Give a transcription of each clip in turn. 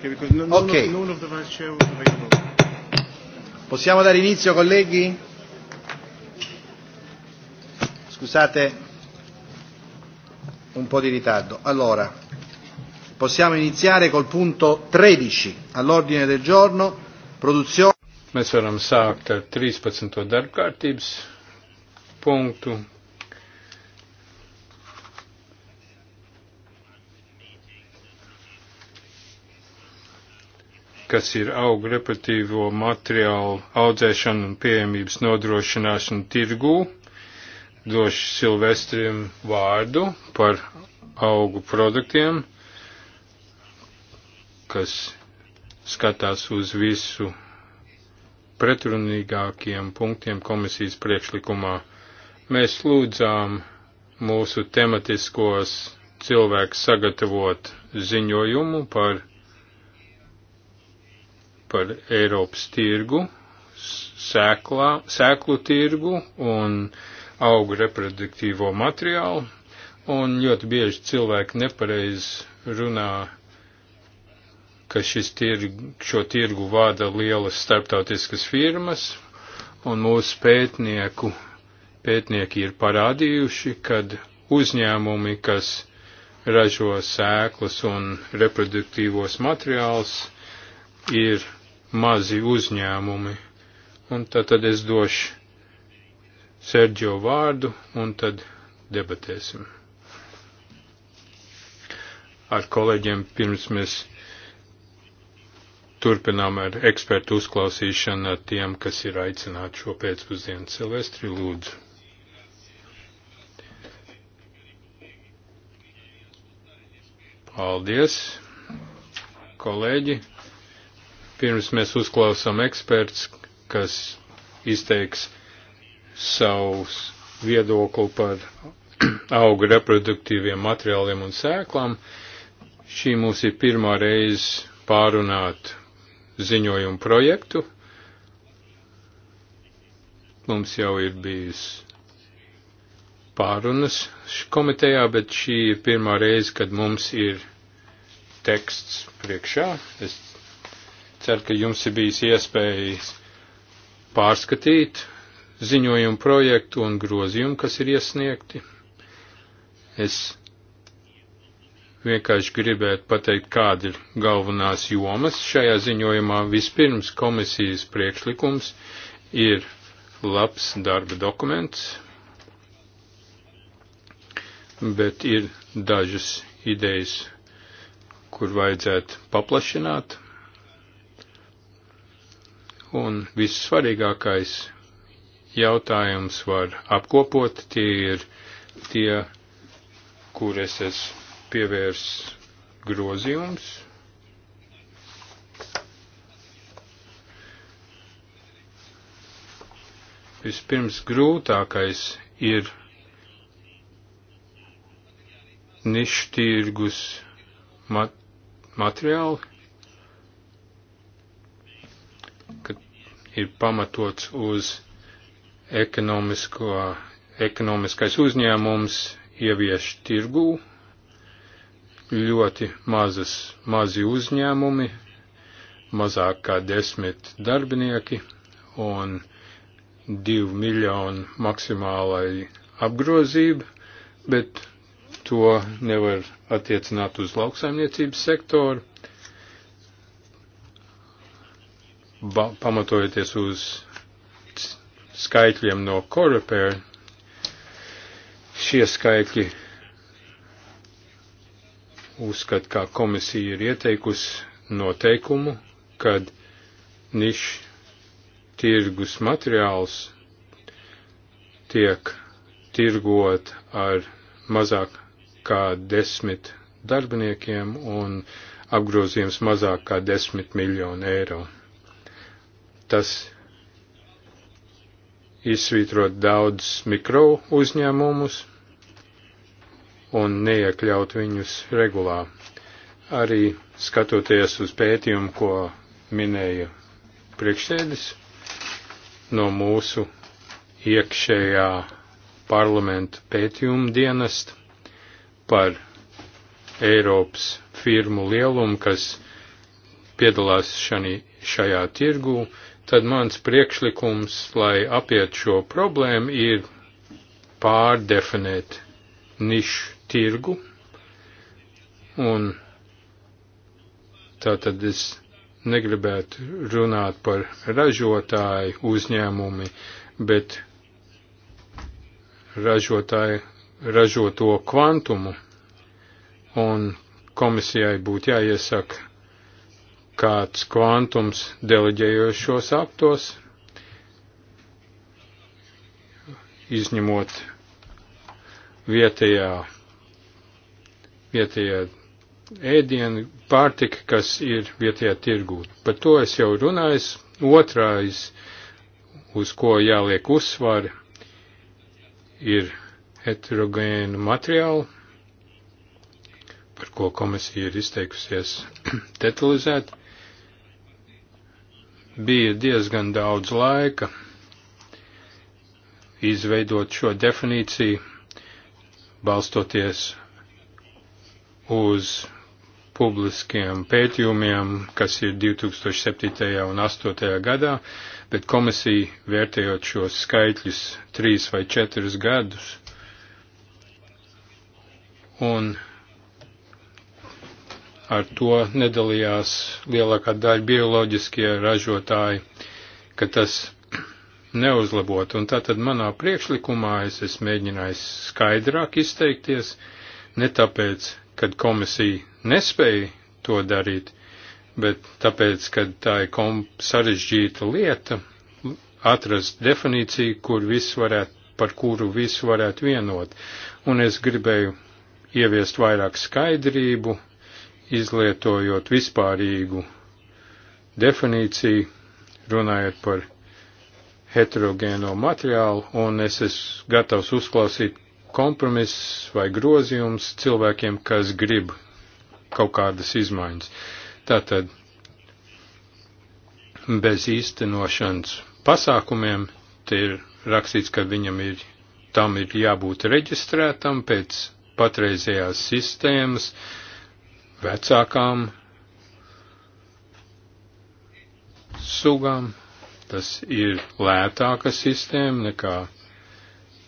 Okay, because none, okay. None, none of the vice chair was available. Possiamo dare inizio, colleghi? Scusate un po' di ritardo. Allora, possiamo iniziare col punto 13 all'ordine del giorno, produzione. Mēs varam sākt ar 13. darbkārtības punktu kas ir augu repetīvo materiālu audzēšana un pieejamības nodrošināšana tirgū. Došu Silvestrim vārdu par augu produktiem, kas skatās uz visu pretrunīgākiem punktiem komisijas priekšlikumā. Mēs lūdzām mūsu tematiskos cilvēkus sagatavot ziņojumu par par Eiropas tirgu, sēklā, sēklu tirgu un augu reproduktīvo materiālu, un ļoti bieži cilvēki nepareiz runā, ka šis tirgu, šo tirgu vada lielas starptautiskas firmas, un mūsu pētnieku, pētnieki ir parādījuši, kad uzņēmumi, kas ražo sēklas un reproduktīvos materiālus, ir mazi uzņēmumi. Un tad, tad es došu Sergio vārdu un tad debatēsim. Ar kolēģiem pirms mēs turpinām ar ekspertu uzklausīšanu ar tiem, kas ir aicināti šo pēcpusdienu. Silvestri, lūdzu. Paldies, kolēģi. Pirms mēs uzklausām eksperts, kas izteiks savus viedokli par auga reproduktīviem materiāliem un sēklām. Šī mums ir pirmā reize pārunāt ziņojumu projektu. Mums jau ir bijis pārunas komitejā, bet šī ir pirmā reize, kad mums ir teksts priekšā. Es ceru, ka jums ir bijis iespējas pārskatīt ziņojumu projektu un grozījumu, kas ir iesniegti. Es vienkārši gribētu pateikt, kāda ir galvenās jomas šajā ziņojumā. Vispirms komisijas priekšlikums ir labs darba dokuments, bet ir dažas idejas, kur vajadzētu paplašināt Un vissvarīgākais jautājums var apkopot, tie ir tie, kur es esmu pievērs grozījums. Vispirms grūtākais ir nišķirgus mat materiāli, ir pamatots uz ekonomiskais uzņēmums ievieš tirgū, ļoti mazas, mazi uzņēmumi, mazāk kā desmit darbinieki un divu miljonu maksimālai apgrozība, bet to nevar attiecināt uz lauksaimniecības sektoru pamatojoties uz skaitļiem no Korepēra, šie skaitļi uzskat, kā komisija ir ieteikusi noteikumu, kad niš tirgus materiāls tiek tirgot ar mazāk kā desmit darbiniekiem un apgrozījums mazāk kā desmit miljonu eiro. Tas izsvītrot daudz mikro uzņēmumus un neiekļaut viņus regulā. Arī skatoties uz pētījumu, ko minēja priekšsēdis no mūsu iekšējā parlamentu pētījuma dienesta par Eiropas firmu lielumu, kas piedalās šani, šajā tirgū, tad mans priekšlikums, lai apiet šo problēmu, ir pārdefinēt nišu tirgu, un tātad es negribētu runāt par ražotāju uzņēmumi, bet ražotāju ražoto kvantumu, un komisijai būtu jāiesaka kāds kvantums deleģējošos aktos, izņemot vietējā, vietējā ēdienu pārtika, kas ir vietējā tirgū. Par to es jau runāju. Otrais, uz ko jāliek uzsvari, ir heterogēnu materiālu, par ko komisija ir izteikusies detalizēti bija diezgan daudz laika izveidot šo definīciju, balstoties uz publiskiem pētījumiem, kas ir 2007. un 2008. gadā, bet komisija vērtējot šos skaitļus trīs vai četrus gadus un Ar to nedalījās lielākā daļa bioloģiskie ražotāji, ka tas neuzlabot. Un tātad manā priekšlikumā es esmu mēģinājis skaidrāk izteikties, ne tāpēc, kad komisija nespēja to darīt, bet tāpēc, kad tā ir sarežģīta lieta, atrast definīciju, kur visu varētu, par kuru visu varētu vienot. Un es gribēju ieviest vairāk skaidrību, izlietojot vispārīgu definīciju, runājot par heterogēno materiālu, un es esmu gatavs uzklausīt kompromiss vai grozījums cilvēkiem, kas grib kaut kādas izmaiņas. Tātad bez īstenošanas pasākumiem te ir rakstīts, ka viņam ir, tam ir jābūt reģistrētam pēc patreizējās sistēmas, uh, vecākām sugām. Tas ir lētāka sistēma nekā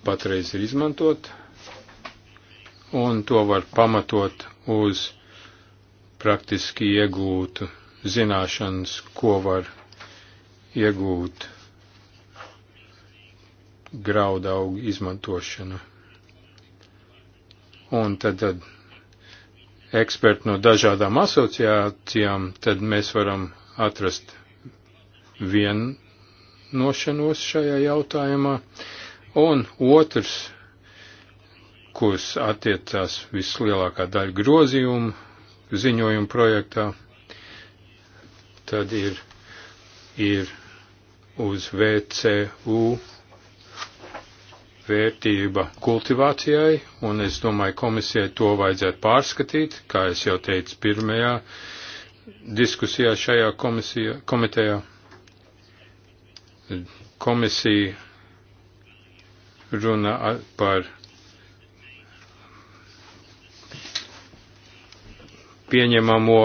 patreiz ir izmantot, un to var pamatot uz praktiski iegūtu zināšanas, ko var iegūt graudaugu izmantošanu. Un tad, tad eksperti no dažādām asociācijām, tad mēs varam atrast vienošanos šajā jautājumā. Un otrs, kurš attiecās vislielākā daļa grozījumu ziņojumu projektā, tad ir, ir uz VCU vērtība kultivācijai, un es domāju, komisijai to vajadzētu pārskatīt, kā es jau teicu pirmajā diskusijā šajā komisijā, komitejā. Komisija runa par pieņemamo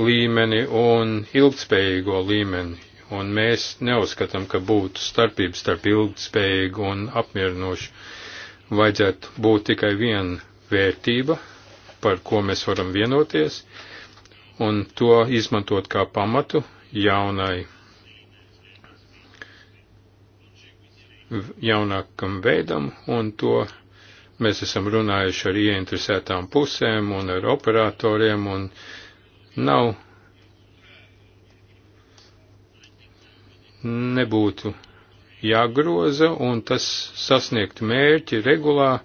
līmeni un ilgspējīgo līmeni, un mēs neuzskatām, ka būtu starpības starp ilgspējīgu un apmierinošu. Vajadzētu būt tikai viena vērtība, par ko mēs varam vienoties, un to izmantot kā pamatu jaunai, jaunākam veidam, un to mēs esam runājuši ar ieinteresētām pusēm un ar operatoriem, un nav nebūtu jāgroza un tas sasniegt mērķi regulā,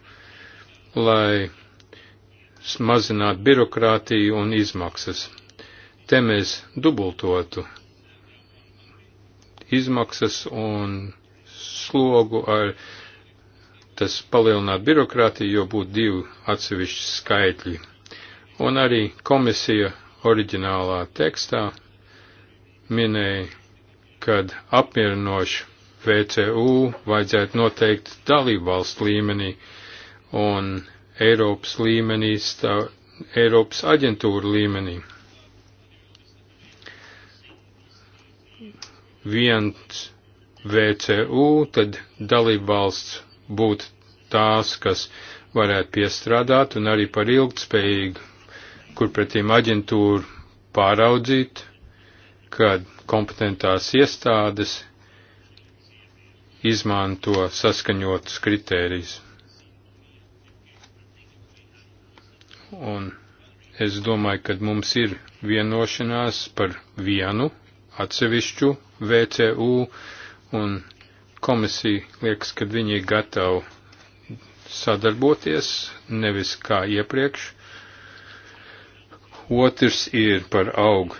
lai mazināt birokrātiju un izmaksas. Te mēs dubultotu izmaksas un slogu ar tas palielināt birokrātiju, jo būtu divi atsevišķi skaitļi. Un arī komisija oriģinālā tekstā minēja kad apmierinoši VCU vajadzētu noteikt dalībvalstu līmenī un Eiropas līmenī, stāv, Eiropas aģentūra līmenī. Viens VCU, tad dalībvalsts būtu tās, kas varētu piestrādāt un arī par ilgtspējīgu, kur pretīm aģentūru pāraudzīt, kad kompetentās iestādes izmanto saskaņotus kritērijus. Un es domāju, ka mums ir vienošanās par vienu atsevišķu VCU un komisija liekas, ka viņi ir gatavi sadarboties, nevis kā iepriekš. Otrs ir par augu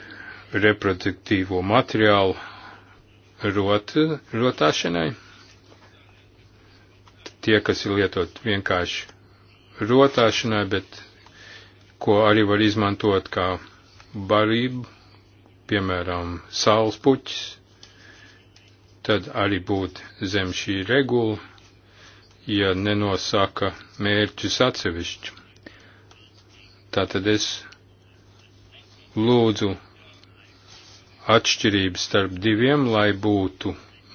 reproduktīvo materiālu rot, rotāšanai. Tie, kas ir lietot vienkārši rotāšanai, bet ko arī var izmantot kā barību, piemēram, saules puķis, tad arī būtu zem šī regula, ja nenosaka mērķus atsevišķu. Tātad es lūdzu atšķirības starp diviem, lai būtu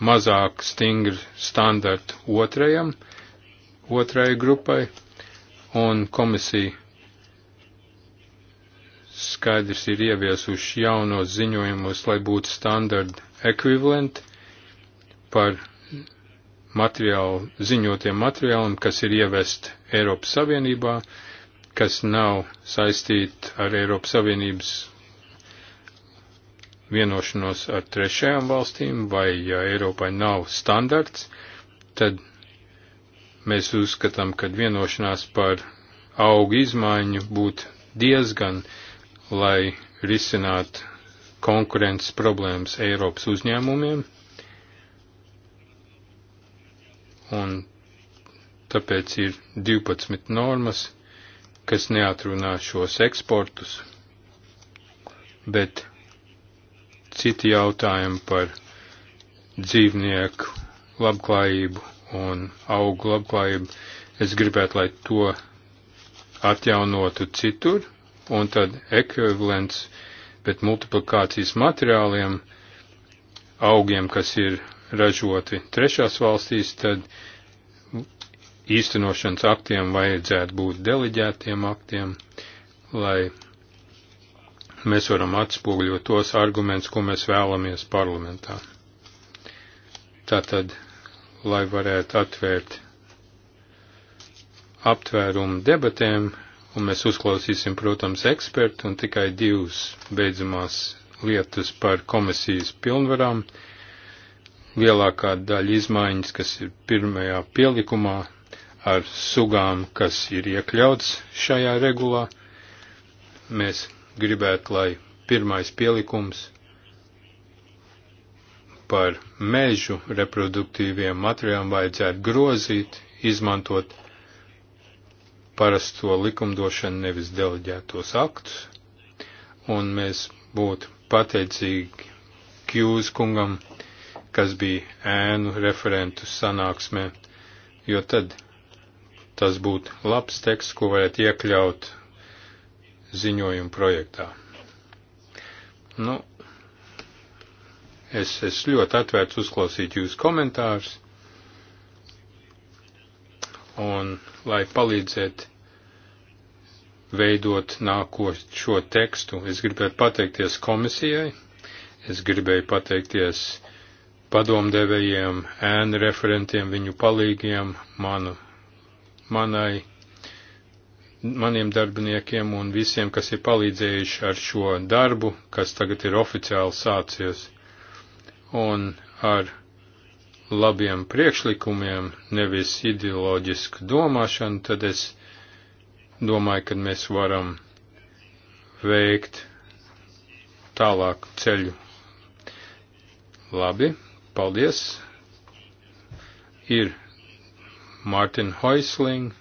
mazāk stingri standarti otrajam, otrajai grupai, un komisija skaidrs ir ieviesuši jaunos ziņojumus, lai būtu standarti ekvivalenti par materiālu, ziņotiem materiāliem, kas ir ievest Eiropas Savienībā, kas nav saistīti ar Eiropas Savienības vienošanos ar trešajām valstīm, vai ja Eiropai nav standarts, tad mēs uzskatām, ka vienošanās par augu izmaiņu būtu diezgan, lai risinātu konkurences problēmas Eiropas uzņēmumiem. Un tāpēc ir 12 normas, kas neatrunā šos eksportus, bet citi jautājumi par dzīvnieku labklājību un augu labklājību. Es gribētu, lai to atjaunotu citur, un tad ekvivalents, bet multiplikācijas materiāliem, augiem, kas ir ražoti trešās valstīs, tad īstenošanas aktiem vajadzētu būt deleģētiem aktiem, lai mēs varam atspoguļot tos argumentus, ko mēs vēlamies parlamentā. Tātad, lai varētu atvērt aptvērumu debatēm, un mēs uzklausīsim, protams, ekspertu un tikai divas beidzamās lietas par komisijas pilnvarām. Lielākā daļa izmaiņas, kas ir pirmajā pielikumā ar sugām, kas ir iekļauts šajā regulā, mēs gribētu, lai pirmais pielikums par mežu reproduktīviem materiāliem vajadzētu grozīt, izmantot parasto likumdošanu, nevis deleģētos aktus, un mēs būtu pateicīgi Kjūz kungam, kas bija ēnu referentu sanāksmē, jo tad tas būtu labs teksts, ko varētu iekļaut ziņojuma projektā. Nu, es, es ļoti atvērts uzklausīt jūsu komentārus un lai palīdzētu veidot nākošo tekstu, es gribēju pateikties komisijai, es gribēju pateikties padomdevējiem, ēnu referentiem, viņu palīgiem, manu, manai maniem darbiniekiem un visiem, kas ir palīdzējuši ar šo darbu, kas tagad ir oficiāli sācies, un ar labiem priekšlikumiem, nevis ideoloģisku domāšanu, tad es domāju, ka mēs varam veikt tālāku ceļu. Labi, paldies. Ir Martin Heusling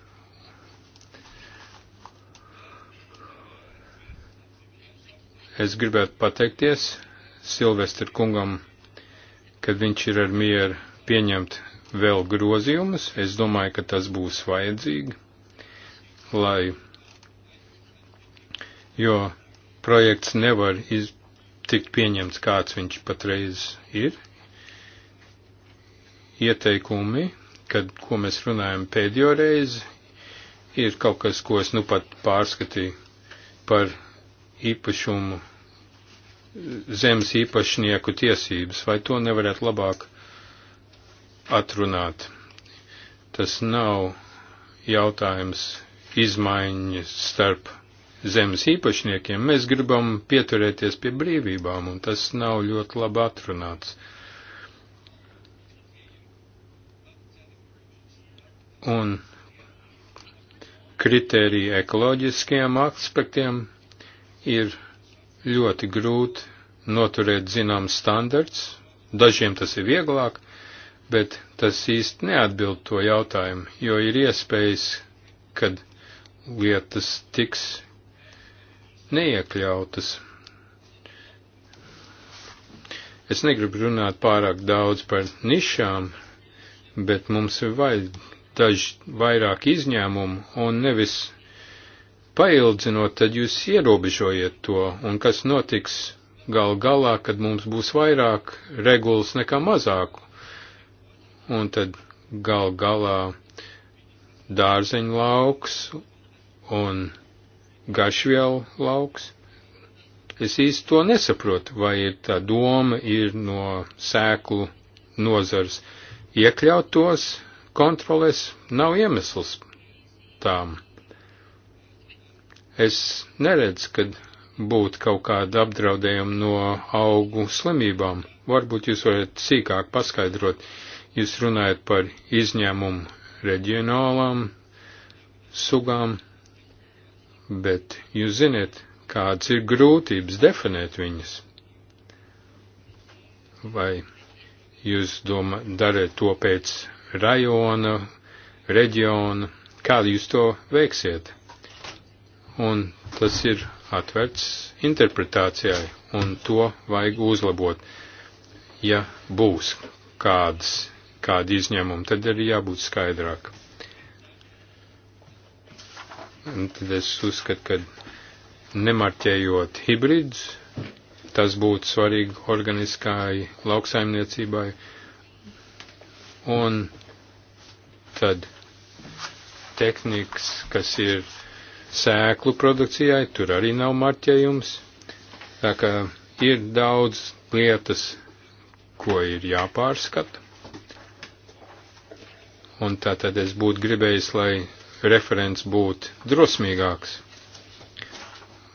Es gribētu pateikties Silvestri kungam, kad viņš ir ar mieru pieņemt vēl grozījumus. Es domāju, ka tas būs vajadzīgi, lai, jo projekts nevar iz, tikt pieņemts, kāds viņš patreiz ir. Ieteikumi, kad, ko mēs runājam pēdējo reizi, ir kaut kas, ko es nu pat pārskatīju par īpašumu zemes īpašnieku tiesības, vai to nevarētu labāk atrunāt. Tas nav jautājums izmaiņas starp zemes īpašniekiem. Mēs gribam pieturēties pie brīvībām, un tas nav ļoti labi atrunāts. Un kritērija ekoloģiskajiem aspektiem ir ļoti grūti noturēt zināms standarts, dažiem tas ir vieglāk, bet tas īsti neatbild to jautājumu, jo ir iespējas, kad lietas tiks neiekļautas. Es negribu runāt pārāk daudz par nišām, bet mums ir vajag daži vairāk izņēmumu un nevis paildzinot, tad jūs ierobežojiet to, un kas notiks gal galā, kad mums būs vairāk regulas nekā mazāku. Un tad gal galā dārzeņu lauks un gašvielu lauks. Es īsti to nesaprotu, vai ir tā doma ir no sēklu nozars iekļaut tos kontrolēs, nav iemesls tām. Es neredzu, ka būtu kaut kāda apdraudējuma no augu slimībām. Varbūt jūs varat sīkāk paskaidrot. Jūs runājat par izņēmumu reģionālām sugām, bet jūs ziniet, kāds ir grūtības definēt viņas. Vai jūs doma, dariet to pēc rajona, reģiona, kā jūs to veiksiet? un tas ir atverts interpretācijai, un to vajag uzlabot. Ja būs kādas, kādi izņēmumi, tad arī jābūt skaidrāk. Un tad es uzskatu, ka nemarķējot hibrīds, tas būtu svarīgi organiskai lauksaimniecībai, un tad tehnikas, kas ir sēklu produkcijai, tur arī nav marķējums. Tā kā ir daudz lietas, ko ir jāpārskata. Un tā tad es būtu gribējis, lai referents būtu drosmīgāks.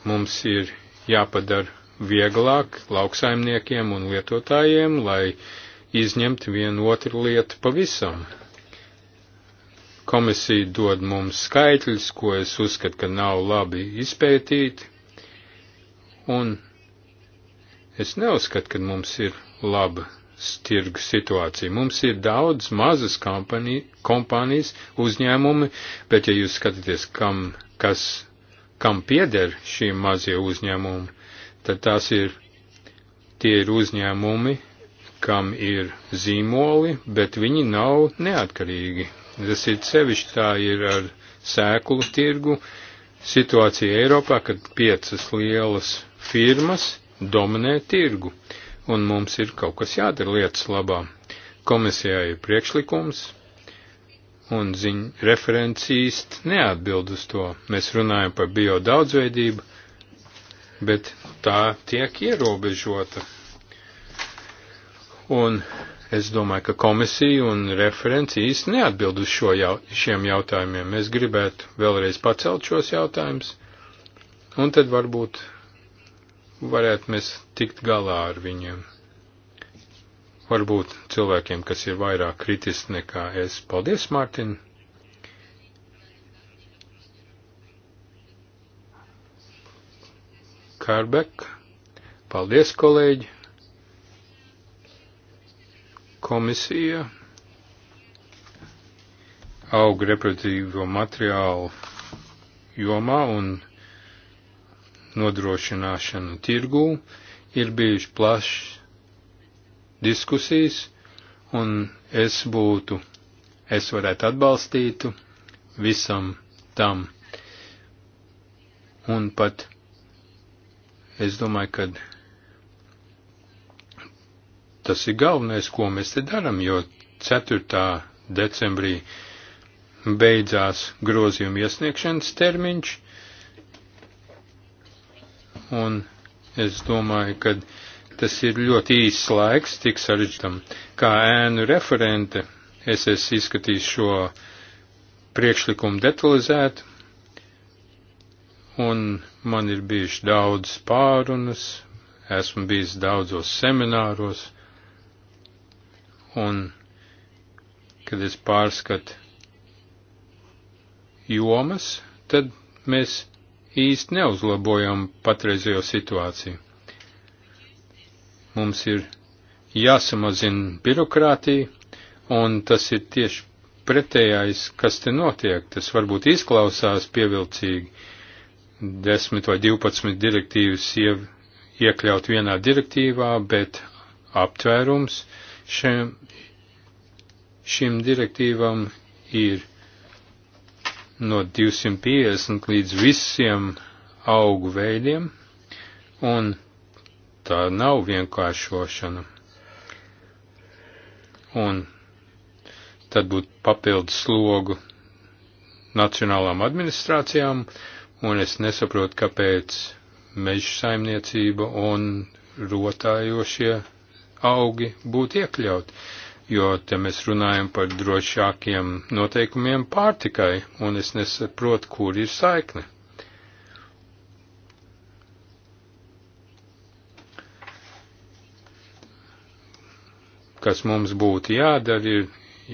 Mums ir jāpadara vieglāk lauksaimniekiem un lietotājiem, lai izņemt vienu otru lietu pavisam komisija dod mums skaitļus, ko es uzskatu, ka nav labi izpētīti, un es neuzskatu, ka mums ir laba tirgu situācija. Mums ir daudz mazas kompanija, kompānijas, uzņēmumi, bet ja jūs skatāties, kam, kas, kam pieder šie mazie uzņēmumi, tad tās ir, tie ir uzņēmumi, kam ir zīmoli, bet viņi nav neatkarīgi Tas ir sevišķi tā ir ar sēklu tirgu situācija Eiropā, kad piecas lielas firmas dominē tirgu, un mums ir kaut kas jādara lietas labā. Komisijā ir priekšlikums, un ziņ, referents īsti neatbild uz to. Mēs runājam par bio daudzveidību, bet tā tiek ierobežota. Un Es domāju, ka komisija un referenci īsti neatbild uz šo jau, šiem jautājumiem. Es gribētu vēlreiz pacelt šos jautājumus, un tad varbūt varētu mēs tikt galā ar viņiem. Varbūt cilvēkiem, kas ir vairāk kritiski nekā es. Paldies, Mārtiņ! Kārbek, paldies, kolēģi! Komisija aug reproduktīvo materiālu jomā un nodrošināšanu tirgū ir bijuši plašs diskusijas, un es būtu, es varētu atbalstītu visam tam. Un pat es domāju, ka tas ir galvenais, ko mēs te daram, jo 4. decembrī beidzās grozījuma iesniegšanas termiņš, un es domāju, ka tas ir ļoti īss laiks tik sarežģītam. Kā ēnu referente es, es izskatīšu šo priekšlikumu detalizēt, un man ir bijuši daudz pārunas, esmu bijis daudzos semināros, Un, kad es pārskatu jomas, tad mēs īsti neuzlabojam patreizējo situāciju. Mums ir jāsamazina birokrātija, un tas ir tieši pretējais, kas te notiek. Tas varbūt izklausās pievilcīgi 10 vai 12 direktīvas iekļaut vienā direktīvā, bet aptvērums Šiem, šim direktīvam ir no 250 līdz visiem augu veidiem, un tā nav vienkāršošana. Un tad būtu papildus slogu nacionālām administrācijām, un es nesaprotu, kāpēc meža saimniecība un rotājošie augi būtu iekļauti, jo te mēs runājam par drošākiem noteikumiem pārtikai, un es nesaprotu, kur ir saikne. Kas mums būtu jādara, ir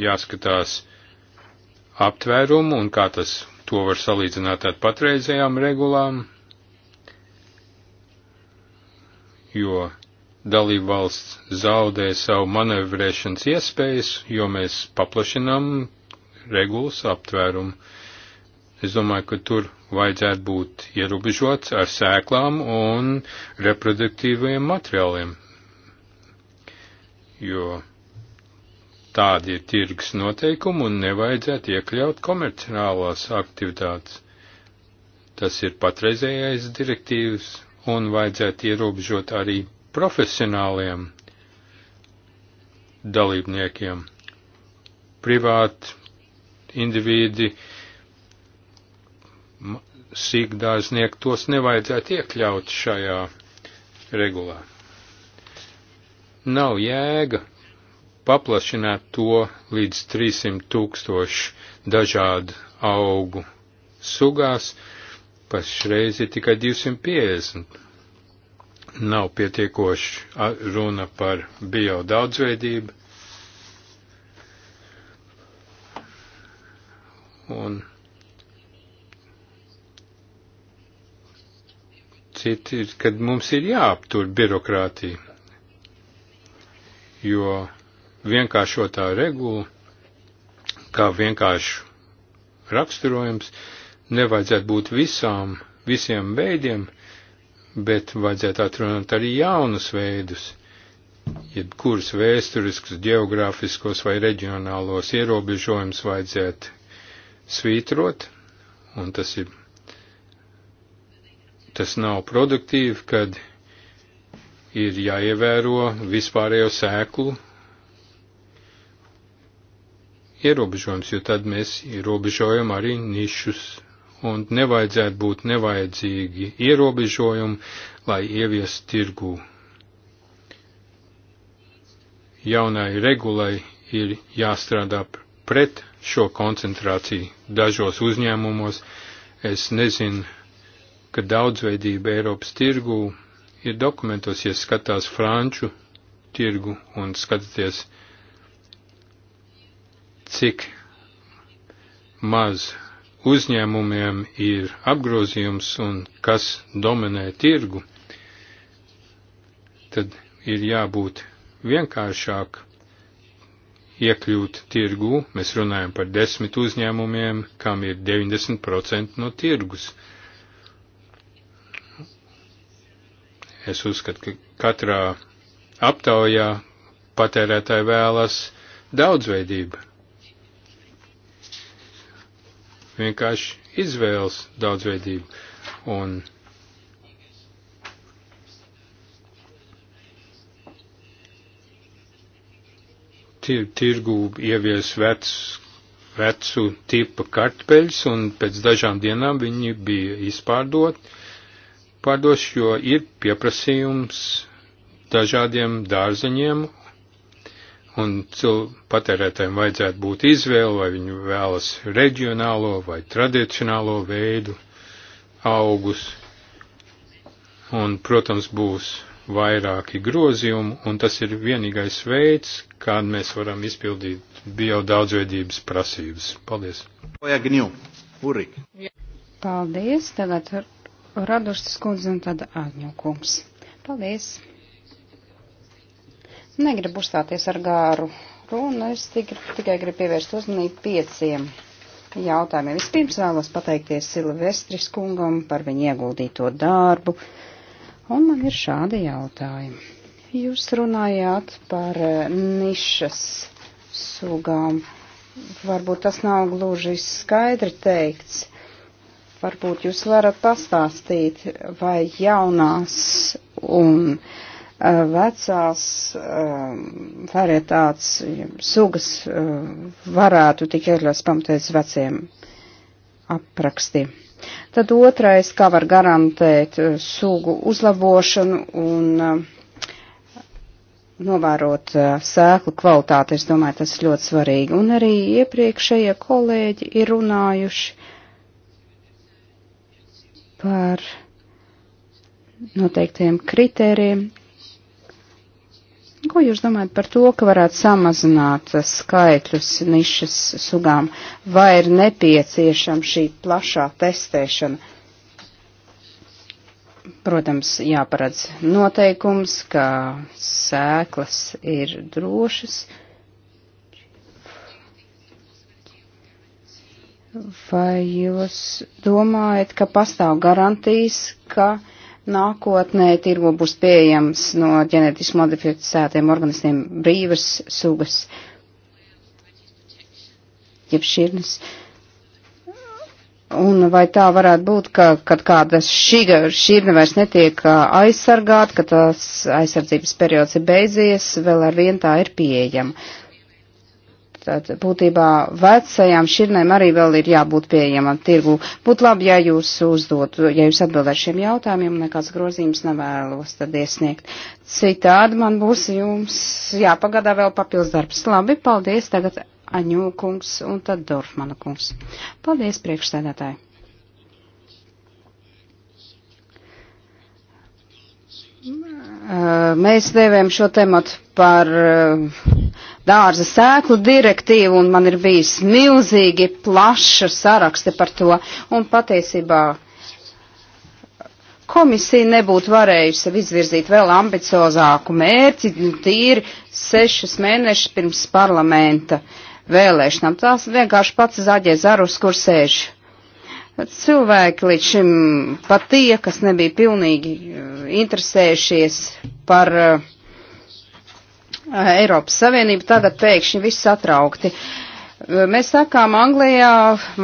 jāskatās aptvērumu un kā tas to var salīdzināt ar patreizējām regulām, jo dalībvalsts zaudē savu manevrēšanas iespējas, jo mēs paplašinām regulas aptvērumu. Es domāju, ka tur vajadzētu būt ierobežots ar sēklām un reproduktīviem materiāliem, jo tādi ir tirgus noteikumi un nevajadzētu iekļaut komerciālās aktivitātes. Tas ir patreizējais direktīvas un vajadzētu ierobežot arī profesionāliem dalībniekiem. Privāti individi sīkdārznieku tos nevajadzētu iekļaut šajā regulā. Nav jēga paplašināt to līdz 300 tūkstošu dažādu augu sugās, pašreiz ir tikai 250 nav pietiekoši runa par bio daudzveidību. Un citi ir, kad mums ir jāaptur birokrātija, jo vienkāršotā regula, kā vienkārši raksturojums, nevajadzētu būt visām, visiem veidiem, bet vajadzētu atrunāt arī jaunus veidus, jebkurus vēsturiskus, geogrāfiskos vai reģionālos ierobežojumus vajadzētu svītrot, un tas ir, tas nav produktīvi, kad ir jāievēro vispārējo sēklu ierobežojums, jo tad mēs ierobežojam arī nišus un nevajadzētu būt nevajadzīgi ierobežojumi, lai ieviestu tirgū. Jaunai regulai ir jāstrādā pret šo koncentrāciju dažos uzņēmumos. Es nezinu, ka daudzveidība Eiropas tirgū ir dokumentos, ja skatās franču tirgu un skatāties, cik maz uzņēmumiem ir apgrozījums un kas dominē tirgu, tad ir jābūt vienkāršāk iekļūt tirgū. Mēs runājam par desmit uzņēmumiem, kam ir 90% no tirgus. Es uzskatu, ka katrā aptaujā patērētāji vēlas daudzveidību. vienkārši izvēles daudzveidību. Un tir, tirgū ievies vecs, vecu tipa kartpeļs, un pēc dažām dienām viņi bija izpārdot, pārdos, jo ir pieprasījums dažādiem dārzeņiem un patērētājiem vajadzētu būt izvēle, vai viņi vēlas reģionālo vai tradicionālo veidu augus. Un, protams, būs vairāki grozījumi, un tas ir vienīgais veids, kā mēs varam izpildīt bio daudzveidības prasības. Paldies! Paldies! Tagad radušas kundze un tad ārņokums. Paldies! Negribu uzstāties ar gāru runu, es tik, tikai gribu pievērst uzmanību pieciem jautājumiem. Vispirms vēlos pateikties Silvestris kungam par viņa ieguldīto darbu, un man ir šādi jautājumi. Jūs runājāt par eh, nišas sugām. Varbūt tas nav gluži skaidri teikts. Varbūt jūs varat pastāstīt, vai jaunās un uh, Eh, vecās eh, varietāts sugas eh, varētu tik iekļauts pamatoties veciem aprakstiem. Tad otrais, kā var garantēt sugu uzlabošanu un novērot sēklu kvalitāti, es domāju, tas ir ļoti svarīgi. Un arī iepriekšējie kolēģi ir runājuši par noteiktiem kritērijiem, Ko jūs domājat par to, ka varētu samazināt skaitļus nišas sugām, vai ir nepieciešama šī plašā testēšana? Protams, jāparedz noteikums, ka sēklas ir drošas. Vai jūs domājat, ka pastāv garantijas, ka uh, Nākotnē tirgo būs pieejams no ģenetiski modificētiem organismiem brīvas sugas, jeb šķirnes. Un vai tā varētu būt, ka, kad kāda šķirne vairs netiek aizsargāta, ka tās aizsardzības periods ir beidzies, vēl ar vien tā ir pieejama. Tad būtībā vecajām šķirnēm arī vēl ir jābūt pieejamam tirgu. Būtu labi, ja jūs uzdotu, ja jūs atbildētu šiem jautājumiem, nekāds grozījums nevēlos tad iesniegt. Citādi man būs jums jāpagadā vēl papildus darbs. Labi, paldies tagad Aņū kungs un tad Dorfmana kungs. Paldies priekšsēdētāji. Eh, mēs devām šo tematu par eh, dārza sēklu direktīvu, un man ir bijis milzīgi plaša saraksti par to, un patiesībā komisija nebūtu varējusi sev izvirzīt vēl ambiciozāku mērķi, tīri sešas mēnešas pirms parlamenta vēlēšanām. Tās vienkārši pats zaģē zarus, kur sēž Cilvēki līdz šim pat tie, kas nebija pilnīgi eh, interesējušies par uh, Eiropas Savienību, tagad pēkšņi viss atraukti. Eh, mēs sakām Anglijā,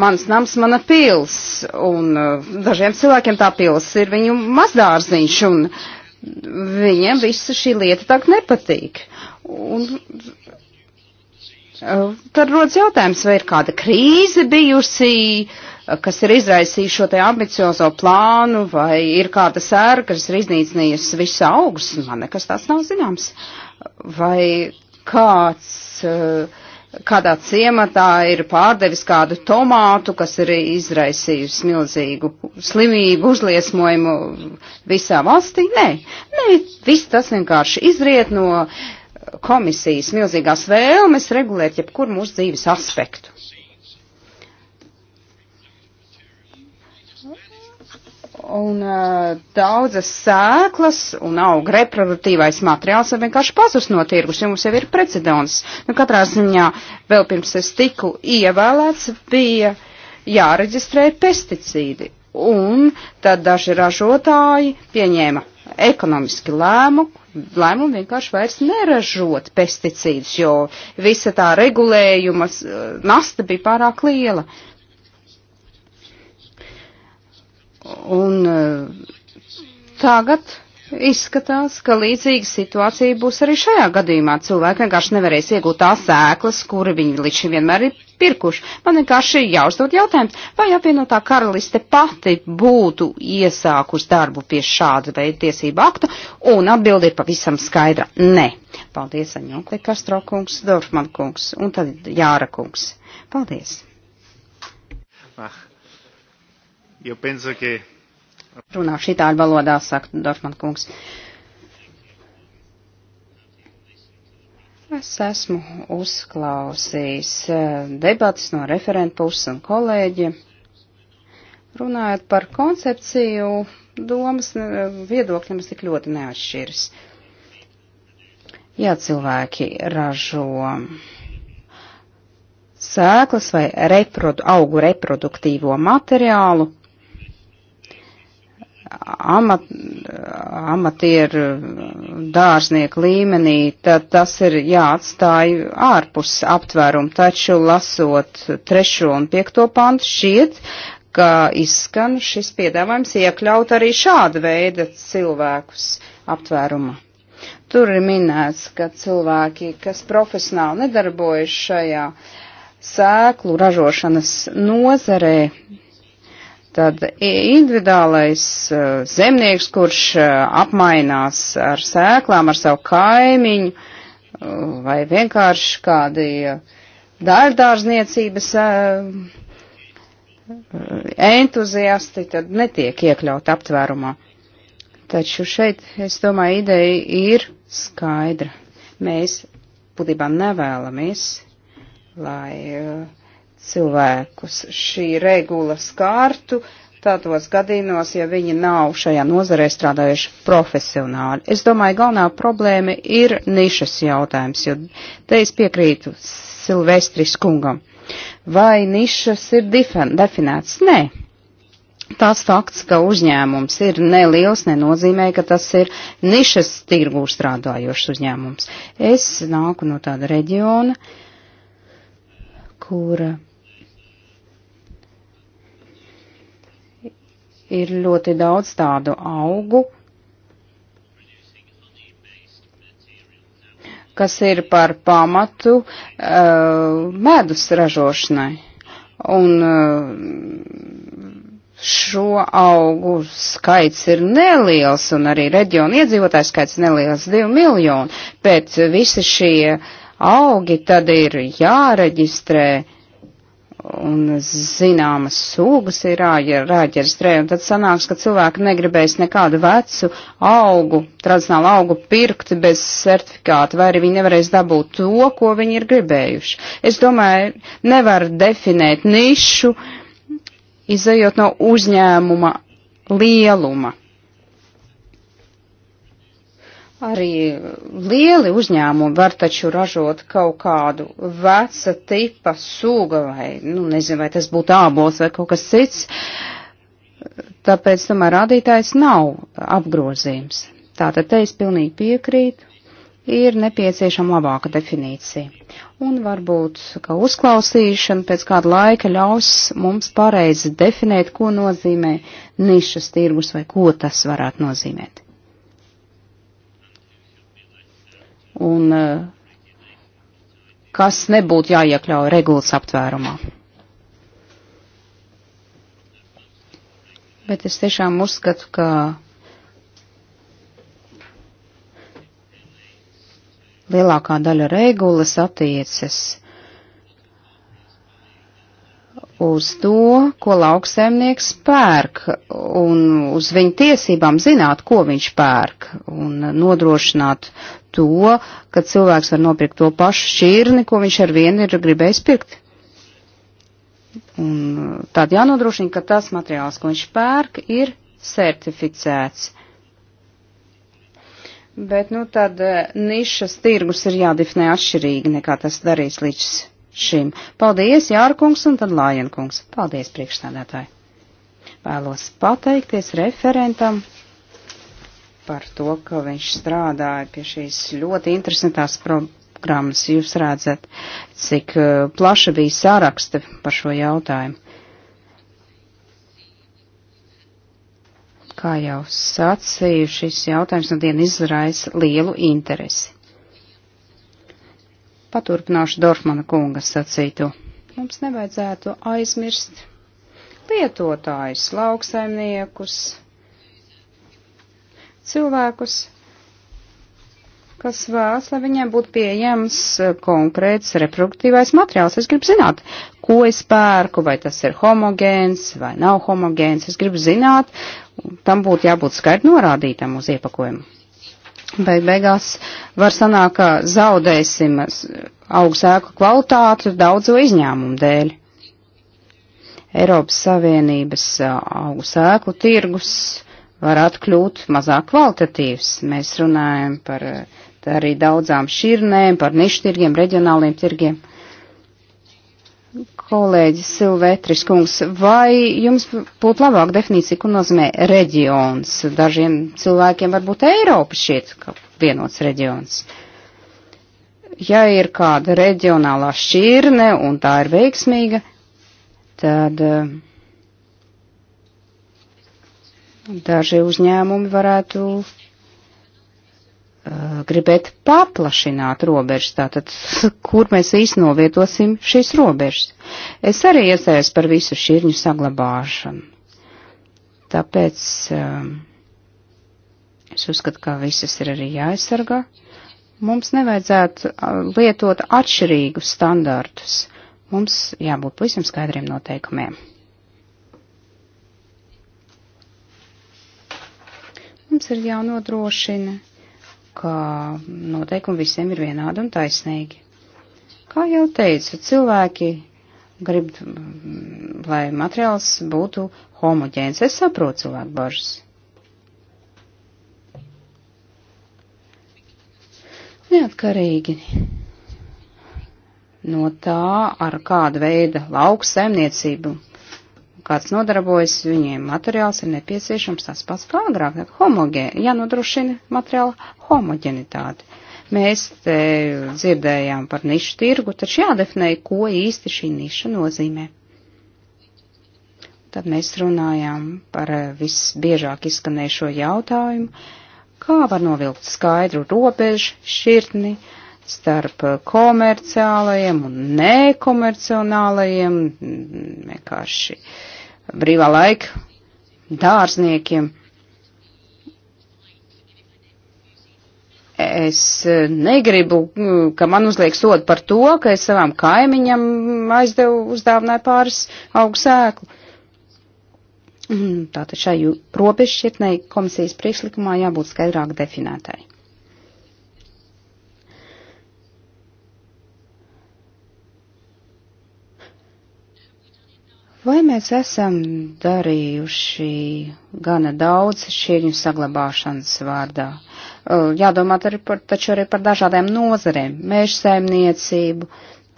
mans nams, mana pils, un uh, dažiem cilvēkiem tā pils ir viņu mazdārziņš, un viņiem visa šī lieta tā nepatīk. Un Tad rodas jautājums, vai ir kāda krīze bijusi kas ir izraisījuši šo te ambiciozo plānu, vai ir kāda sēra, kas ir iznīcinājusi visu augstu, nu, man nekas tāds nav zināms. Vai kāds eh, kādā ciematā ir pārdevis kādu tomātu, kas ir izraisījusi milzīgu slimību, uzliesmojumu visā valstī? Nē, nē, viss tas vienkārši izriet no komisijas milzīgās vēlmes regulēt jebkuru mūsu dzīves aspektu. Un uh, daudzas sēklas un auga reproduktīvais materiāls ir vienkārši pazus no tirgus, jo mums jau ir precedents. Nu, katrā ziņā vēl pirms es tiku ievēlēts, bija jāreģistrē pesticīdi. Un tad daži ražotāji pieņēma ekonomiski lēmu, lēmumu vienkārši vairs neražot pesticīdus, jo visa tā regulējuma uh, nasta bija pārāk liela. Uh, Un eh, tagad izskatās, ka līdzīga situācija būs arī šajā gadījumā. Cilvēki vienkārši nevarēs iegūt tās sēklas, kuri viņi līdz šim vienmēr ir pirkuši. Man vienkārši jāuzdod jautājums, vai apvienotā karaliste pati būtu iesākus darbu pie šāda veida tiesību aktu, un atbildi ir pavisam skaidra. Nē. Paldies, Aņokli Kastro kungs, Dorfman kungs, un tad Jāra kungs. Paldies. Ah, eu penso que Runāšu itāļu valodā, saka Dorfman kungs. Es esmu uzklausījis eh, debatas no referentu puses un kolēģiem. Runājot par koncepciju, domas viedokļi mums tik ļoti neatšķiras. Ja cilvēki ražo sēklas vai reprodu, augu reproduktīvo materiālu, amat, amatieru dārznieku līmenī, tad tas ir jāatstāj ārpus aptvērumu, taču lasot trešo un piekto pantu šiet, ka izskan šis piedāvājums iekļaut arī šāda veida cilvēkus aptvērumā. Tur ir minēts, ka cilvēki, kas profesionāli nedarbojas šajā sēklu ražošanas nozarē, Tad individuālais uh, zemnieks, kurš uh, apmainās ar sēklām, ar savu kaimiņu, uh, vai vienkārši kādi dārdārzniecības entuziasti, tad netiek iekļaut aptvērumā. Taču šeit, es domāju, ideja ir skaidra. Mēs būtībā nevēlamies, lai uh, cilvēkus. Šī regula skārtu tādos gadījumos, ja viņi nav šajā nozarē strādājuši profesionāli. Es domāju, galvenā problēma ir nišas jautājums, jo te es piekrītu Silvestris kungam. Vai nišas ir definēts? Nē. Tas fakts, ka uzņēmums ir neliels, nenozīmē, ka tas ir nišas tirgū strādājošs uzņēmums. Es nāku no tāda reģiona, kura ir ļoti daudz tādu augu, kas ir par pamatu uh, medus ražošanai. Un uh, šo augu skaits ir neliels, un arī reģiona iedzīvotāju skaits neliels - 2 miljoni. Pēc visi šie augi tad ir jāreģistrē. Uh, un zināmas sugas ir rāģeris treja, un tad sanāks, ka cilvēki negribēs nekādu vecu augu, tradicionālu augu pirkt bez certifikāta, vai arī viņi nevarēs dabūt to, ko viņi ir gribējuši. Es domāju, nevar definēt nišu, izējot no uzņēmuma lieluma. Arī lieli uzņēmumi var taču ražot kaut kādu veca tipa sūga vai, nu, nezinu, vai tas būtu ābols vai kaut kas cits. Tāpēc, tomēr, rādītājs nav apgrozījums. Tātad te es pilnīgi piekrītu, ir nepieciešama labāka definīcija. Un varbūt, ka uzklausīšana pēc kāda laika ļaus mums pareizi definēt, ko nozīmē nišas tirgus vai ko tas varētu nozīmēt. un e, kas nebūtu jāiekļauj regulas aptvērumā. Bet es tiešām uzskatu, ka lielākā daļa regulas attiecas uz to, ko lauksaimnieks pērk, un uz viņu tiesībām zināt, ko viņš pērk, un nodrošināt to, ka cilvēks var nopirkt to pašu šķirni, ko viņš ar vienu ir gribējis pirkt. Un uh, tad jānodrošina, ka tas materiāls, ko viņš pērk, ir certificēts. Bet, nu, tad uh, nišas tirgus ir jādefinē atšķirīgi, nekā tas darīs līdz šim. Paldies, Jārkungs un tad Lājenkungs. Paldies, priekšstādātāji. Vēlos pateikties referentam par to, ka viņš strādāja pie šīs ļoti interesantās programmas. Jūs redzat, cik uh, plaša bija sāraksta par šo jautājumu. Kā jau sacīju, šis jautājums no diena izraisa lielu interesi. Paturpināšu Dorfmana kunga sacītu. Mums nevajadzētu aizmirst lietotājus, lauksaimniekus, cilvēkus, kas vēlas, lai viņiem būtu pieejams eh, konkrēts reproduktīvais materiāls. Es gribu zināt, ko es pērku, vai tas ir homogēns vai nav homogēns. Es gribu zināt, tam būtu jābūt skaidri norādītam uz iepakojumu. Beig beigās var sanākt, ka zaudēsim augstsēku kvalitāti daudzo izņēmumu dēļ. Eiropas Savienības eh, augstsēku tirgus varētu kļūt mazāk kvalitatīvs. Mēs runājam par eh, arī daudzām širnēm, par nišķirgiem, reģionāliem tirgiem. Kolēģis Silvētris kungs, vai jums būtu labāk definīcija, ko nozīmē reģions? Dažiem cilvēkiem varbūt Eiropa šķiet kā vienots reģions. Ja ir kāda reģionālā šķirne un tā ir veiksmīga, tad uh, daži uzņēmumi varētu uh, gribēt paplašināt robežas, tātad kur mēs īsti novietosim šīs robežas. Es arī iesaistu par visu šķirņu saglabāšanu. Tāpēc uh, es uzskatu, ka visas ir arī jāaizsargā. Mums nevajadzētu uh, lietot atšķirīgus standārtus. Mums jābūt pavisam skaidriem noteikumiem. Mums ir jānodrošina, ka noteikumi visiem ir vienādi un taisnīgi. Kā jau teicu, cilvēki grib, mm, lai materiāls būtu homoģēns. Es saprotu cilvēku bažas. Neatkarīgi no tā, ar kādu veidu lauksaimniecību kāds nodarbojas, viņiem materiāls ir nepieciešams tāds pats kā agrāk, homogēni, jānodrošina materiāla homogenitāte. Mēs te dzirdējām par nišu tirgu, taču jādefinē, ko īsti šī niša nozīmē. Tad mēs runājām par eh, visbiežāk izskanējušo jautājumu, kā var novilkt skaidru robežu šķirtni, starp komerciālajiem un nekomerciālajiem, mm, vienkārši brīvā laika dārzniekiem. Es eh, negribu, mm, ka man uzliek sodu par to, ka es savam kaimiņam aizdevu uzdāvināju pāris augu sēklu. Mm, tātad šai robežšķirtnei komisijas priekšlikumā jābūt skaidrāk definētai. Vai mēs esam darījuši gana daudz šķirņu saglabāšanas vārdā? Jādomā arī par, taču arī par dažādiem nozarēm - mēžu saimniecību,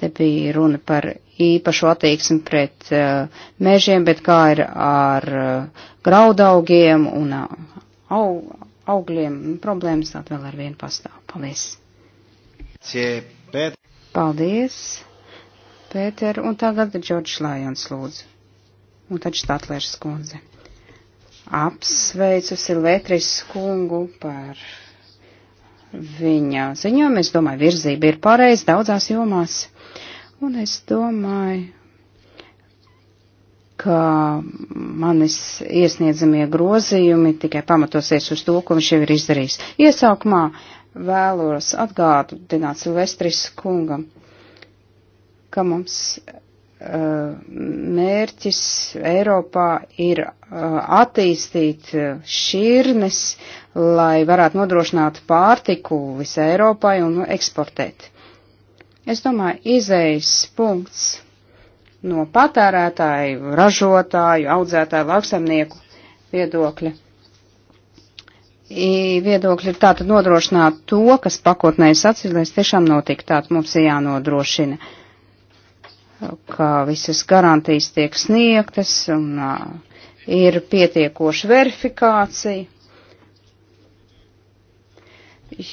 te bija runa par īpašu attieksmi pret uh, mežiem, bet kā ir ar uh, graudaugiem un uh, aug, augļiem problēmas tātad vēl ar vienu pastāv. Paldies! Paldies, Pēter, un tagad Džordžs Lajons lūdzu un tad Štatlers kundze. Apsveicu Silvētris kungu par viņa ziņām. Es domāju, virzība ir pareiz daudzās jomās. Un es domāju, ka manis iesniedzamie grozījumi tikai pamatosies uz to, ko viņš jau ir izdarījis. Iesākumā vēlos atgādināt Silvestris kungam, ka mums Uh, mērķis Eiropā ir uh, attīstīt uh, šķirnes, lai varētu nodrošināt pārtiku visai Eiropai un eksportēt. Es domāju, izējas punkts no patērētāju, ražotāju, audzētāju, lauksaimnieku viedokļa. Viedokļi ir tātad nodrošināt to, kas pakotnēji sacīlēs tiešām notika, tātad mums ir jānodrošina. Uh, ka visas garantijas tiek sniegtas un uh, ir pietiekoša verifikācija.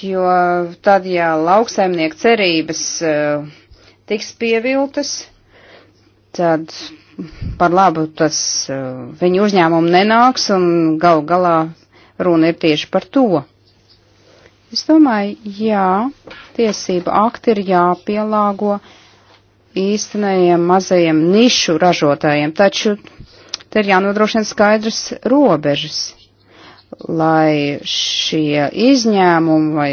Jo tad, ja lauksaimnieku cerības uh, tiks pieviltas, tad par labu tas uh, viņu uzņēmumu nenāks un gal galā runa ir tieši par to. Es domāju, jā, tiesība akti ir jāpielāgo. Uh, īstenajiem mazajiem nišu ražotājiem, taču te ir jānodrošina skaidrs robežas, lai šie izņēmumi vai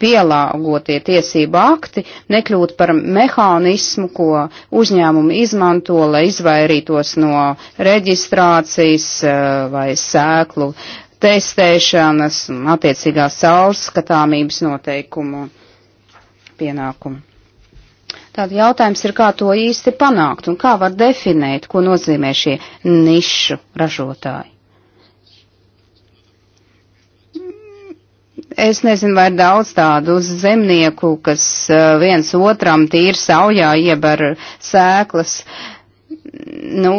pielāgotie tiesība akti nekļūtu par mehānismu, ko uzņēmumi izmanto, lai izvairītos no reģistrācijas eh, vai sēklu testēšanas un attiecīgās caurskatāmības noteikumu pienākumu. Tad jautājums ir, kā to īsti panākt un kā var definēt, ko nozīmē šie nišu ražotāji. Es nezinu, vai ir daudz tādu zemnieku, kas eh, viens otram tīri saujā ieber sēklas. Nu,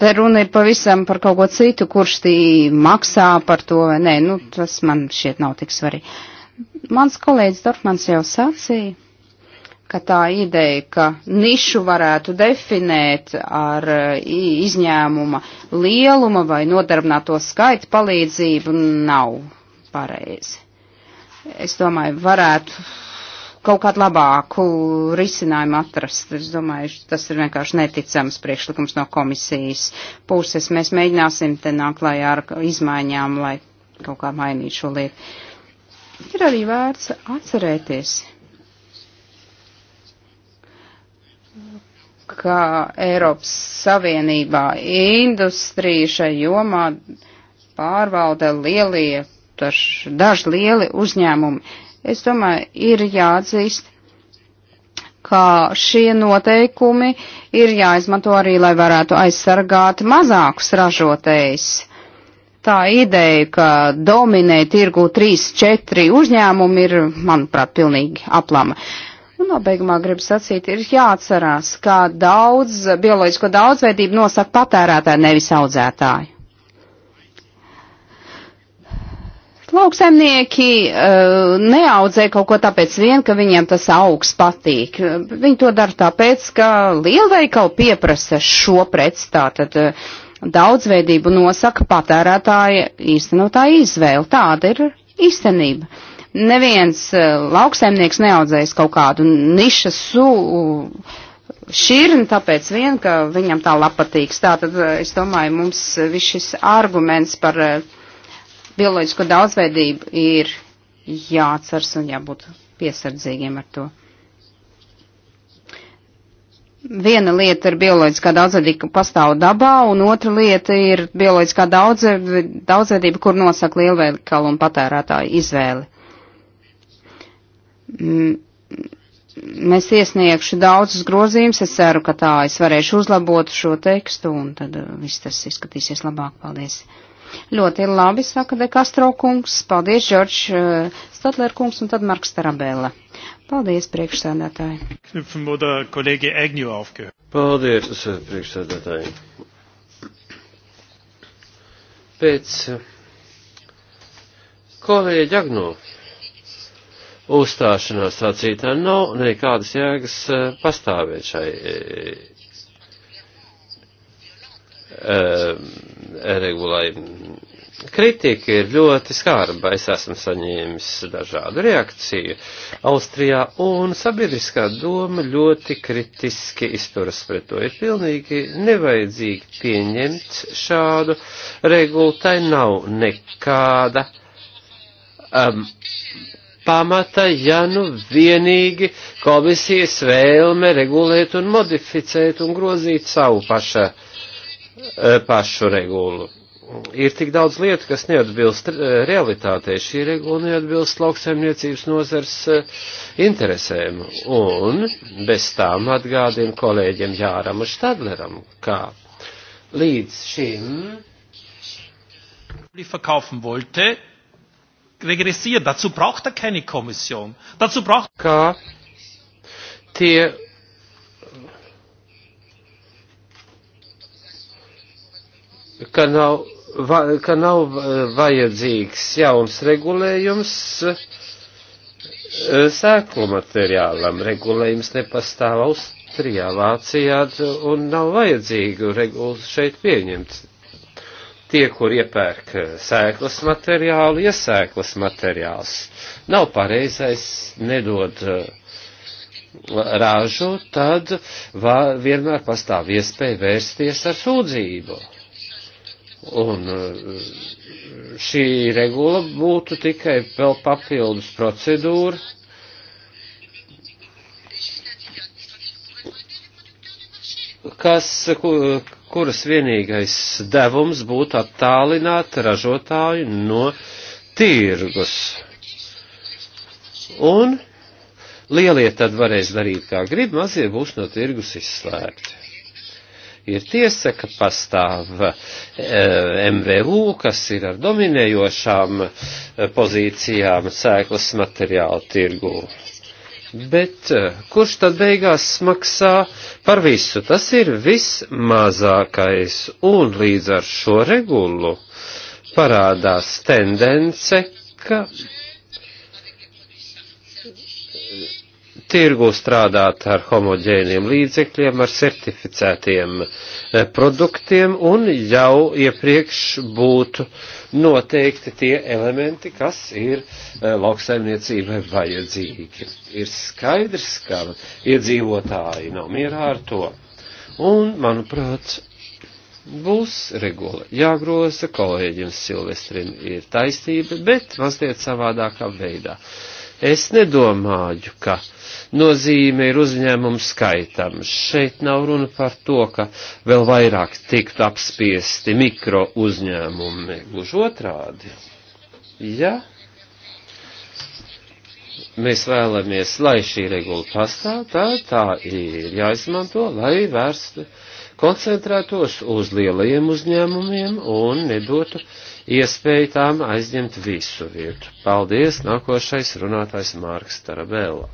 te runa ir pavisam par kaut ko citu, kurš tī maksā par to vai nē. Nu, tas man šķiet nav tik svarīgi. Mans kolēģis Dorfmans jau sacīja ka tā ideja, ka nišu varētu definēt ar e, izņēmuma lieluma vai nodarbināto skaitu palīdzību, nav pareizi. Es domāju, varētu kaut kādu labāku risinājumu atrast. Es domāju, tas ir vienkārši neticams priekšlikums no komisijas puses. Mēs mēģināsim te nākt klājā ar izmaiņām, lai kaut kā mainītu šo lietu. Ir arī vērts atcerēties ka Eiropas Savienībā industrija šai jomā pārvalda lielie, taču daži lieli uzņēmumi. Es domāju, ir jāatzīst, ka šie noteikumi ir jāizmanto arī, lai varētu aizsargāt mazākus ražotējus. Tā ideja, ka dominē tirgu 3-4 uzņēmumi ir, manuprāt, pilnīgi aplama. Uh, Un nu, nobeigumā gribu sacīt, ir jāatcerās, ka daudz, bioloģisko daudzveidību nosaka patērētāji, nevis audzētāji. Lauksaimnieki uh, neaudzē kaut ko tāpēc vien, ka viņiem tas augs patīk. Viņi to dara tāpēc, ka lielveikali pieprasa šo preci, tātad uh, daudzveidību nosaka patērētāja īstenotā izvēle. Tāda ir īstenība. Neviens eh, lauksaimnieks neaudzējis kaut kādu nišas sulu šķirni, tāpēc vien, ka viņam tā patīk. Tātad eh, es domāju, mums viss šis arguments par eh, bioloģisko daudzveidību ir jāatceras un jābūt piesardzīgiem ar to. Viena lieta ir bioloģiskā daudzveidība, kas pastāv dabā, un otra lieta ir bioloģiskā daudzveidība, kur nosaka lielveikalu un patērētāju izvēli. Mēs mm, iesniegšu daudzus grozījumus, es ceru, ka tā es varēšu uzlabot šo tekstu, un tad uh, viss tas izskatīsies labāk. Paldies! Ļoti labi, saka De Castro kungs, paldies, Žorģs uh, Statler kungs, un tad Marks Tarabēla. Paldies, priekšsēdētāji! Paldies, priekšsēdētāji! Pēc uh, kolēģi Agno uzstāšanās sacītā nav nekādas jēgas eh, pastāvēt šai eh, eh, regulai. Kritika ir ļoti skarba. Es esmu saņēmis dažādu reakciju Austrijā, un sabiedriskā doma ļoti kritiski izturas pret to. Ir pilnīgi nevajadzīgi pieņemt šādu regulu. Tai nav nekāda um, pamata, ja nu vienīgi komisijas vēlme regulēt un modificēt un grozīt savu paša, e, pašu regulu. Ir tik daudz lietu, kas neatbilst e, realitātei. Šī regula neatbilst lauksaimniecības nozars e, interesēm. Un bez tām atgādina kolēģiem Jāram un Štadleram, kā līdz šim. Die verkaufen wollte, regressieren. Dazu braucht er keine Kommission. Dazu braucht Kā tie ka nav, va, ka nav eh, vajadzīgs jauns regulējums eh, sēklu materiālam. Regulējums nepastāv Austrijā, Vācijā un nav vajadzīgu regulu šeit pieņemt tie, kur iepērk eh, sēklas materiālu, iesēklas materiāls nav pareizais, nedod eh, ražu, tad va, vienmēr pastāv iespēja vērsties ar sūdzību. Un eh, šī regula būtu tikai vēl papildus procedūra, kas, kuras vienīgais devums būtu attālināt ražotāju no tirgus. Un lielie tad varēs darīt kā grib, mazie būs no tirgus izslēgti. Ir tiesa, ka pastāv e, eh, MVU, kas ir ar dominējošām eh, pozīcijām sēklas materiāla tirgū Bet eh, kurš tad beigās maksā par visu? Tas ir vismazākais, un līdz ar šo regulu parādās tendence, ka tirgu strādāt ar homoģēniem līdzekļiem, ar certificētiem eh, produktiem un jau iepriekš būtu noteikti tie elementi, kas ir eh, lauksaimniecībai vajadzīgi. Ir skaidrs, ka iedzīvotāji nav mierā ar to. Un, manuprāt, būs regula jāgroza, kolēģim Silvestrim ir taisnība, bet mazliet savādākā veidā. Uh, Es nedomāju, ka nozīme ir uzņēmumu skaitam. Šeit nav runa par to, ka vēl vairāk tiktu apspiesti mikro uzņēmumi. Gluži otrādi. Ja mēs vēlamies, lai šī regula pastāv, tā, tā ir jāizmanto, lai vērstu koncentrētos uz lielajiem uzņēmumiem un nedotu uh, iespēju tām aizņemt visu vietu. Paldies, nākošais runātājs Mārks Tarabēlā.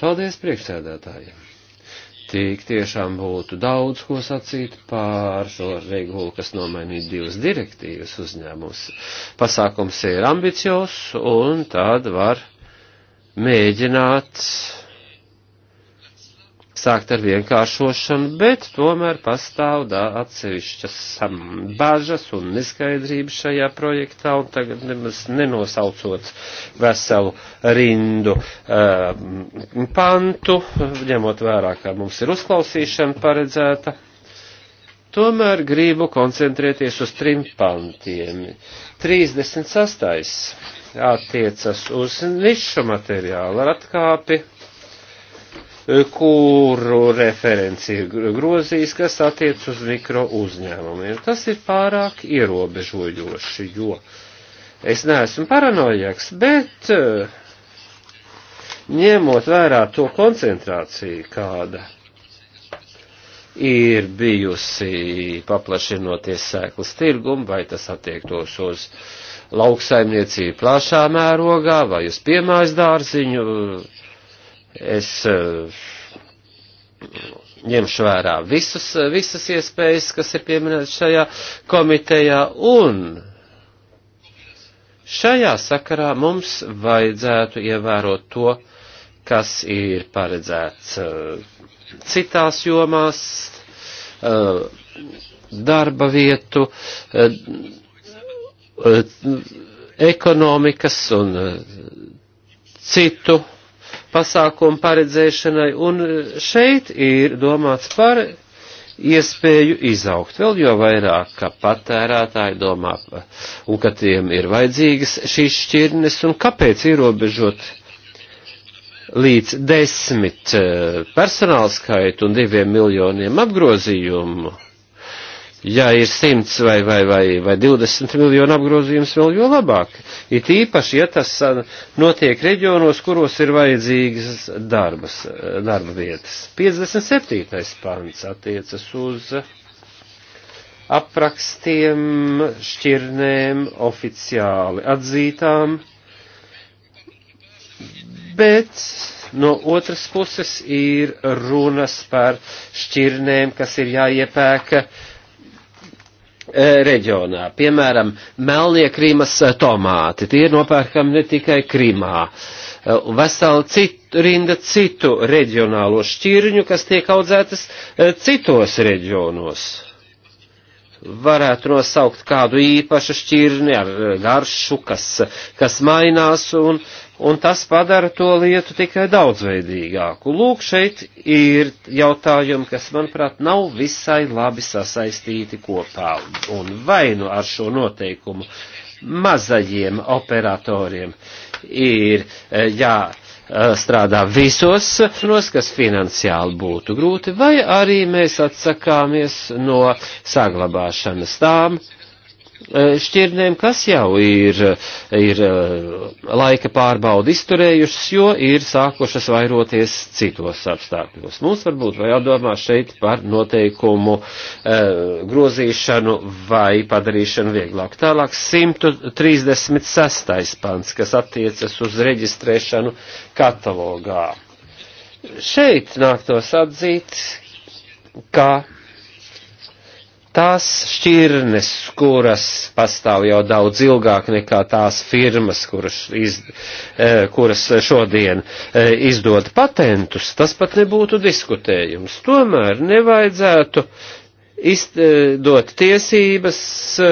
Paldies priekšsēdētājiem. Tik tiešām būtu daudz ko sacīt pār šo regulu, kas nomainīja divas direktīvas uzņēmumus. Pasākums ir ambicios un tad var mēģināt sākt ar vienkāršošanu, bet tomēr pastāv dā, atsevišķas bažas un neskaidrības šajā projektā, un tagad nemaz nenosaucot veselu rindu uh, pantu, ņemot vērā, ka mums ir uzklausīšana paredzēta. Tomēr gribu koncentrēties uz trim pantiem. 36. attiecas uz nišu materiālu ar atkāpi kuru referenci ir grozījis, kas attiec uz mikro uzņēmumiem. Tas ir pārāk ierobežojoši, jo es neesmu paranojaks, bet eh, ņemot vērā to koncentrāciju, kāda ir bijusi paplašinoties sēklas tirgumu, vai tas attiektos uz lauksaimniecību plašā mērogā, vai uz piemājas dārziņu, Es eh, ņemšu vērā visus, eh, visas iespējas, kas ir pieminētas šajā komitejā, un šajā sakarā mums vajadzētu ievērot to, kas ir paredzēts eh, citās jomās, darba vietu, ekonomikas un citu pasākumu paredzēšanai, un šeit ir domāts par iespēju izaugt vēl jo vairāk, ka patērētāji domā un ka tiem ir vajadzīgas šīs šķirnes un kāpēc ierobežot līdz desmit eh, personāla skaitu un diviem miljoniem apgrozījumu Ja ir 100 vai, vai, vai, vai 20 miljonu apgrozījums, vēl jo labāk. It īpaši, ja tas uh, notiek reģionos, kuros ir vajadzīgas darbas, uh, darba vietas. 57. pants attiecas uz aprakstiem, šķirnēm, oficiāli atzītām, bet no otras puses ir runas par šķirnēm, kas ir jāiepēka E, reģionā. Piemēram, Melnie Krīmas e, tomāti. Tie ir nopērkami ne tikai Krīmā. E, vesela citu, rinda citu reģionālo šķirņu, kas tiek audzētas citos reģionos. Varētu nosaukt kādu īpašu šķirni ar garšu, kas, kas mainās un un tas padara to lietu tikai daudzveidīgāku. Lūk, šeit ir jautājumi, kas, manuprāt, nav visai labi sasaistīti kopā, un vainu ar šo noteikumu mazajiem operatoriem ir e, jā e, strādā visos sapnos, kas finansiāli būtu grūti, vai arī mēs atsakāmies no saglabāšanas tām, uh, Eh, šķirnēm, kas jau ir, ir eh, laika pārbaudu izturējušas, jo ir sākušas vairoties citos apstākļos. Mums varbūt jādomā šeit par noteikumu eh, grozīšanu vai padarīšanu vieglāk. Tālāk 136. pants, kas attiecas uz reģistrēšanu katalogā. Šeit nāktos atzīt, ka tās šķirnes, kuras pastāv jau daudz ilgāk nekā tās firmas, kuras, iz, e, kuras šodien e, izdod patentus, tas pat nebūtu diskutējums. Tomēr nevajadzētu izdot tiesības e,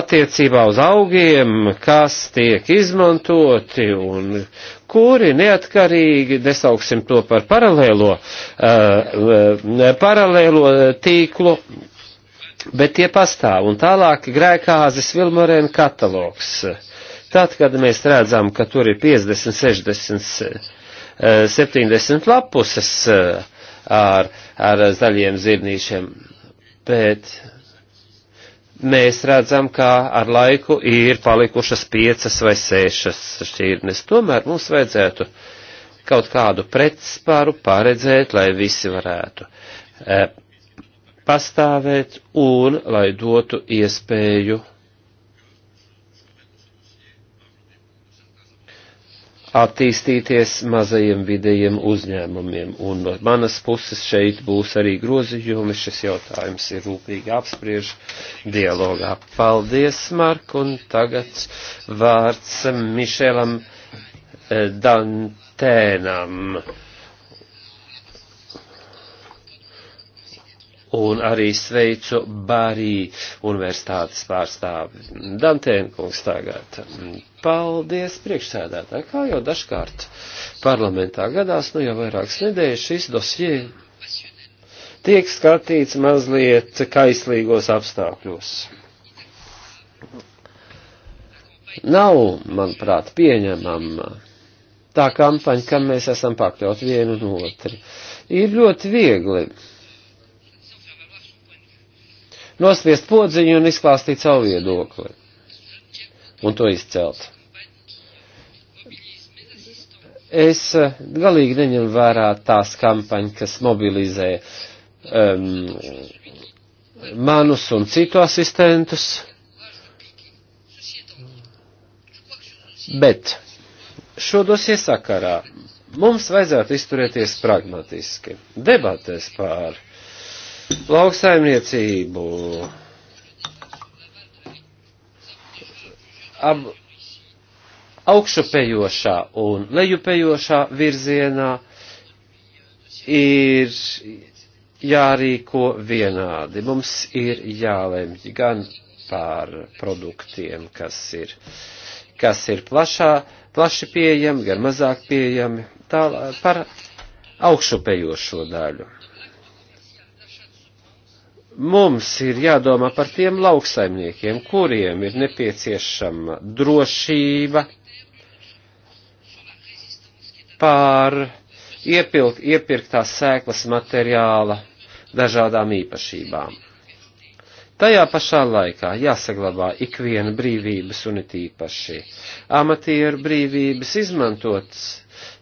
attiecībā uz augiem, kas tiek izmantoti un kuri neatkarīgi, nesauksim to par paralēlo, paralēlo tīklu, bet tie pastāv. Un tālāk grēkāzes Vilmorēna katalogs. Tad, kad mēs redzam, ka tur ir 50, 60, 70 lapuses eh, ar, ar zaļiem zirnīšiem, bet mēs redzam, kā ar laiku ir palikušas piecas vai sešas šķirnes. Tomēr mums vajadzētu kaut kādu pretspāru paredzēt, lai visi varētu eh, pastāvēt un lai dotu iespēju attīstīties mazajiem vidējiem uzņēmumiem. Un no manas puses šeit būs arī grozījumi. Šis jautājums ir rūpīgi apspriež dialogā. Paldies, Mark, un tagad vārds Mišelam eh, Dantēnam. un arī sveicu Barī universitātes pārstāvi Dantēnkungs tagad. Paldies priekšsēdētāji, kā jau dažkārt parlamentā gadās, nu jau vairākas nedēļas šis dosie tiek skatīts mazliet kaislīgos apstākļos. Nav, manuprāt, pieņemama tā kampaņa, kam mēs esam pakļaut vienu un otru. Ir ļoti viegli nosviest podziņu un izklāstīt savu viedokli. Un to izcelt. Es eh, galīgi neņemu vērā tās kampaņas, kas mobilizē um, manus un citu asistentus. Bet šo dosie sakarā mums vajadzētu izturēties pragmatiski. Debatēs pār lauksaimniecību, ab, augšupejošā un lejupejošā virzienā ir jārīko vienādi. Mums ir jālemj gan par produktiem, kas ir, kas ir plašā, plaši pieejami, gan mazāk pieejami, tā par augšupejošo daļu. Mums ir jādomā par tiem lauksaimniekiem, kuriem ir nepieciešama drošība pār iepilkt, iepirktās sēklas materiāla dažādām īpašībām. Tajā pašā laikā jāsaglabā ikviena brīvības un it īpaši amatieru brīvības izmantotas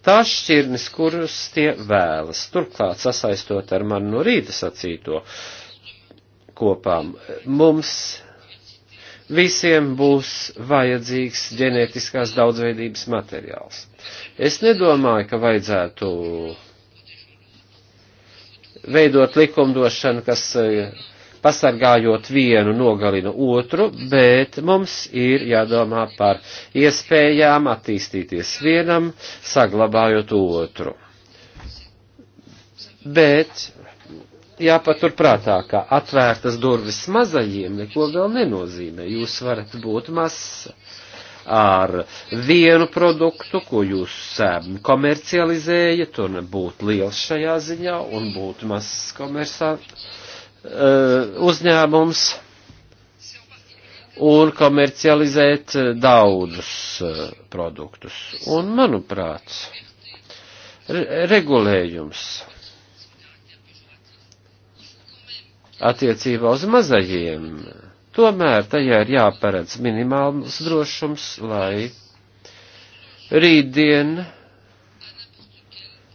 tās šķirnes, kuras tie vēlas, turklāt sasaistot ar man no rīta sacīto. Uh, kopām. Mums visiem būs vajadzīgs ģenētiskās daudzveidības materiāls. Es nedomāju, ka vajadzētu veidot likumdošanu, kas eh, pasargājot vienu nogalina otru, bet mums ir jādomā par iespējām attīstīties vienam, saglabājot otru. Bet jāpaturprātā, ka atvērtas durvis mazajiem neko vēl nenozīmē. Jūs varat būt mazs ar vienu produktu, ko jūs um, komercializējat, un būt liels šajā ziņā, un būt mazs komersā uh, uzņēmums, un komercializēt daudzus uh, produktus. Un, manuprāt, re regulējums attiecībā uz mazajiem. Tomēr tajā ir jāparedz minimāls drošums, lai rītdien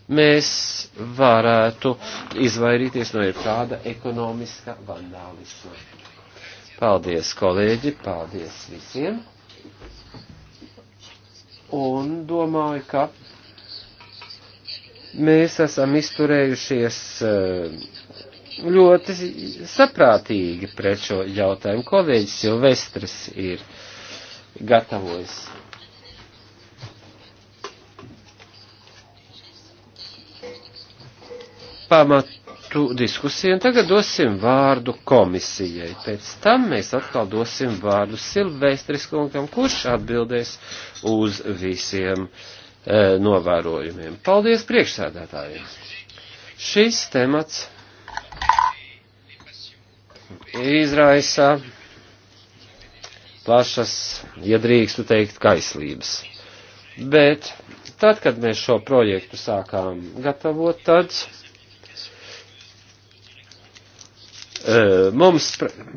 mēs varētu izvairīties no jebkāda ekonomiska vandālisma. Paldies, kolēģi, paldies visiem. Un domāju, ka mēs esam izturējušies uh, ļoti saprātīgi pret šo jautājumu. Kolēģis Silvestris ir gatavojis. Pamatu diskusiju, un tagad dosim vārdu komisijai. Pēc tam mēs atkal dosim vārdu Silvestris kungam, kurš atbildēs uz visiem e, novērojumiem. Paldies priekšsēdētājiem! Šis temats izraisa plašas, ja drīkstu teikt, kaislības. Bet tad, kad mēs šo projektu sākām gatavot, tad e, mums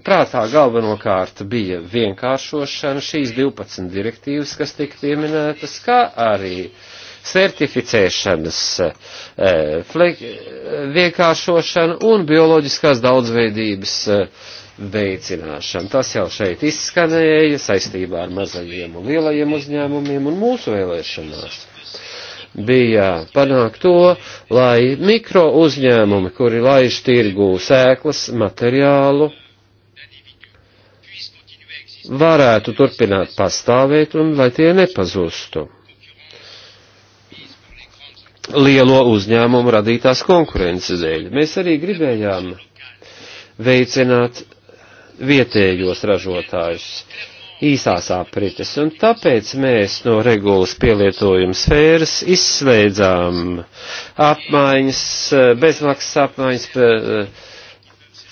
prātā galvenokārt bija vienkāršošana šīs 12 direktīvas, kas tika pieminētas, kā arī uh, certificēšanas eh, vienkāršošanu un bioloģiskās daudzveidības eh, veicināšanu. Tas jau šeit izskanēja saistībā ar mazajiem un lielajiem uzņēmumiem un mūsu vēlēšanās bija panākt to, lai mikro uzņēmumi, kuri laiž tirgū sēklas materiālu, varētu turpināt pastāvēt un lai tie nepazustu lielo uzņēmumu radītās konkurences dēļ. Mēs arī gribējām veicināt vietējos ražotājus īsās aprites, un tāpēc mēs no regulas pielietojuma sfēras izslēdzām apmaiņas, eh, bezmaksas apmaiņas eh,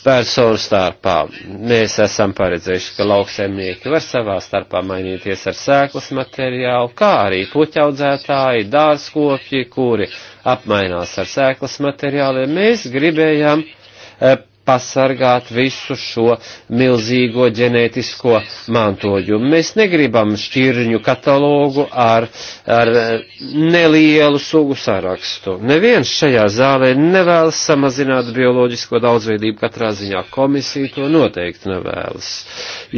personu starpā. Mēs esam paredzējuši, ka lauksemnieki var savā starpā mainīties ar sēklas materiālu, kā arī puķaudzētāji, dārzkopji, kuri apmainās ar sēklas materiāliem. Mēs gribējām eh, pasargāt visu šo milzīgo ģenētisko mantojumu. Mēs negribam šķirņu katalogu ar, ar nelielu sugu sarakstu. Neviens šajā zālē nevēlas samazināt bioloģisko daudzveidību katrā ziņā. Komisija to noteikti nevēlas.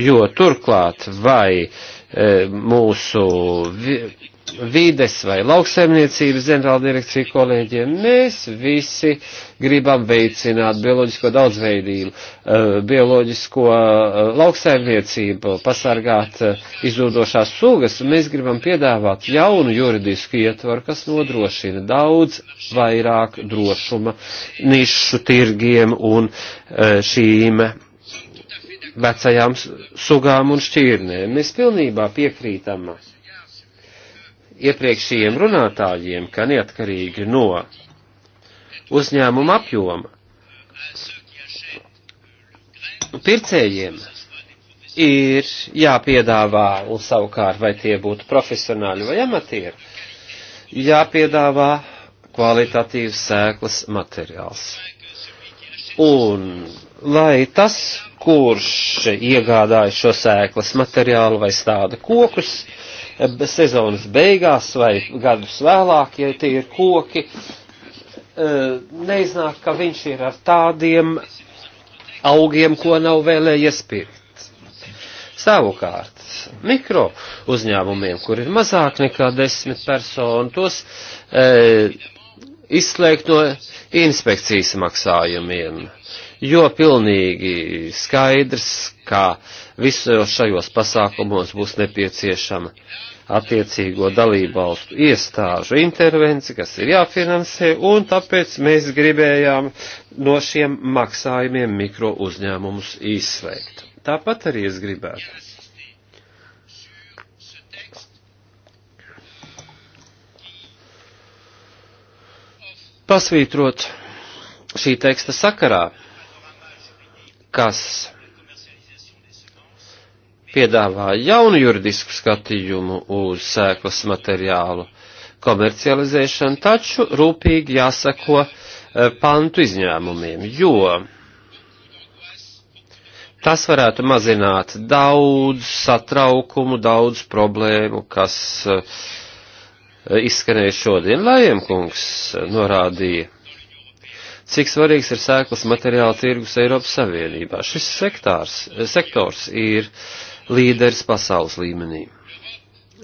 Jo turklāt vai e, mūsu. Vi, vides vai lauksaimniecības ģenerāldirekcija kolēģiem, mēs visi gribam veicināt bioloģisko daudzveidību, eh, bioloģisko eh, lauksaimniecību, pasargāt eh, izzūdošās sugas, un mēs gribam piedāvāt jaunu juridisku ietvaru, kas nodrošina daudz vairāk drošuma nišu tirgiem un šīm vecajām sugām un šķirnēm. Mēs pilnībā piekrītam iepriekšējiem runātājiem, ka neatkarīgi no uzņēmuma apjoma pircējiem ir jāpiedāvā, un savukārt, vai tie būtu profesionāļi vai amatieri, jāpiedāvā kvalitatīvs sēklas materiāls. Un lai tas, kurš iegādāja šo sēklas materiālu vai stāda kokus, uh, sezonas beigās vai gadus vēlāk, ja tie ir koki, eh, neiznāk, ka viņš ir ar tādiem augiem, ko nav vēlējies pirkt. Savukārt, mikro uzņēmumiem, kur ir mazāk nekā desmit personu, tos e, izslēgt no inspekcijas maksājumiem, jo pilnīgi skaidrs, ka e, visos šajos pasākumos būs nepieciešama attiecīgo dalībvalstu iestāžu intervenci, kas ir jāfinansē, un tāpēc mēs gribējām no šiem maksājumiem mikro uzņēmumus izslēgt. Tāpat arī es gribētu. Pasvītrot šī teksta sakarā, kas piedāvā jaunu juridisku skatījumu uz sēklas materiālu komercializēšanu, taču rūpīgi jāsako eh, pantu izņēmumiem, jo tas varētu mazināt daudz satraukumu, daudz problēmu, kas eh, izskanēja šodien. Lējemkungs norādīja, cik svarīgs ir sēklas materiāla tirgus Eiropas Savienībā. Šis sektārs, eh, sektors ir uh, līderis pasaules līmenī.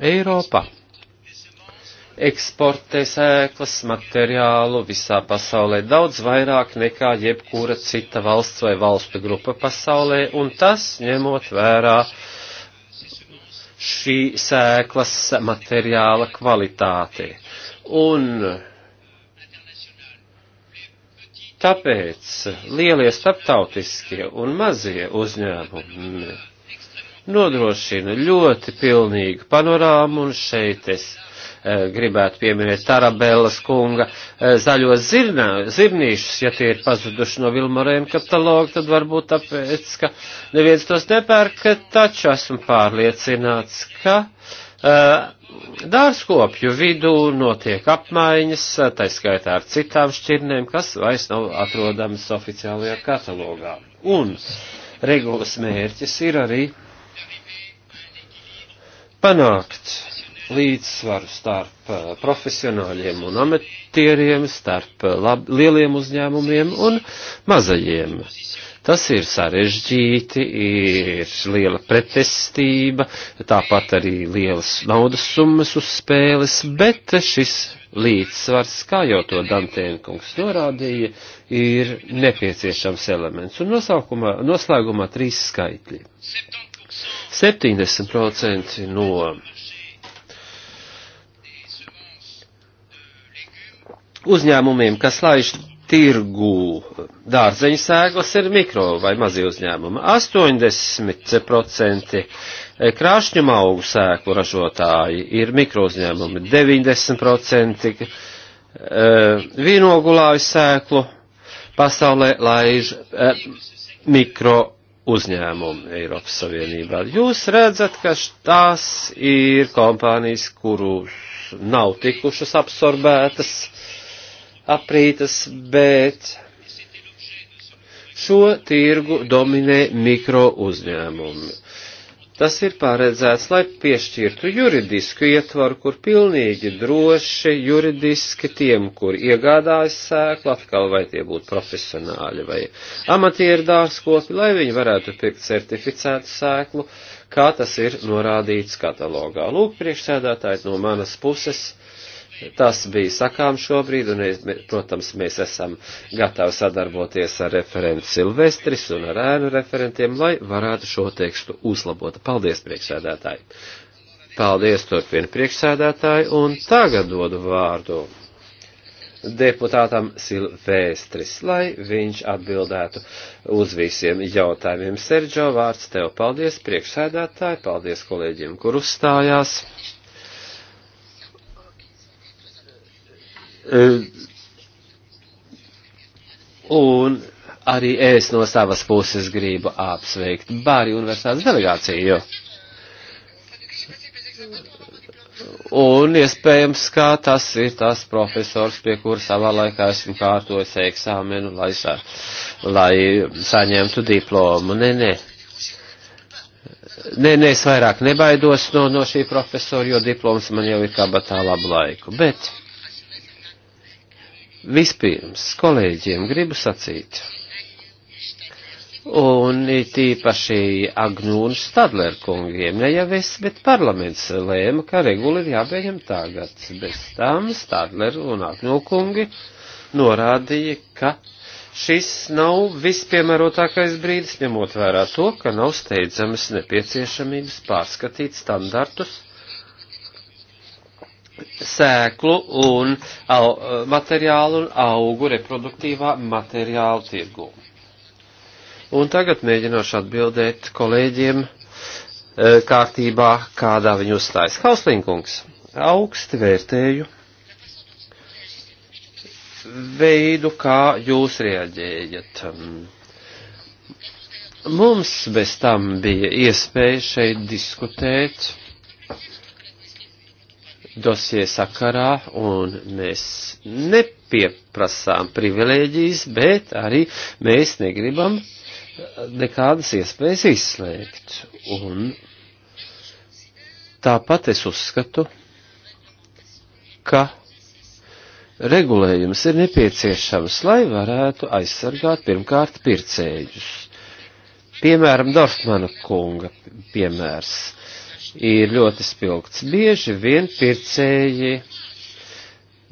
Eiropa eksportē sēklas materiālu visā pasaulē daudz vairāk nekā jebkura cita valsts vai valstu grupa pasaulē, un tas ņemot vērā šī sēklas materiāla kvalitāti. Un tāpēc lielie starptautiskie un mazie uzņēmumi nodrošina ļoti pilnīgu panorāmu, un šeit es eh, gribētu pieminēt Tarabellas kunga eh, zaļos zirnā, zirnīšus, ja tie ir pazuduši no Vilmorēna kataloga, tad varbūt tāpēc, ka neviens tos nepērk, taču esmu pārliecināts, ka uh, dārzkopju vidū notiek apmaiņas, tā skaitā ar citām šķirnēm, kas vairs nav atrodamas oficiālajā katalogā. Un regulas mērķis ir arī panākt līdzsvaru starp eh, profesionāļiem un ametieriem, starp eh, lab, lieliem uzņēmumiem un mazajiem. Tas ir sarežģīti, ir liela pretestība, tāpat arī lielas naudas summas uz spēles, bet šis līdzsvars, kā jau to Dantēnkungs norādīja, ir nepieciešams elements. Un nosaukumā, noslēgumā trīs skaitļi. 70. 70% no uzņēmumiem, kas laiž tirgu dārzeņu sēklas, ir mikro vai mazie uzņēmumi. 80% krāšņu augu sēklu ražotāji ir mikro uzņēmumi, 90% eh, vīnogulāju sēklu pasaulē laiž eh, mikro uzņēmumu Eiropas Savienībā. Jūs redzat, ka tās ir kompānijas, kuru nav tikušas absorbētas, aprītas, bet šo tirgu dominē mikro uzņēmumi. Tas ir paredzēts, lai piešķirtu juridisku ietvaru, kur pilnīgi droši juridiski tiem, kur iegādājas sēklu, atkal vai tie būtu profesionāļi vai amatieru dārzkopi, lai viņi varētu pirkt certificētu sēklu, kā tas ir norādīts katalogā. Lūk, priekšsēdētāji no manas puses Tas bija sakām šobrīd, un, protams, mēs esam gatavi sadarboties ar referentu Silvestris un ar ēnu referentiem, lai varētu šo tekstu uzlabot. Paldies, priekšsēdētāji! Paldies, turpina priekšsēdētāji, un tagad dodu vārdu deputātam Silvestris, lai viņš atbildētu uz visiem jautājumiem. Sergio, vārds tev paldies, priekšsēdētāji, paldies kolēģiem, kur uzstājās. Eh, un arī es no savas puses gribu apsveikt Bāri universitātes delegāciju. Un iespējams, kā tas ir tas profesors, pie kura savā laikā esmu kārtojis eksāmenu, lai, sa, lai saņemtu diplomu. Nē, nē. Nē, nē, es vairāk nebaidos no, no šī profesora, jo diploms man jau ir kā batā labu laiku. Bet Vispirms kolēģiem gribu sacīt, un it īpaši Agnūnu Stadler kungiem, ne jau es, bet parlaments lēma, ka regula ir jābeņem tagad. Bez tam Stadler un Agnūnu kungi norādīja, ka šis nav vispiemērotākais brīdis, ņemot vērā to, ka nav steidzamas nepieciešamības pārskatīt standartus sēklu un au, materiālu un augu reproduktīvā materiālu tirgū. Un tagad mēģināšu atbildēt kolēģiem e, kārtībā, kādā viņi uzstājas. Hauslinkungs, augsti vērtēju veidu, kā jūs rieģējat. Mums bez tam bija iespēja šeit diskutēt dosie sakarā, un mēs nepieprasām privilēģijas, bet arī mēs negribam nekādas iespējas izslēgt. Un tāpat es uzskatu, ka regulējums ir nepieciešams, lai varētu aizsargāt pirmkārt pircējus. Piemēram, Dorfmana kunga piemērs ir ļoti spilgts. Bieži vien pircēji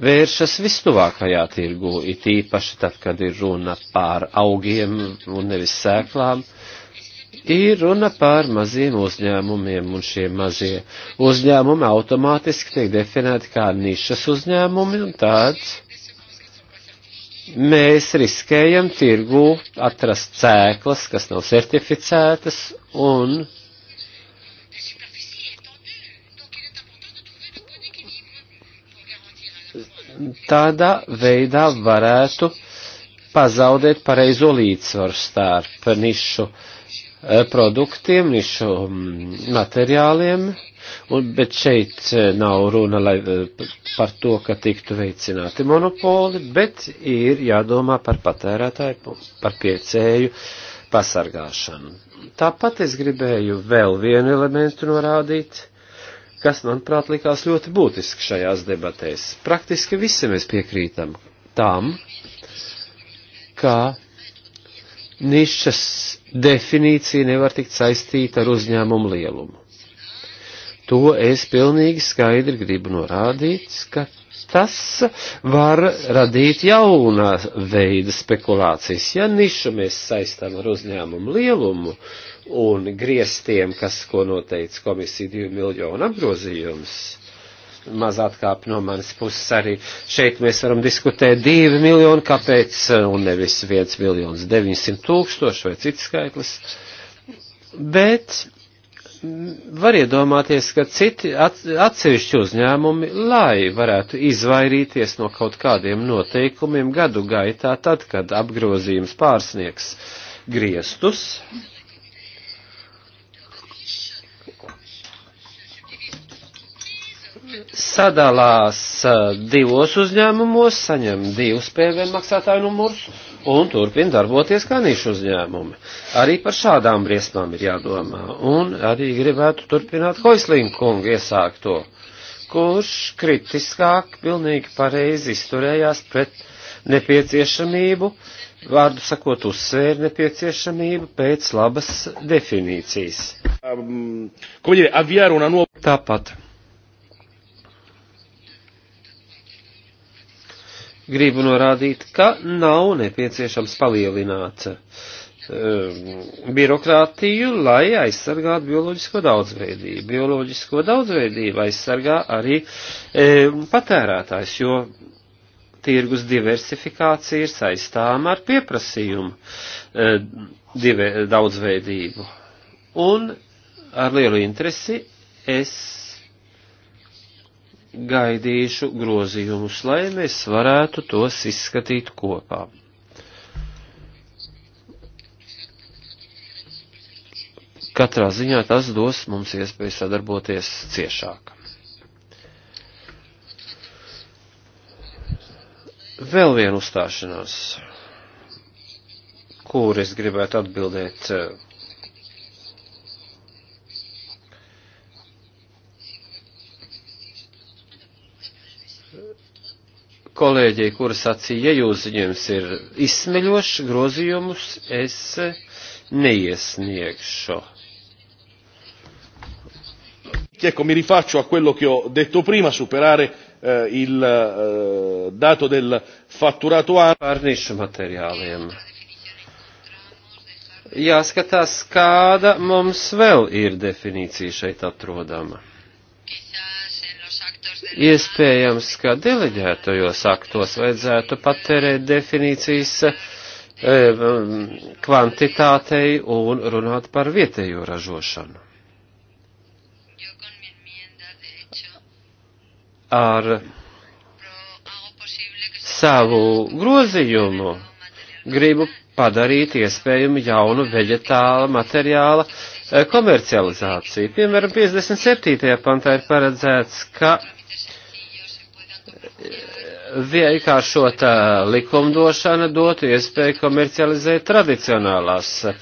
vēršas vistuvākajā tirgu, it īpaši tad, kad ir runa pār augiem un nevis sēklām, ir runa pār maziem uzņēmumiem, un šie mazie uzņēmumi automātiski tiek definēti kā nišas uzņēmumi, un tāds mēs riskējam tirgu atrast cēklas, kas nav certificētas, un tādā veidā varētu pazaudēt pareizo līdzsvaru starp nišu eh, produktiem, nišu mm, materiāliem, un, bet šeit eh, nav runa lai, eh, par to, ka tiktu veicināti monopoli, bet ir jādomā par patērētāju, par piecēju pasargāšanu. Tāpat es gribēju vēl vienu elementu norādīt kas, manuprāt, likās ļoti būtiski šajās debatēs. Praktiski visi mēs piekrītam tam, ka nišas definīcija nevar tikt saistīta ar uzņēmumu lielumu. To es pilnīgi skaidri gribu norādīt, ka tas var radīt jaunā veida spekulācijas. Ja nišu mēs saistām ar uzņēmumu lielumu, uh, un griestiem, kas, ko noteica komisija, 2 miljonu apgrozījums. Maz atkāp no manas puses arī šeit mēs varam diskutēt 2 miljonu, kāpēc, un nevis 1 miljons 900 tūkstoši vai cits skaitlis. Bet var iedomāties, ka citi atsevišķi uzņēmumi, lai varētu izvairīties no kaut kādiem noteikumiem gadu gaitā, tad, kad apgrozījums pārsniegs griestus, sadalās eh, divos uzņēmumos, saņem divus PVN maksātāju numurus un turpina darboties kā nišu uzņēmumi. Arī par šādām briesmām ir jādomā. Un arī gribētu turpināt Hoislinkungu iesākto, kurš kritiskāk pilnīgi pareizi izturējās pret nepieciešamību, vārdu sakot, uzsvēra nepieciešamību pēc labas definīcijas. Um, Tāpat gribu norādīt, ka nav nepieciešams palielināt um, birokrātiju, lai aizsargātu bioloģisko daudzveidību. Bioloģisko daudzveidību aizsargā arī um, patērētājs, jo tirgus diversifikācija ir saistāma ar pieprasījumu um, dive, daudzveidību. Un ar lielu interesi es gaidīšu grozījumus, lai mēs varētu tos izskatīt kopā. Katrā ziņā tas dos mums iespēju sadarboties ciešāk. Vēl viena uzstāšanās, kur es gribētu atbildēt eh, kolēģei, kura sacīja, ja jūs ziņojums ir izsmeļošs, grozījumus es neiesniegšu. Ecco, mi rifaccio a quello che ho detto prima, superare eh, il eh, dato del fatturato annuo. Pārnišu materiāliem. Jāskatās, kāda mums vēl ir definīcija šeit atrodama. Iespējams, ka deleģētojos aktos vajadzētu patērēt definīcijas e, kvantitātei un runāt par vietējo ražošanu. Ar savu grozījumu gribu padarīt iespējumu jaunu veģetāla materiāla e, komercializāciju. Piemēram, 57. pantā ir paredzēts, ka vienkāršotā uh, likumdošana dotu iespēju komercializēt tradicionālās uh,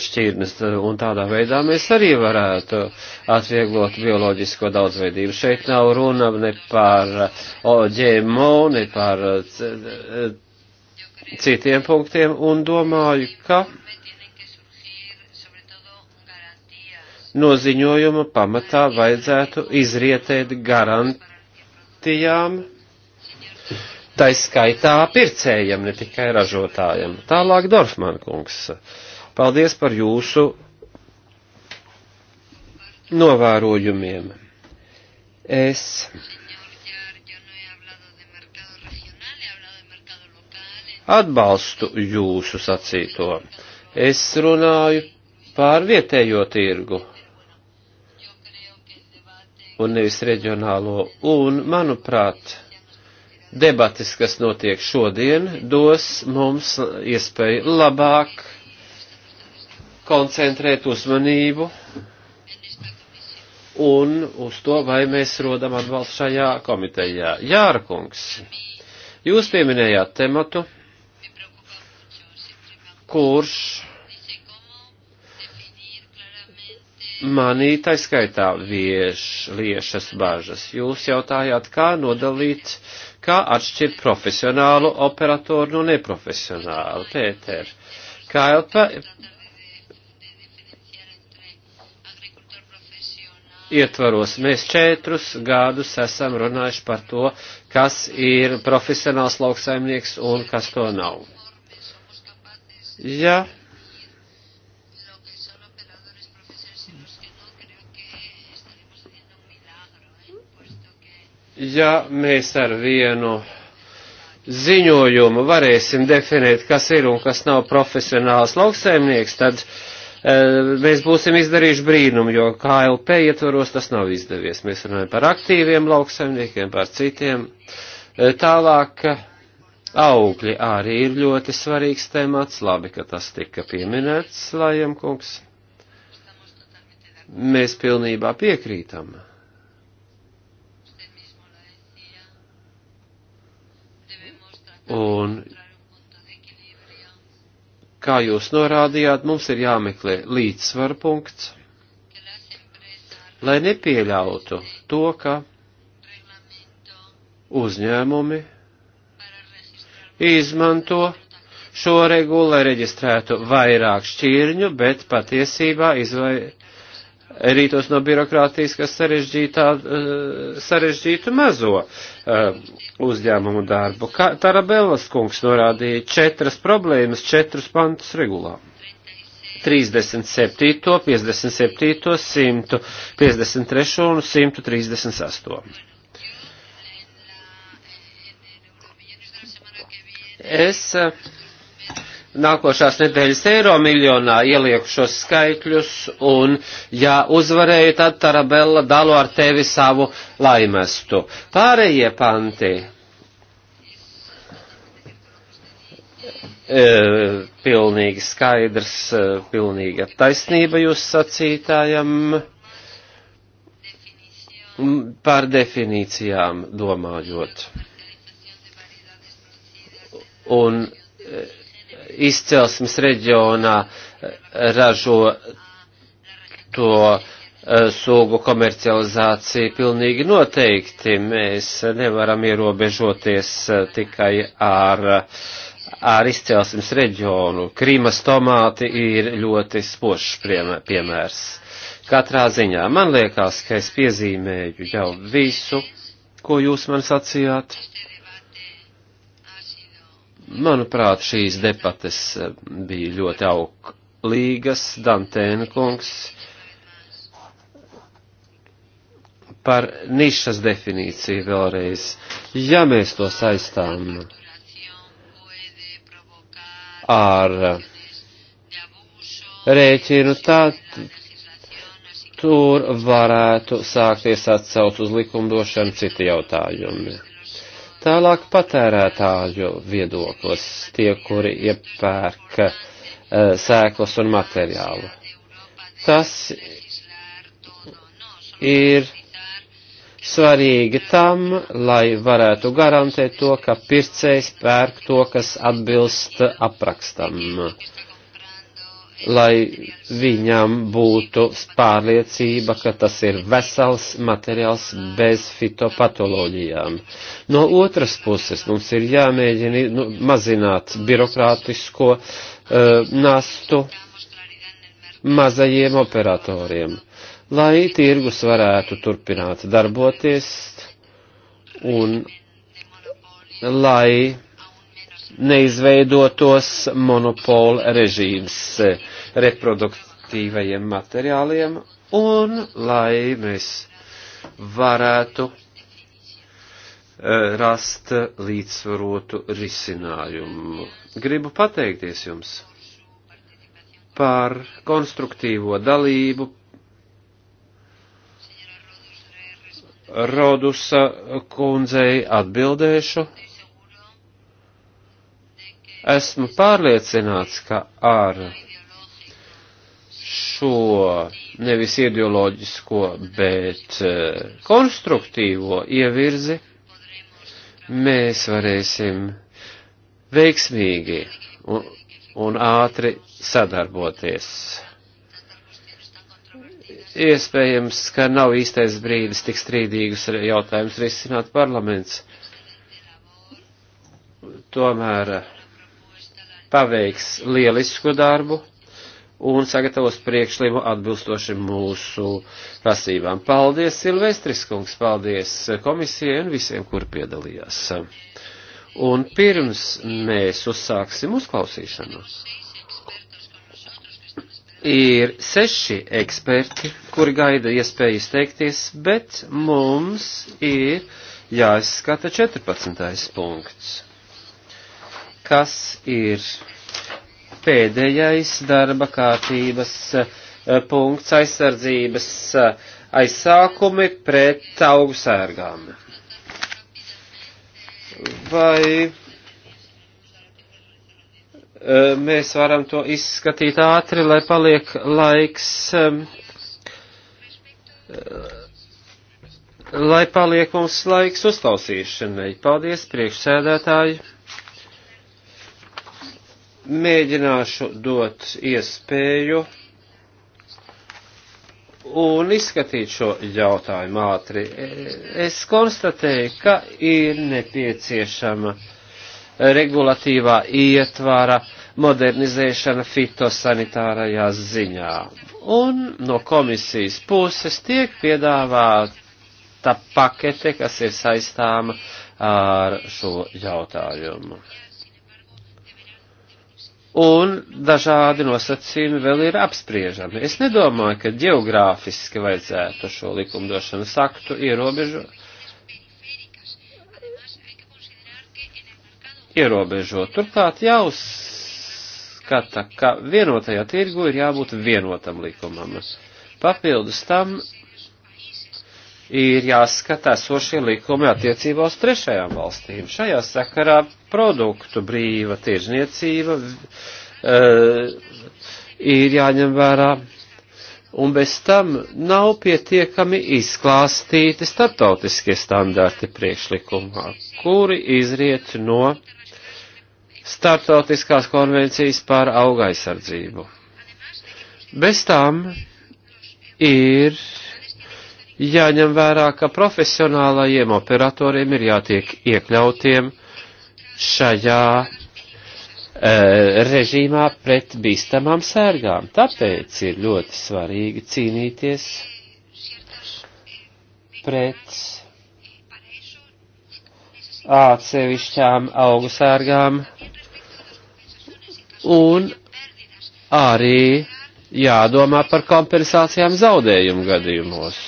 šķirnes, uh, un tādā veidā mēs arī varētu atvieglot bioloģisko daudzveidību. Šeit nav runa ne par ģēmo, ne par citiem punktiem, un domāju, ka no ziņojuma pamatā vajadzētu izrietēt garantiju partijām, tai skaitā pircējiem, ne tikai ražotājiem. Tālāk Dorfman kungs. Paldies par jūsu novērojumiem. Es atbalstu jūsu sacīto. Es runāju pār vietējo tirgu un nevis reģionālo. Un, manuprāt, debatis, kas notiek šodien, dos mums iespēju labāk koncentrēt uzmanību un uz to, vai mēs rodam atbalstu šajā komitejā. Jārkungs, jūs pieminējāt tematu, kurš manī taiskaitā viešas bažas. Jūs jautājāt, kā nodalīt, kā atšķirt profesionālu operatoru no neprofesionālu. Pēter, kā jau pa... ietvaros mēs četrus gadus esam runājuši par to, kas ir profesionāls lauksaimnieks un kas to nav. Ja ja mēs ar vienu ziņojumu varēsim definēt, kas ir un kas nav profesionāls lauksaimnieks, tad e, mēs būsim izdarījuši brīnumu, jo KLP ietvaros tas nav izdevies. Mēs runājam par aktīviem lauksaimniekiem, par citiem. E, tālāk augļi arī ir ļoti svarīgs temats. Labi, ka tas tika pieminēts, Lajam kungs. Mēs pilnībā piekrītam. Un kā jūs norādījāt, mums ir jāmeklē līdzsvar punkts, lai nepieļautu to, ka uzņēmumi izmanto šo regulu, lai reģistrētu vairāk šķirņu, bet patiesībā izvai, rītos no birokrātijas, kas sarežģītā, eh, sarežģītu mazo eh, uzņēmumu darbu. Kā Tarabellas kungs norādīja četras problēmas, četrus pantus regulā. 37, 57, 153 un 138. Es uh, nākošās nedēļas eiro miljonā ielieku šos skaitļus, un ja uzvarēju, tad Tarabella dalo ar tevi savu laimestu. Pārējie panti. E, pilnīgi skaidrs, e, pilnīga taisnība jūs sacītājam par definīcijām domājot. Un e, izcelsmes reģionā ražo to e, sugu komercializāciju pilnīgi noteikti. Mēs nevaram ierobežoties e, tikai ar, ar izcelsmes reģionu. Krīmas tomāti ir ļoti spošs piemērs. Katrā ziņā man liekas, ka es piezīmēju jau visu, ko jūs man sacījāt. Manuprāt, šīs debates eh, bija ļoti auglīgas. Dantēna kungs par nišas definīciju vēlreiz. Ja mēs to saistām ar rēķinu, tad tur varētu sākties atcauc uz likumdošanu citi jautājumi. Tālāk patērētāju viedoklis, tie, kuri iepērk uh, sēklas un materiālu. Tas ir svarīgi tam, lai varētu garantēt to, ka pircējs pērk to, kas atbilst aprakstam. Uh, lai viņam būtu pārliecība, ka tas ir vesels materiāls bez fitopatoloģijām. No otras puses mums ir jāmēģina nu, mazināt birokrātisko uh, nastu mazajiem operatoriem, lai tirgus varētu turpināt darboties un lai neizveidotos monopola režīms e, reproduktīvajiem materiāliem un lai mēs varētu e, rast līdzsvarotu risinājumu. Gribu pateikties jums par konstruktīvo dalību, Rodusa kundzei atbildēšu. Esmu pārliecināts, ka ar šo nevis ideoloģisko, bet eh, konstruktīvo ievirzi mēs varēsim veiksmīgi un, un ātri sadarboties. Iespējams, ka nav īstais brīdis tik strīdīgus jautājumus risināt parlaments. Tomēr paveiks lielisku darbu un sagatavos priekšlīmu atbilstoši mūsu prasībām. Paldies, Silvestris kungs, paldies komisijai un visiem, kur piedalījās. Un pirms mēs uzsāksim uzklausīšanu, ir seši eksperti, kuri gaida iespēju izteikties, bet mums ir jāizskata 14. punkts kas ir pēdējais darba kārtības eh, punkts aizsardzības eh, aizsākumi pret augsērgām. Vai eh, mēs varam to izskatīt ātri, lai paliek laiks, lai paliek mums laiks uzklausīšanai. Paldies, priekšsēdētāji! Mēģināšu dot iespēju un izskatīt šo jautājumu ātri. Es konstatēju, ka ir nepieciešama regulatīvā ietvara modernizēšana fitosanitārajā ziņā. Un no komisijas puses tiek piedāvāta pakete, kas ir saistāma ar šo jautājumu un dažādi nosacījumi vēl ir apspriežami. Es nedomāju, ka geogrāfiski vajadzētu šo likumdošanas aktu ierobežot. Ierobežot. Turklāt jāuzskata, ka vienotajā tirgu ir jābūt vienotam likumam. Papildus tam ir jāskatā sošie likumi attiecībā uz trešajām valstīm. Šajā sakarā produktu brīva tiežniecība uh, eh, ir jāņem vērā, un bez tam nav pietiekami izklāstīti starptautiskie standarti priekšlikumā, kuri izriet no starptautiskās konvencijas par auga aizsardzību. Bez tām ir jāņem vērā, ka profesionālajiem operatoriem ir jātiek iekļautiem šajā e, režīmā pret bīstamām sērgām. Tāpēc ir ļoti svarīgi cīnīties pret atsevišķām augu sērgām un arī jādomā par kompensācijām zaudējumu gadījumos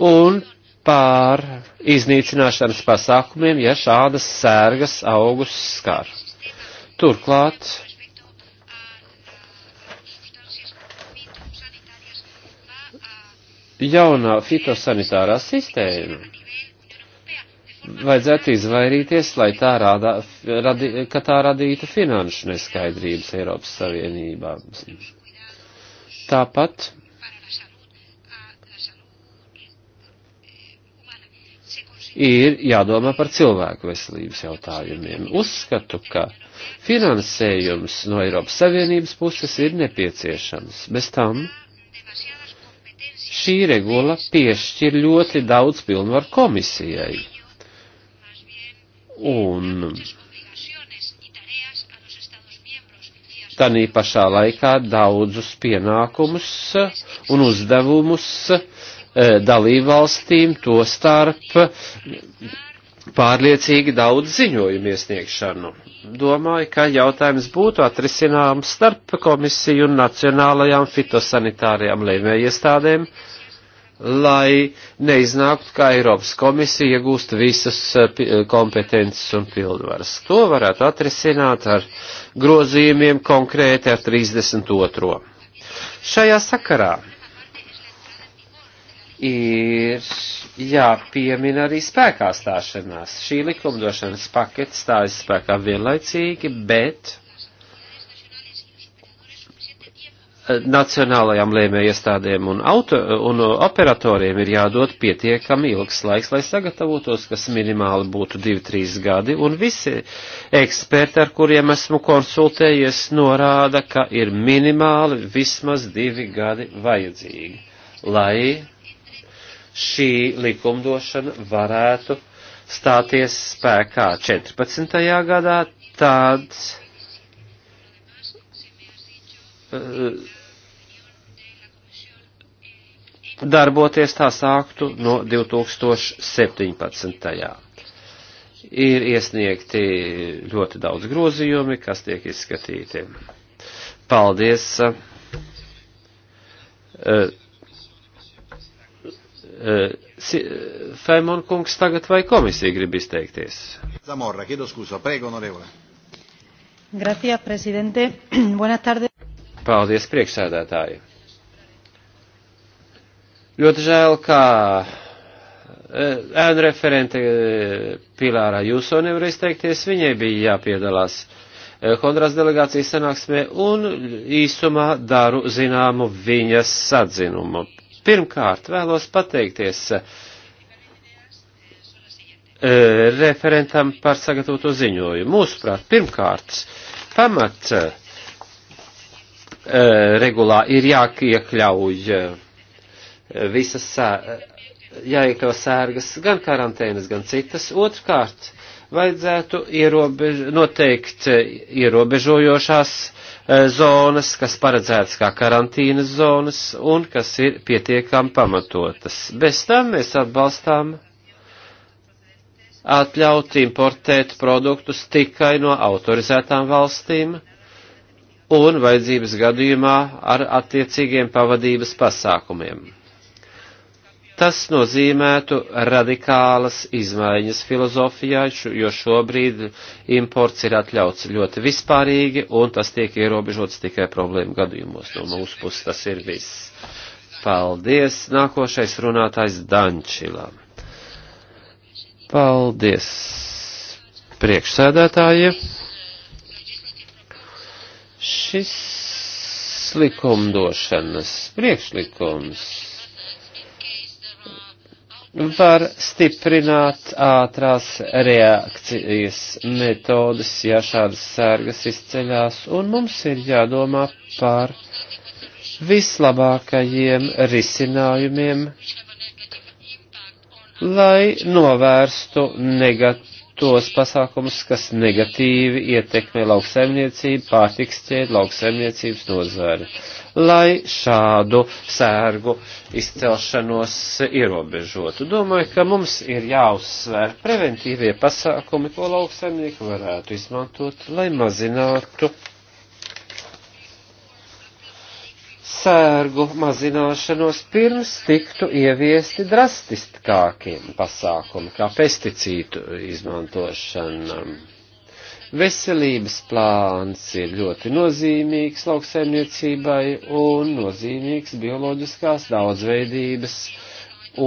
un pār iznīcināšanas pasākumiem, ja šādas sērgas augus skar. Turklāt jaunā fitosanitārā sistēma vajadzētu izvairīties, lai tā rādā, radi, ka tā radītu finanšu neskaidrības Eiropas Savienībā. Tāpat ir jādomā par cilvēku veselības jautājumiem. Uzskatu, ka finansējums no Eiropas Savienības puses ir nepieciešams. Bez tam šī regula piešķir ļoti daudz pilnvaru komisijai. Un tanī pašā laikā daudzus pienākumus un uzdevumus uh, Eh, dalībvalstīm, to starp pārliecīgi daudz ziņojumu iesniegšanu. Domāju, ka jautājums būtu atrisināms starp komisiju un nacionālajām fitosanitārajām lēmējiestādēm, lai neiznāktu, ka Eiropas komisija iegūst visas eh, kompetences un pildvaras. To varētu atrisināt ar grozījumiem konkrēti ar 32. Šajā sakarā ir jāpiemina arī spēkā stāšanās. Šī likumdošanas paketa stājas spēkā vienlaicīgi, bet eh, nacionālajām lēmē iestādēm un, auto, un operatoriem ir jādod pietiekami ilgs laiks, lai sagatavotos, kas minimāli būtu 2-3 gadi, un visi eksperti, ar kuriem esmu konsultējies, norāda, ka ir minimāli vismaz 2 gadi vajadzīgi, lai šī likumdošana varētu stāties spēkā 14. gadā, tad eh, darboties tā sāktu no 2017. Ir iesniegti ļoti daudz grozījumi, kas tiek izskatīti. Paldies! Uh, Eh, eh, Faimon kungs tagad vai komisija grib izteikties? Zamorra, chiedo scusa, prego, onorevole. Gracias, presidente. Buenas tardes. Paldies, priekšsēdētāji. Ļoti žēl, ka eh, ēnu referente Pilārā Jūso nevar izteikties, viņai bija jāpiedalās Hondras delegācijas sanāksmē un īsumā daru zināmu viņas sadzinumu Pirmkārt, vēlos pateikties eh, referentam par sagatavoto ziņojumu. Mūsuprāt, pirmkārt, pamats eh, regulā ir jāiekļauj eh, visas jāiekļauj sērgas, gan karantēnas, gan citas. Otrkārt, vajadzētu ierobež, noteikt ierobežojošās E, zonas, kas paredzētas kā karantīnas zonas un kas ir pietiekami pamatotas. Bez tam mēs atbalstām atļaut importēt produktus tikai no autorizētām valstīm un vajadzības gadījumā ar attiecīgiem pavadības pasākumiem. Tas nozīmētu radikālas izmaiņas filozofijā, jo šobrīd imports ir atļauts ļoti vispārīgi un tas tiek ierobežots tikai problēmu gadījumos. No mūsu puses tas ir viss. Paldies. Nākošais runātājs Dančilā. Paldies priekšsēdētāji. Šis likumdošanas priekšlikums var stiprināt ātrās reakcijas metodas, ja šādas sērgas izceļās, un mums ir jādomā par vislabākajiem risinājumiem, lai novērstu negatīvu tos pasākumus, kas negatīvi ietekmē lauksaimniecību, pārtiks ķēdi, lauksaimniecības nozari, lai šādu sērgu izcelšanos ierobežotu. Domāju, ka mums ir jāuzsver preventīvie pasākumi, ko lauksaimnieki varētu izmantot, lai mazinātu sērgu mazināšanos pirms tiktu ieviesti drastiskākiem pasākumi, kā pesticītu izmantošana. Veselības plāns ir ļoti nozīmīgs lauksaimniecībai un nozīmīgs bioloģiskās daudzveidības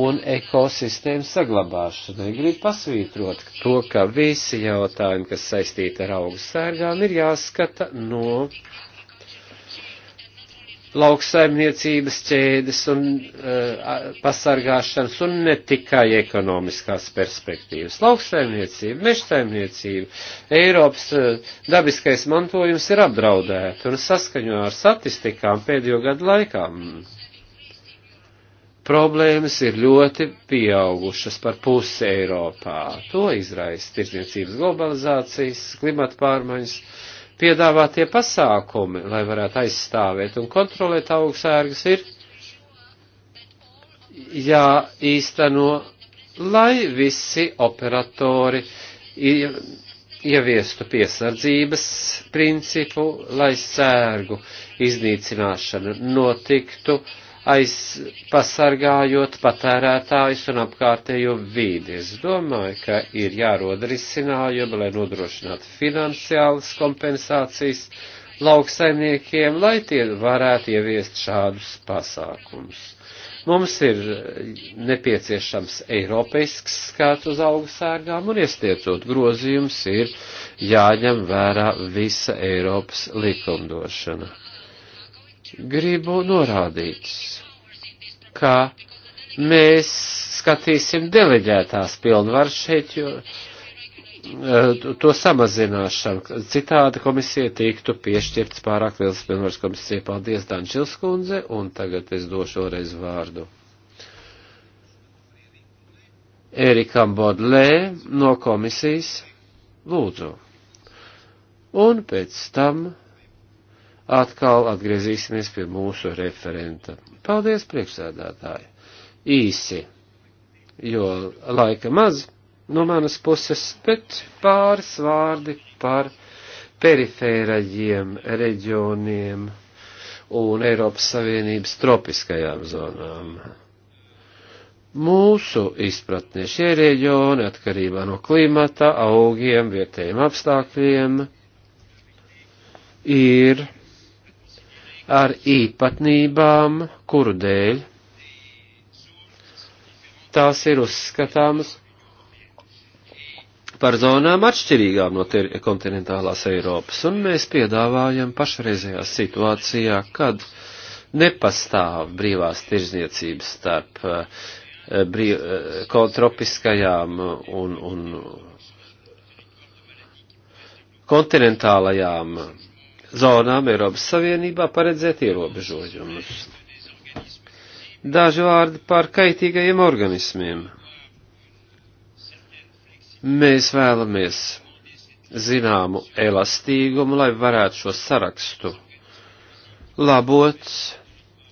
un ekosistēmas saglabāšanai. Gribu pasvītrot to, ka visi jautājumi, kas saistīti ar augu sērgām, ir jāskata no lauksaimniecības ķēdes un uh, pasargāšanas un ne tikai ekonomiskās perspektīvas. Lauksaimniecība, mežsaimniecība, Eiropas uh, dabiskais mantojums ir apdraudēta un saskaņo ar statistikām pēdējo gadu laikā. Mm, problēmas ir ļoti pieaugušas par pusi Eiropā. To izraisa tirdzniecības globalizācijas, klimata pārmaiņas. Uh, piedāvātie pasākumi, lai varētu aizstāvēt un kontrolēt augstsērgas, ir jāīsteno, lai visi operatori ieviestu piesardzības principu, lai sērgu iznīcināšana notiktu uh, aizpasargājot patērētājus un apkārtējo vīdi. Es domāju, ka ir jāroda risinājumi, lai nodrošinātu finansiālas kompensācijas lauksaimniekiem, lai tie varētu ieviest šādus pasākumus. Mums ir nepieciešams eiropeisks skats uz augstsērgām un iestiecot grozījums ir jāņem vērā visa Eiropas likumdošana gribu norādīt, ka mēs skatīsim deleģētās pilnvaras šeit, jo eh, to samazināšanu. Citādi komisija tiktu piešķirts pārāk liels pilnvaras komisija. Paldies, Dančils kundze, un tagad es došu vēlreiz vārdu. Erikam Bodlē no komisijas lūdzu. Un pēc tam atkal atgriezīsimies pie mūsu referenta. Paldies, priekšsēdētāji! Īsi, jo laika maz no manas puses, bet pāris vārdi par perifērajiem reģioniem un Eiropas Savienības tropiskajām zonām. Mūsu izpratnē šie reģioni atkarībā no klimata, augiem, vietējiem apstākļiem ir ar īpatnībām, kuru dēļ tās ir uzskatāmas par zonām atšķirīgām no kontinentālās Eiropas, un mēs piedāvājam pašreizējā situācijā, kad nepastāv brīvās tirzniecības starp eh, brīv, eh, tropiskajām un, un kontinentālajām zonām Eiropas Savienībā paredzēt ierobežojumus. Daži vārdi par kaitīgajiem organismiem. Mēs vēlamies zināmu elastīgumu, lai varētu šo sarakstu labot,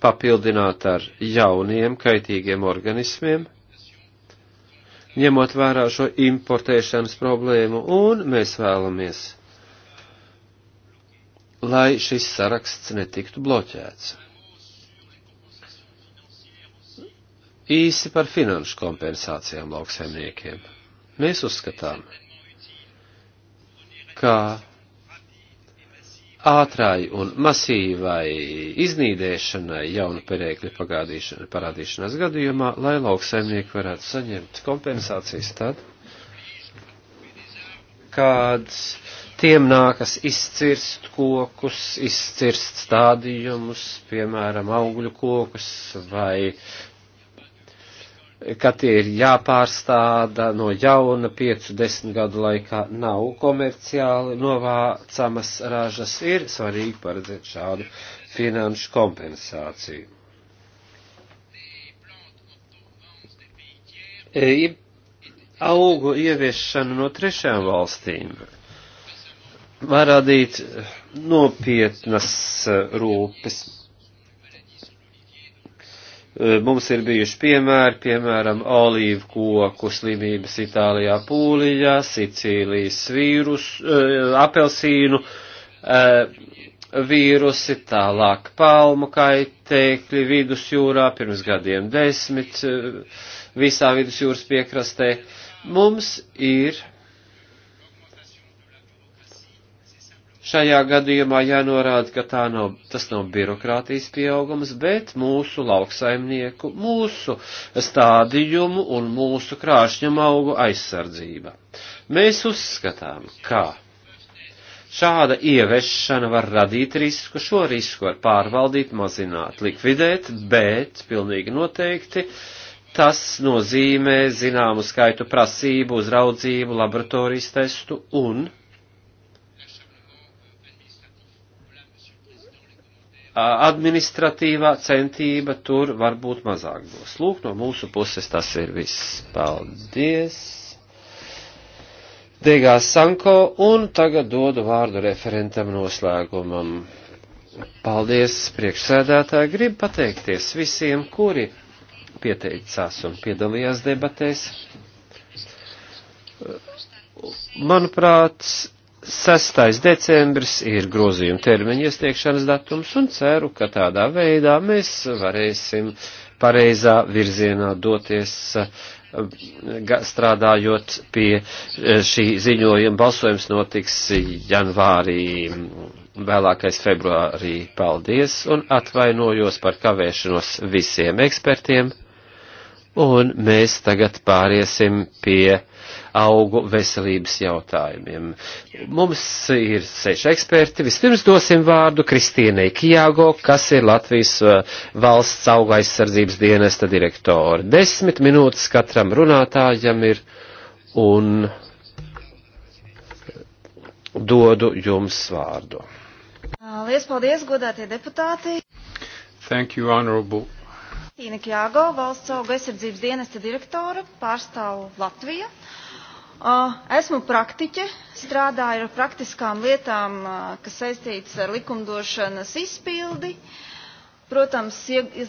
papildināt ar jauniem kaitīgiem organismiem, ņemot vērā šo importēšanas problēmu, un mēs vēlamies lai šis saraksts netiktu bloķēts. Īsi par finanšu kompensācijām lauksaimniekiem. Mēs uzskatām, ka ātrai un masīvai iznīdēšanai jaunu perēkļu parādīšanās gadījumā, lai lauksaimnieki varētu saņemt kompensācijas tad, kad tiem nākas izcirst kokus, izcirst stādījumus, piemēram, augļu kokus, vai ka tie ir jāpārstāda no jauna 5-10 gadu laikā nav komerciāli novācamas ražas, ir svarīgi paredzēt šādu finanšu kompensāciju. E, augu ieviešana no trešām valstīm var radīt nopietnas eh, rūpes. Eh, mums ir bijuši piemēri, piemēram, olīvu koku slimības Itālijā pūliņā, Sicīlijas vīrus, eh, apelsīnu vīrusi, tālāk palmu kaitēkļi vidusjūrā pirms gadiem desmit visā vidusjūras piekrastē. Mums ir Šajā gadījumā jānorāda, ka tā nav, tas nav birokrātijas pieaugums, bet mūsu lauksaimnieku, mūsu stādījumu un mūsu krāšņam augu aizsardzība. Mēs uzskatām, ka šāda ievešana var radīt risku, šo risku var pārvaldīt, mazināt, likvidēt, bet pilnīgi noteikti tas nozīmē zināmu skaitu prasību, uzraudzību, laboratorijas testu un administratīvā centība tur varbūt mazāk būs. Lūk, no mūsu puses tas ir viss. Paldies! Degā Sanko, un tagad dodu vārdu referentam noslēgumam. Paldies, priekšsēdētāji! Gribu pateikties visiem, kuri pieteicās un piedalījās debatēs. Manuprāt, 6. decembris ir grozījuma termiņa iesniegšanas datums un ceru, ka tādā veidā mēs varēsim pareizā virzienā doties eh, strādājot pie eh, šī ziņojuma. Balsojums notiks janvārī, vēlākais februārī. Paldies un atvainojos par kavēšanos visiem ekspertiem. Un mēs tagad pāriesim pie augu veselības jautājumiem. Mums ir seši eksperti. Vispirms dosim vārdu Kristīnei Kijāgo, kas ir Latvijas uh, valsts auga aizsardzības dienesta direktora. Desmit minūtes katram runātājam ir un dodu jums vārdu. Uh, Lies paldies, godātie deputāti! Thank you, honorable. Tīna Kjāgo, valsts auga aizsardzības dienesta direktora, pārstāvu Latviju. Esmu praktiķe, strādāju ar praktiskām lietām, kas saistītas ar likumdošanas izpildi. Protams,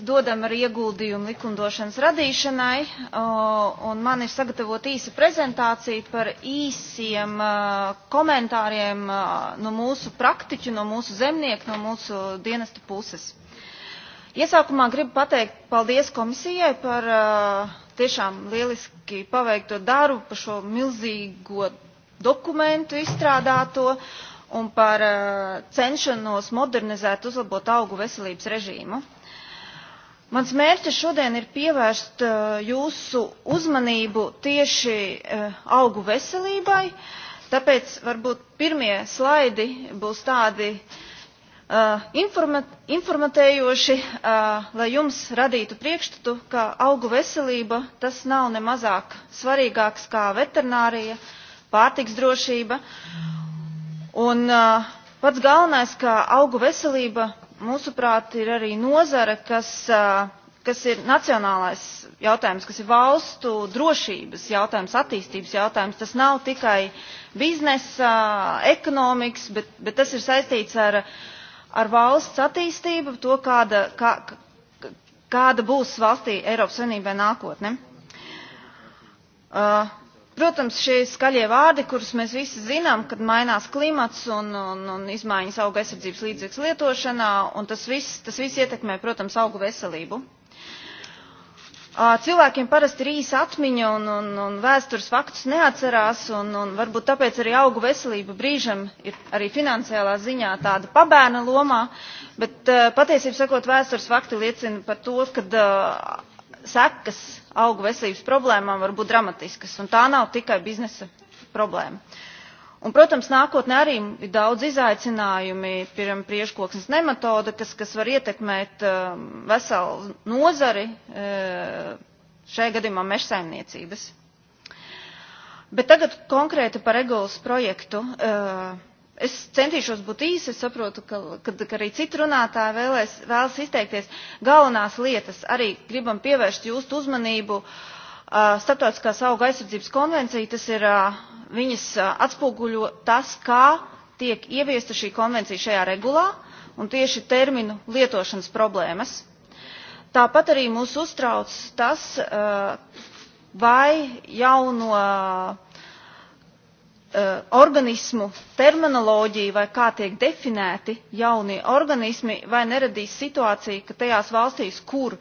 dodam arī ieguldījumu likumdošanas radīšanai, un man ir sagatavot īsa prezentācija par īsiem komentāriem no mūsu praktiķu, no mūsu zemnieku, no mūsu dienesta puses. Iesākumā gribu pateikt paldies komisijai par uh, tiešām lieliski paveikto darbu par šo milzīgo dokumentu izstrādāto un par eh, cenšanos modernizēt, uzlabot augu veselības režīmu. Mans mērķis šodien ir pievērst eh, jūsu uzmanību tieši eh, augu veselībai, tāpēc varbūt pirmie slaidi būs tādi uh, informatējoši, lai jums radītu priekšstatu, ka augu veselība tas nav ne mazāk svarīgāks kā veterinārija, pārtiks drošība. Un pats galvenais, ka augu veselība, mūsuprāt, ir arī nozara, kas, kas ir nacionālais jautājums, kas ir valstu drošības jautājums, attīstības jautājums. Tas nav tikai biznesa, ekonomikas, bet, bet tas ir saistīts ar uh, ar valsts attīstību, to, kāda, kā, kāda būs valstī Eiropas Savienībai nākotne. Uh, protams, šie skaļie vārdi, kurus mēs visi zinām, kad mainās klimats un, un, un izmaiņas auga aizsardzības līdzekļu lietošanā, un tas viss, tas viss ietekmē, protams, augu veselību. Uh, Cilvēkiem parasti ir īsa atmiņa un, un, un vēstures faktus neatcerās, un, un varbūt tāpēc arī augu veselība brīžam ir arī finansiālā ziņā tāda pabērna lomā, bet patiesībā sakot, vēstures fakti liecina par to, ka uh, sekas augu veselības problēmām var būt dramatiskas, un tā nav tikai biznesa problēma. Un, protams, nākotnē arī ir daudz izaicinājumi, piemēram, priekškoksnes nematode, kas, kas var ietekmēt um, veselu nozari, uh, šajā gadījumā mežsaimniecības. Bet tagad konkrēti par regulas projektu. Uh, es centīšos būt īsi, es saprotu, ka, ka, ka arī citi runātāji vēlēs, vēlas izteikties. Galvenās lietas arī gribam pievērst jūsu uzmanību. Uh, Startautiskās auga aizsardzības konvencija, tas ir uh, viņas atspoguļo tas, kā tiek ieviesta šī konvencija šajā regulā un tieši terminu lietošanas problēmas. Tāpat arī mūs uztrauc tas, vai jauno organismu terminoloģija vai kā tiek definēti jaunie organismi, vai neradīs situāciju, ka tajās valstīs, kur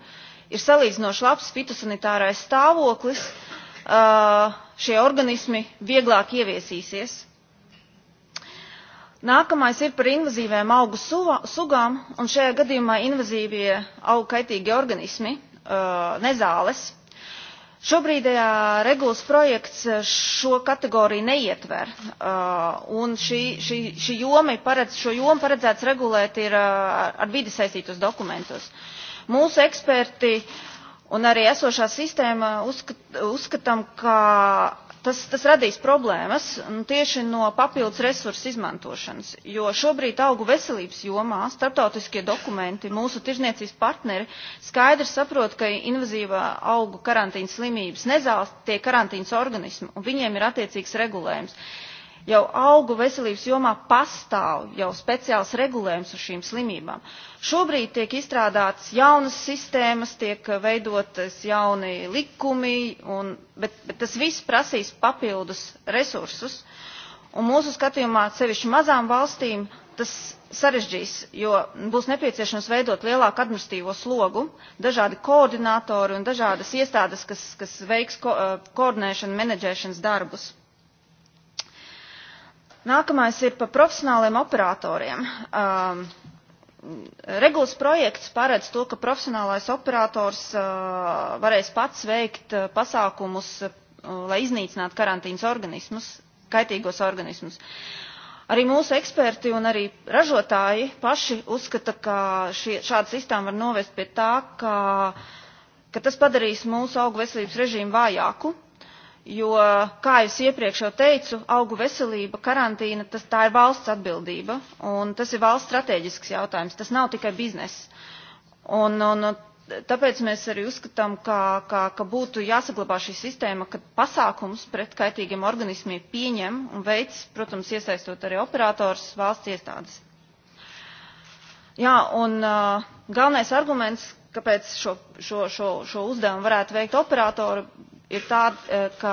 ir salīdzinoši labs fitosanitārais stāvoklis, Uh, šie organismi vieglāk ieviesīsies. Nākamais ir par invazīviem augu sugām, un šajā gadījumā invazīvie augu kaitīgi organismi, uh, nezāles. Šobrīdējā regulas projekts šo kategoriju neietver, uh, un šī, šī, šī joma paredz, šo jomu paredzēts regulēt ir ar vidi saistītos dokumentos. Mūsu eksperti uh, Un arī esošā sistēma uzskat, uzskatām, ka tas, tas radīs problēmas tieši no papildus resursu izmantošanas, jo šobrīd augu veselības jomā starptautiskie dokumenti, mūsu tirzniecības partneri skaidri saprot, ka invazīvā augu karantīnas slimības nezāles tie karantīnas organismi, un viņiem ir attiecīgs regulējums jau augu veselības jomā pastāv jau speciāls regulējums uz šīm slimībām. Šobrīd tiek izstrādātas jaunas sistēmas, tiek veidotas jauni likumi, un, bet, bet tas viss prasīs papildus resursus. Un mūsu skatījumā, sevišķi mazām valstīm, tas sarežģīs, jo būs nepieciešams veidot lielāku administratīvo slogu, dažādi koordinātori un dažādas iestādes, kas, kas veiks ko, eh, koordinēšanu, menedžēšanas darbus. Nākamais ir par profesionāliem operatoriem. Um, regulas projekts paredz to, ka profesionālais operators uh, varēs pats veikt uh, pasākumus, uh, lai iznīcinātu karantīnas organismus, kaitīgos organismus. Arī mūsu eksperti un arī ražotāji paši uzskata, ka šie, šāda sistēma var novest pie tā, ka, ka tas padarīs mūsu augu veselības režīmu vājāku jo, kā es iepriekš jau teicu, augu veselība, karantīna, tas, tā ir valsts atbildība, un tas ir valsts strateģisks jautājums, tas nav tikai bizness. Un, un tāpēc mēs arī uzskatām, ka, ka, ka būtu jāsaglabā šī sistēma, ka pasākums pret kaitīgiem organismiem pieņem un veids, protams, iesaistot arī operators valsts iestādes. Jā, un uh, galvenais arguments, kāpēc šo, šo, šo, šo uzdevumu varētu veikt operatori, ir tāda, e, ka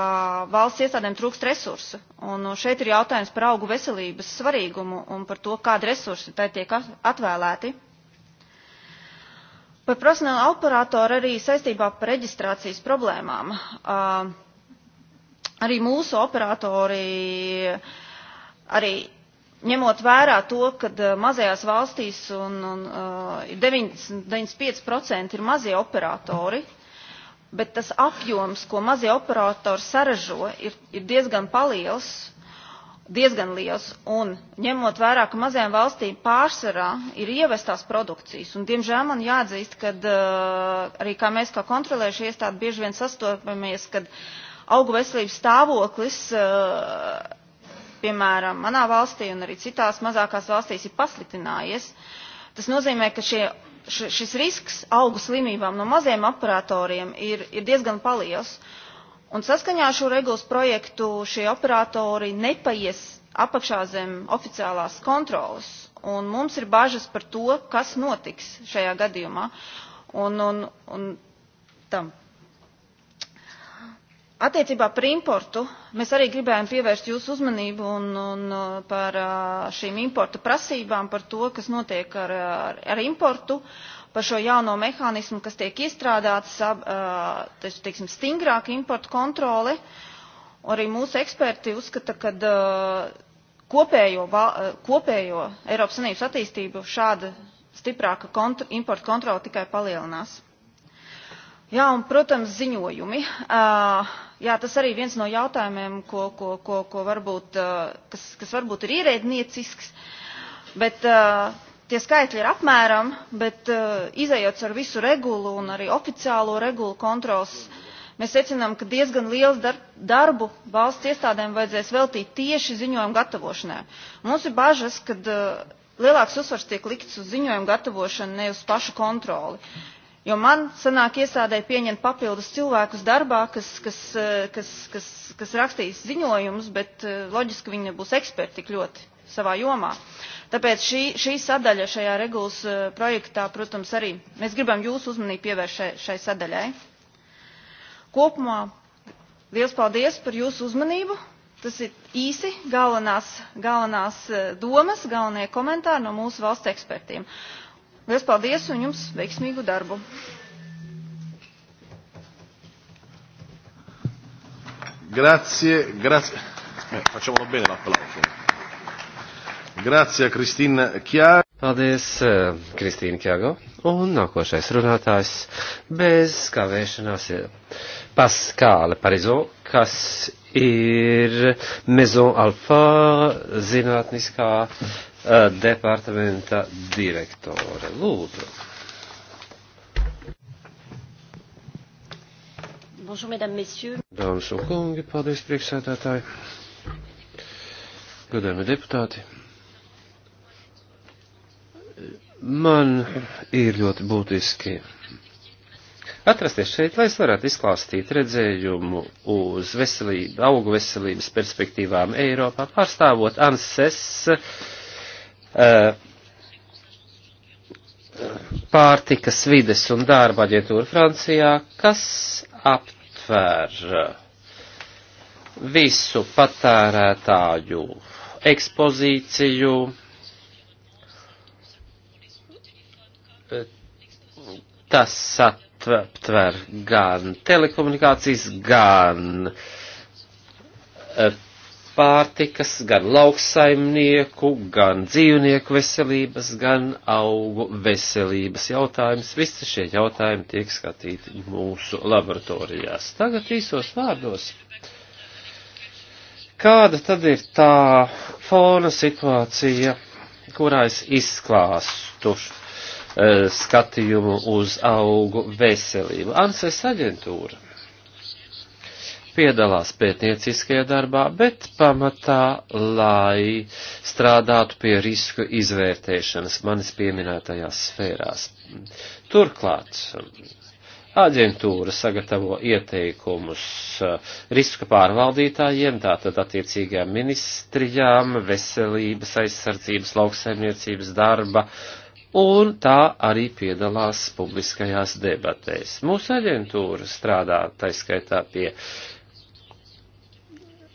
valsts iestādēm trūkst resursu. Un šeit ir jautājums par augu veselības svarīgumu un par to, kāda resursi tai tiek atvēlēti. Par profesionālu operatoru arī saistībā par reģistrācijas problēmām. Arī mūsu operatori, arī ņemot vērā to, ka e, mazajās valstīs un, un, 90, e, 95% ir mazie operatori, bet tas apjoms, ko mazie operatori saražo, ir, ir diezgan liels, diezgan liels, un ņemot vērā, ka mazajām valstīm pārsvarā ir ievestās produkcijas, un diemžēl man jāatzīst, ka uh, arī kā mēs kā kontrolējuši iestādi bieži vien sastopamies, kad augu veselības stāvoklis uh, piemēram, manā valstī un arī citās mazākās valstīs ir pasliktinājies. Tas nozīmē, ka šie šis risks augu slimībām no maziem operatoriem ir, ir diezgan liels. Un saskaņā ar šo regulas projektu šie operatori nepaies apakšā zem oficiālās kontrolas. Un mums ir bažas par to, kas notiks šajā gadījumā. Un, un, un tam attiecībā par importu mēs arī gribējām pievērst jūsu uzmanību un, un uh, par uh, šīm importa prasībām par to kas notiek ar, ar, uh, ar importu par šo jauno mehānismu kas tiek iestrādāts teiksim stingrāka importa kontrole arī mūsu eksperti uzskata ka kopējo, kopējo Eiropas Savienības attīstību šāda stiprāka kontr importa kontrole tikai palielinās. Jā, un, protams, ziņojumi. Uh, Jā, tas arī viens no jautājumiem, ko, ko, ko, ko varbūt, kas, kas varbūt ir ierēdniecisks, bet tie skaitļi ir apmēram, bet izējot ar visu regulu un arī oficiālo regulu kontrols, mēs secinām, ka diezgan liels dar darbu valsts iestādēm vajadzēs veltīt tieši ziņojumu gatavošanai. Mums ir bažas, ka lielāks uzsvars tiek likts uz ziņojumu gatavošanu, ne uz pašu kontroli jo man sanāk iestādē pieņemt papildus cilvēkus darbā kas, kas, eh, kas, kas, kas rakstīs ziņojumus bet eh, loģiski viņi nebūs eksperti tik ļoti savā jomā. Tāpēc šī, šī sadaļa šajā regulas eh, projektā, protams, arī mēs gribam jūsu uzmanību pievērst šai, šai sadaļai. Kopumā liels paldies par jūsu uzmanību. Tas ir īsi galvenās, galvenās domas, galvenie komentāri no mūsu valsts ekspertiem. Uh, Liels paldies un jums veiksmīgu darbu! Grazie, grazie. Eh, facciamolo bene l'applauso. Grazie a Christine eh, Chiago. Paldies, Kristīna Kjago. Un nākošais runātājs bez kavēšanās ir eh, Paskāle Parizo, kas ir Mezo Alfa zinātniskā Eh, departamenta direktore. Lūdzu. Bonjour, mesdames, messieurs. Dāmas un kungi, paldies priekšsēdētāji. Godējumi deputāti. Man ir ļoti būtiski atrasties šeit, lai es varētu izklāstīt redzējumu uz veselību, augu veselības perspektīvām Eiropā, pārstāvot ANSES Eh, pārtikas vides un darba aģentūra Francijā, kas aptver visu patērētāju ekspozīciju, tas aptver gan telekomunikācijas, gan eh, pārtikas, gan lauksaimnieku, gan dzīvnieku veselības, gan augu veselības jautājums. Visi šie jautājumi tiek skatīti mūsu laboratorijās. Tagad īsos vārdos. Kāda tad ir tā fona situācija, kurā es izklāstu eh, skatījumu uz augu veselību? ANSES aģentūra piedalās pētnieciskajā darbā, bet pamatā, lai strādātu pie risku izvērtēšanas manis pieminētajās sfērās. Turklāt, aģentūra sagatavo ieteikumus uh, riska pārvaldītājiem, tātad attiecīgajām ministrijām, veselības aizsardzības, lauksaimniecības darba, un tā arī piedalās publiskajās debatēs. Mūsu aģentūra strādā taiskaitā pie uh,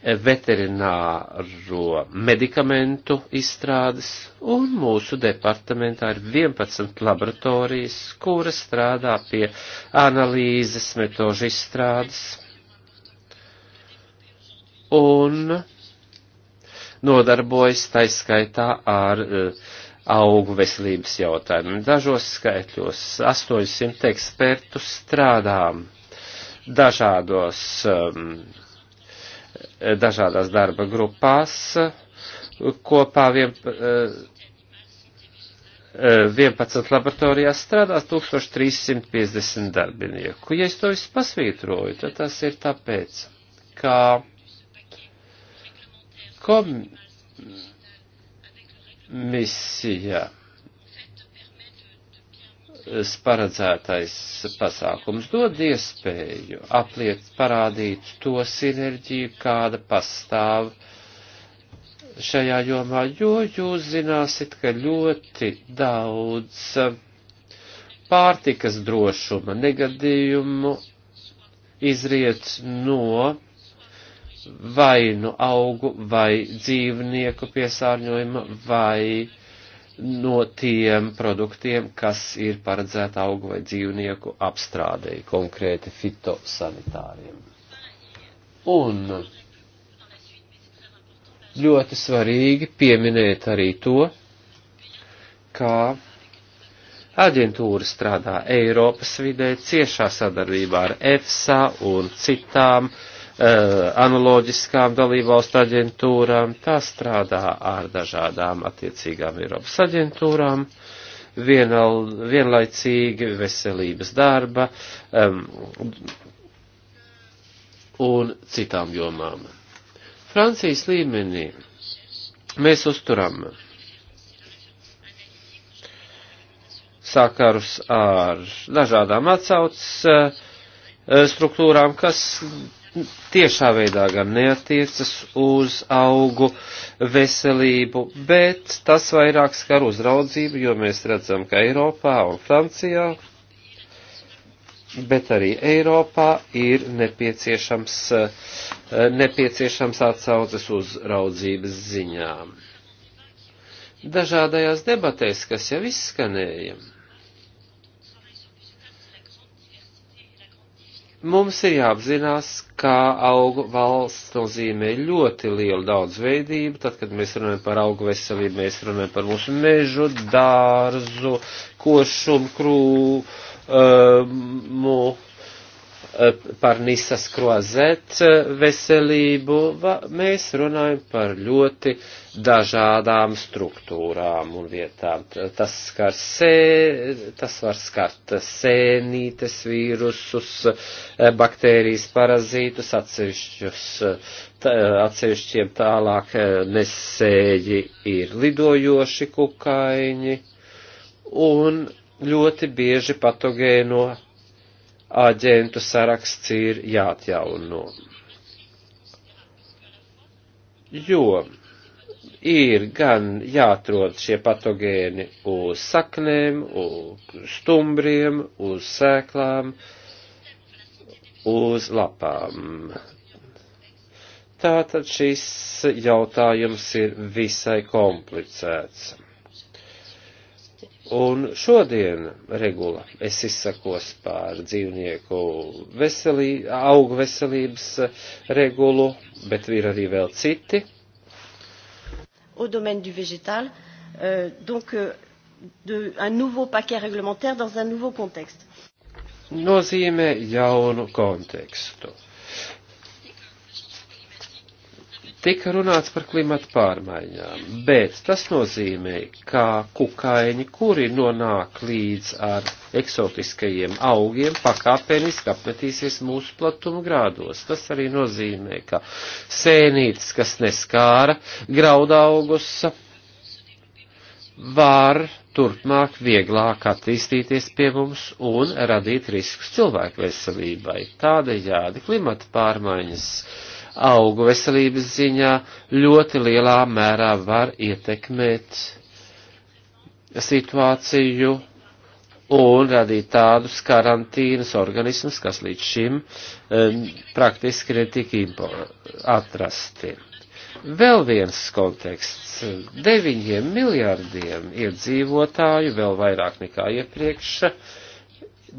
veterināro medikamentu izstrādes, un mūsu departamentā ir 11 laboratorijas, kuras strādā pie analīzes metožu izstrādes, un nodarbojas taiskaitā ar uh, augu veselības jautājumiem. Dažos skaitļos 800 ekspertu strādā dažādos um, dažādās darba grupās kopā vien, 11 eh, eh, laboratorijās strādās 1350 darbinieku. Ja es to visu pasvītroju, tad tas ir tāpēc, ka komisija paredzētais pasākums dod iespēju apliet parādīt to sinerģiju, kāda pastāv šajā jomā, jo jūs zināsit, ka ļoti daudz pārtikas drošuma negadījumu izriet no vai nu augu vai dzīvnieku piesārņojuma vai no tiem produktiem, kas ir paredzēta augu vai dzīvnieku apstrādēji, konkrēti fitosanitāriem. Un ļoti svarīgi pieminēt arī to, kā aģentūra strādā Eiropas vidē ciešā sadarbībā ar EFSA un citām uh, Eh, analoģiskām dalībvalstu aģentūrām, tā strādā ar dažādām attiecīgām Eiropas aģentūrām, vienal, vienlaicīgi veselības darba um, un citām jomām. Francijas līmenī mēs uzturam sakarus ar dažādām atsaucas eh, struktūrām, kas tiešā veidā gan neatiecas uz augu veselību, bet tas vairāk skar uzraudzību, jo mēs redzam, ka Eiropā un Francijā, bet arī Eiropā ir nepieciešams, eh, nepieciešams atsaucas uzraudzības ziņām. Dažādajās debatēs, kas jau izskanējam, Mums ir jāapzinās, kā augu valsts nozīmē ļoti lielu daudzveidību. Tad, kad mēs runājam par augu veselību, mēs runājam par mūsu mežu, dārzu, košumu, krūmu, um, Eh, par Nisas Krozet eh, veselību, va, mēs runājam par ļoti dažādām struktūrām un vietām. Tas, skar sē, tas var skart sēnītes, vīrusus, eh, baktērijas, parazītus, atsevišķus, tā, atsevišķiem tālāk nesēji ir lidojoši kukaiņi un ļoti bieži patogēno aģentu saraksts ir jāatjauno. Jo ir gan jāatrod šie patogēni uz saknēm, uz stumbriem, uz sēklām, uz lapām. Tātad šis jautājums ir visai komplicēts. Un šodien regula es izsakos par dzīvnieku veselī, augu veselības regulu, bet ir arī vēl citi. Au domaine du végétal, euh, donc euh, de, un nouveau paquet réglementaire dans un nouveau contexte. Nozīmē jaunu kontekstu. Tika runāts par klimatu pārmaiņām, bet tas nozīmē, ka kukaiņi, kuri nonāk līdz ar eksotiskajiem augiem, pakāpeniski apmetīsies mūsu platuma grādos. Tas arī nozīmē, ka sēnītes, kas neskāra graudaugus, var turpmāk vieglāk attīstīties pie mums un radīt riskus cilvēku veselībai. Tādējādi klimata pārmaiņas augu veselības ziņā ļoti lielā mērā var ietekmēt situāciju un radīt tādus karantīnas organismus, kas līdz šim um, praktiski netika atrasti. Vēl viens konteksts - deviņiem miljārdiem iedzīvotāju, vēl vairāk nekā iepriekš,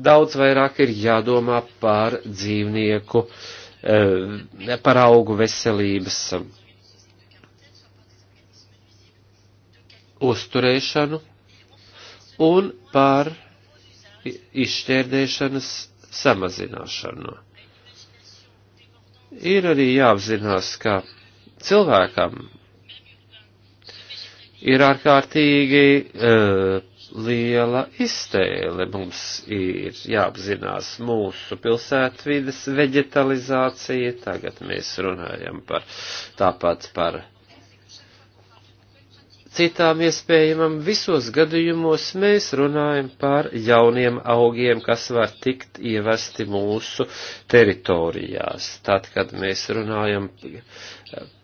daudz vairāk ir jādomā par dzīvnieku uh, Eh, par augu veselības eh, uzturēšanu un par izšķērdēšanas samazināšanu. Ir arī jāapzinās, ka cilvēkam ir ārkārtīgi uh, liela iztēle. Mums ir jāapzinās mūsu pilsētvidas veģetalizācija, tagad mēs runājam par tāpat par citām iespējamam, visos gadījumos mēs runājam par jauniem augiem, kas var tikt ievesti mūsu teritorijās. Tad, kad mēs runājam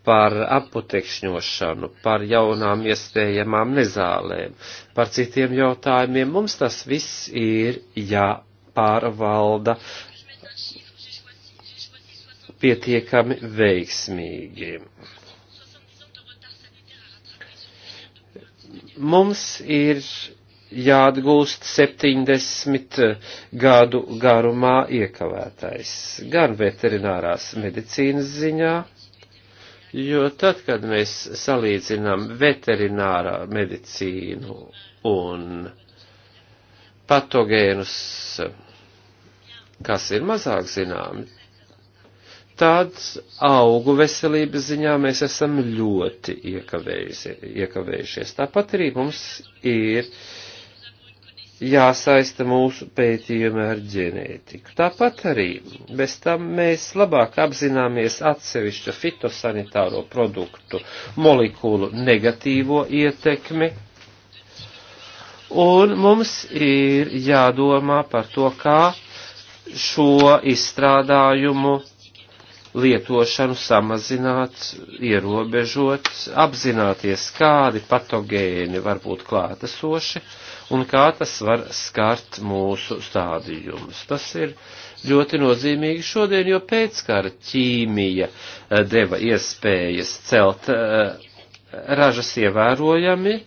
par aputekšņošanu, par jaunām iespējamām nezālēm, par citiem jautājumiem, mums tas viss ir jāpārvalda pietiekami veiksmīgi Mums ir jāatgūst 70 gadu garumā iekavētais, gan veterinārās medicīnas ziņā, jo tad, kad mēs salīdzinām veterinārā medicīnu un patogēnus, kas ir mazāk zināmi, tad augu veselības ziņā mēs esam ļoti iekavējušies. Tāpat arī mums ir jāsaista mūsu pētījumi ar ģenētiku. Tāpat arī bez tam mēs labāk apzināmies atsevišķu fitosanitāro produktu molekulu negatīvo ietekmi. Un mums ir jādomā par to, kā šo izstrādājumu lietošanu samazināt, ierobežot, apzināties, kādi patogēni var būt klātesoši un kā tas var skart mūsu stādījumus. Tas ir ļoti nozīmīgi šodien, jo pēckara ķīmija eh, deva iespējas celt eh, ražas ievērojami,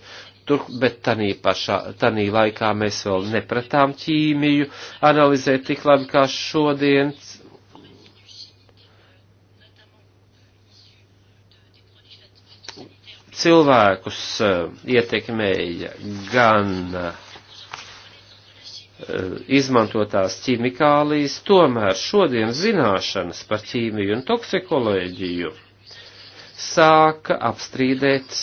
Tur, bet tanī, pašā, tanī laikā mēs vēl nepratām ķīmiju analizēt tik labi kā šodien, cilvēkus e, ietekmēja gan e, izmantotās ķimikālijas, tomēr šodien zināšanas par ķīmiju un toksikoloģiju sāka apstrīdēt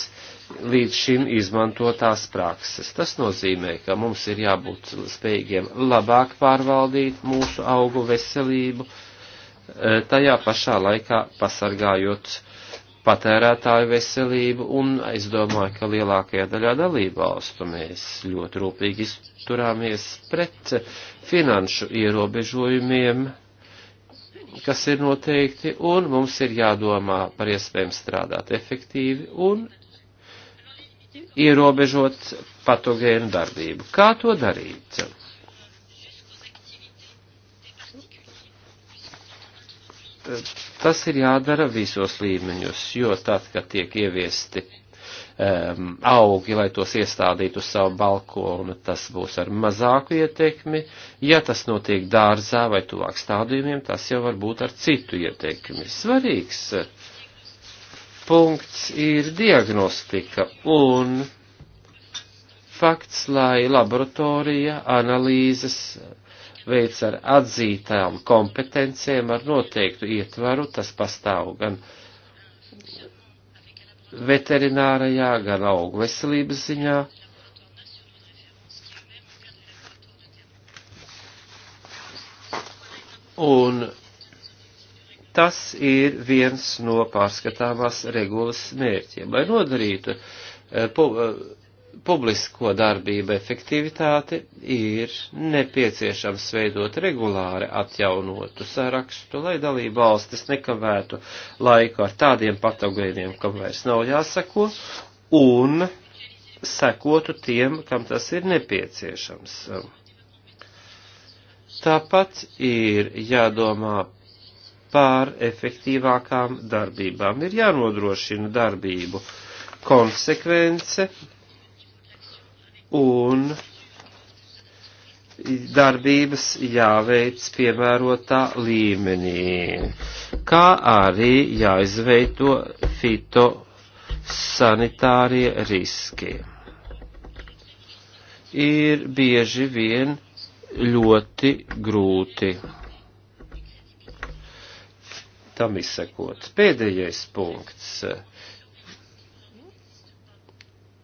līdz šim izmantotās prakses. Tas nozīmē, ka mums ir jābūt spējīgiem labāk pārvaldīt mūsu augu veselību, e, tajā pašā laikā pasargājot patērētāju veselību, un es domāju, ka lielākajā daļā dalībvalstu mēs ļoti rūpīgi izturāmies pret finanšu ierobežojumiem, kas ir noteikti, un mums ir jādomā par iespējām strādāt efektīvi un ierobežot patogēnu darbību. Kā to darīt? tas ir jādara visos līmeņos, jo tad, kad tiek ieviesti um, augi, lai tos iestādītu uz savu balkonu, tas būs ar mazāku ietekmi. Ja tas notiek dārzā vai tuvāk stādījumiem, tas jau var būt ar citu ietekmi. Svarīgs uh, punkts ir diagnostika un fakts, lai laboratorija analīzes veids ar atzītām kompetencēm, ar noteiktu ietvaru, tas pastāv gan veterinārajā, gan augu veselības ziņā. Un tas ir viens no pārskatāmās regulas mērķiem, lai nodarītu uh, publisko darbību efektivitāti ir nepieciešams veidot regulāri atjaunotu sarakstu, lai dalība valstis nekavētu laiku ar tādiem patogēniem, kam vairs nav jāsako, un sekotu tiem, kam tas ir nepieciešams. Tāpat ir jādomā pār efektīvākām darbībām. Ir jānodrošina darbību konsekvence, un darbības jāveic piemērotā līmenī, kā arī jāizveido fitosanitārie riski. Ir bieži vien ļoti grūti tam izsekot. Pēdējais punkts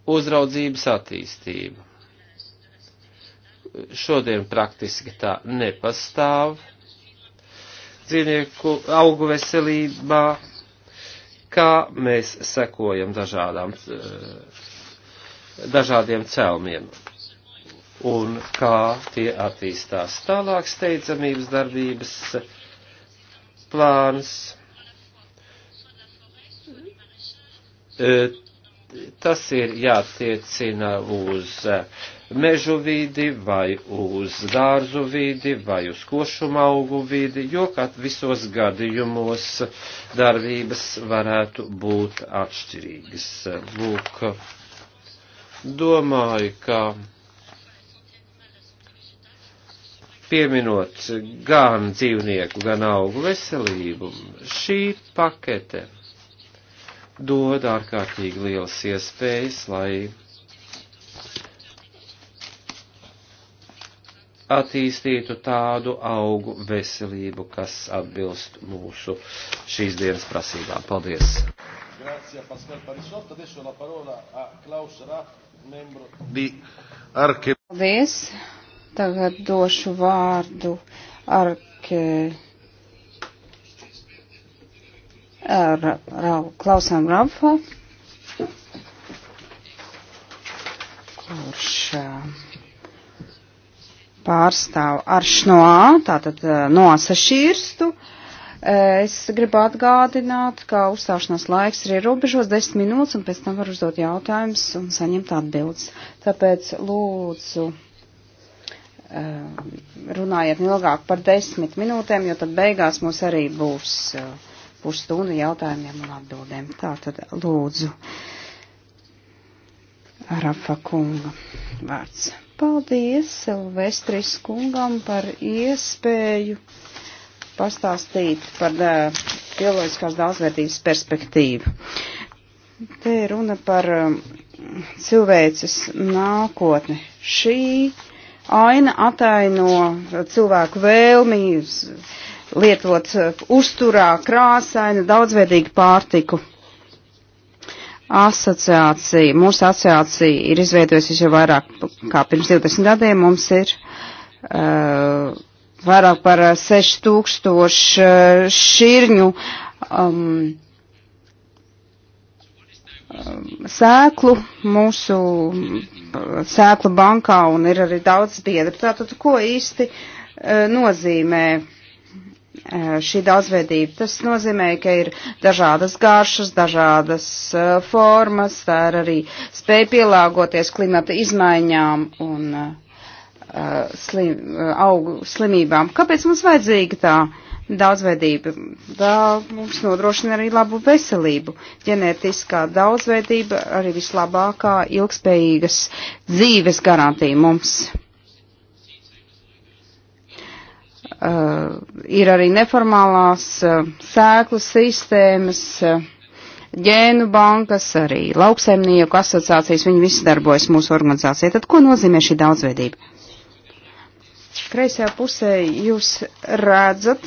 uzraudzības attīstību. Šodien praktiski tā nepastāv. Dzīvnieku augu veselībā, kā mēs sekojam dažādām, dažādiem celmiem un kā tie attīstās. Tālāk steidzamības darbības plāns. E, tas ir jātiecina uz mežu vidi vai uz dārzu vidi vai uz košuma augu vidi, jo kad visos gadījumos darbības varētu būt atšķirīgas. Lūk, domāju, ka pieminot gan dzīvnieku, gan augu veselību, šī pakete dod ārkārtīgi lielas iespējas, lai attīstītu tādu augu veselību, kas atbilst mūsu šīs dienas prasībām. Paldies! Grazie, Pascal Parisotto. Adesso la parola a Klaus Rapp, membro di Arke. Paldies. Tagad došu vārdu Arke Ra, ra, klausām Rafa, kurš pārstāv Aršnoā, tātad nosašīrstu. Es gribu atgādināt, ka uzstāšanās laiks ir ierobežos 10 minūtes, un pēc tam var uzdot jautājumus un saņemt atbildes. Tāpēc lūdzu runājiet neilgāk par 10 minūtēm, jo tad beigās mums arī būs pusstunda jautājumiem un atbildēm. Tā tad lūdzu. Rafa kunga vārds. Paldies Silvestris kungam par iespēju pastāstīt par uh, bioloģiskās daudzvērtības perspektīvu. Te ir runa par um, cilvēces nākotni. Šī aina ataino cilvēku vēlmi uz uh, lietot eh, uzturā krāsainu daudzveidīgu pārtiku. Asociācija, mūsu asociācija ir izveidojusies jau vairāk kā pirms 20 gadiem. Mums ir uh, vairāk par 6000 eh, šķirņu um, um, sēklu mūsu sēklu bankā un ir arī daudz biedru. Tātad, ko īsti uh, nozīmē E, šī daudzveidība. Tas nozīmē, ka ir dažādas garšas, dažādas uh, formas, tā ir arī spēja pielāgoties klimata izmaiņām un uh, slim, augu slimībām. Kāpēc mums vajadzīga tā daudzveidība? Tā mums nodrošina arī labu veselību. Ģenētiskā daudzveidība arī vislabākā ilgspējīgas dzīves garantija mums. Uh, ir arī neformālās uh, sēklu sistēmas, uh, ģēnu bankas, arī lauksaimnieku asociācijas, viņi visi darbojas mūsu organizācijā. Tad ko nozīmē šī daudzveidība? Kreisajā pusē jūs redzat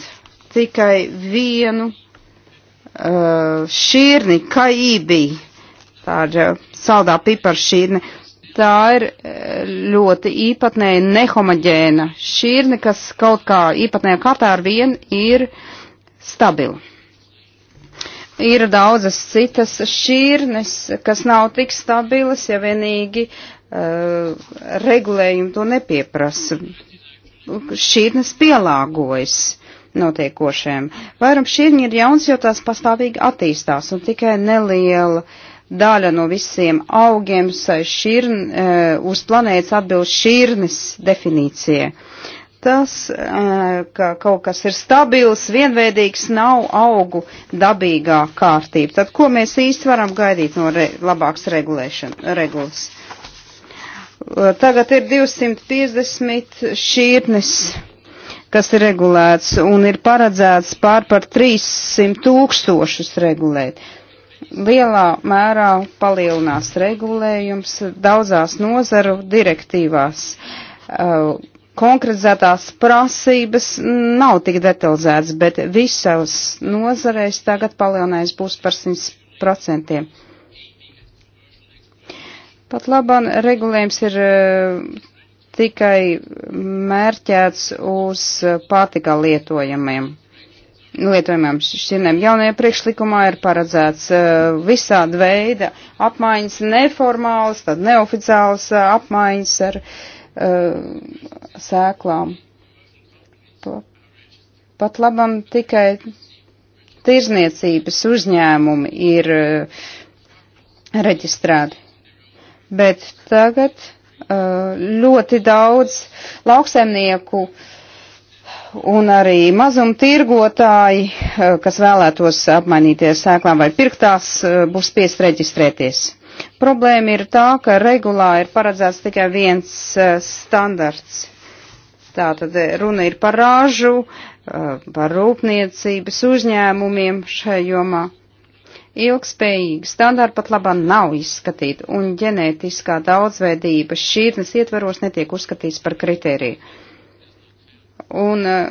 tikai vienu uh, šķirni, kaībī, tā ir uh, saldā piparšķirne, tā ir e, ļoti īpatnēja nehomoģēna šķirne, kas kaut kā īpatnējā kārtā ar vien ir stabila. Ir daudzas citas šķirnes, kas nav tik stabilas, ja vienīgi uh, regulējumi to nepieprasa. Šķirnes pielāgojas notiekošajam. Vairum šķirņi ir jauns, jo tās pastāvīgi attīstās un tikai neliela uh, daļa no visiem augiem širn, e, uz planētas atbilst šīrnes definīcija. Tas, e, ka kaut kas ir stabils, vienveidīgs, nav augu dabīgā kārtība. Tad ko mēs īsti varam gaidīt no re, labāks regulas? E, tagad ir 250 šīrnes kas ir regulēts un ir paredzēts pār par 300 tūkstošus regulēt lielā mērā palielinās regulējums daudzās nozaru direktīvās. Konkretizētās prasības nav tik detalizētas, bet visās nozarēs tagad palielinājums būs par 100%. Pat labāk regulējums ir tikai mērķēts uz pārtikā lietojamiem lietojumiem šiem jaunajā priekšlikumā ir paredzēts uh, eh, visāda veida apmaiņas neformāls, tad neoficiāls uh, eh, apmaiņas ar uh, sēklām. Pa, pat labam tikai tirzniecības uzņēmumi ir uh, reģistrēti. Bet tagad uh, ļoti daudz lauksaimnieku uh, un arī mazumtirgotāji, eh, kas vēlētos apmainīties sēklām vai pirktās, eh, būs spiest reģistrēties. Problēma ir tā, ka regulā ir paredzēts tikai viens eh, standarts. Tātad runa ir par rāžu, par rūpniecības uzņēmumiem šajā jomā. Ilgspējīgi standarti pat labā nav izskatīti, un ģenētiskā daudzveidība šķirnes ietveros netiek uzskatīts par kritēriju un eh,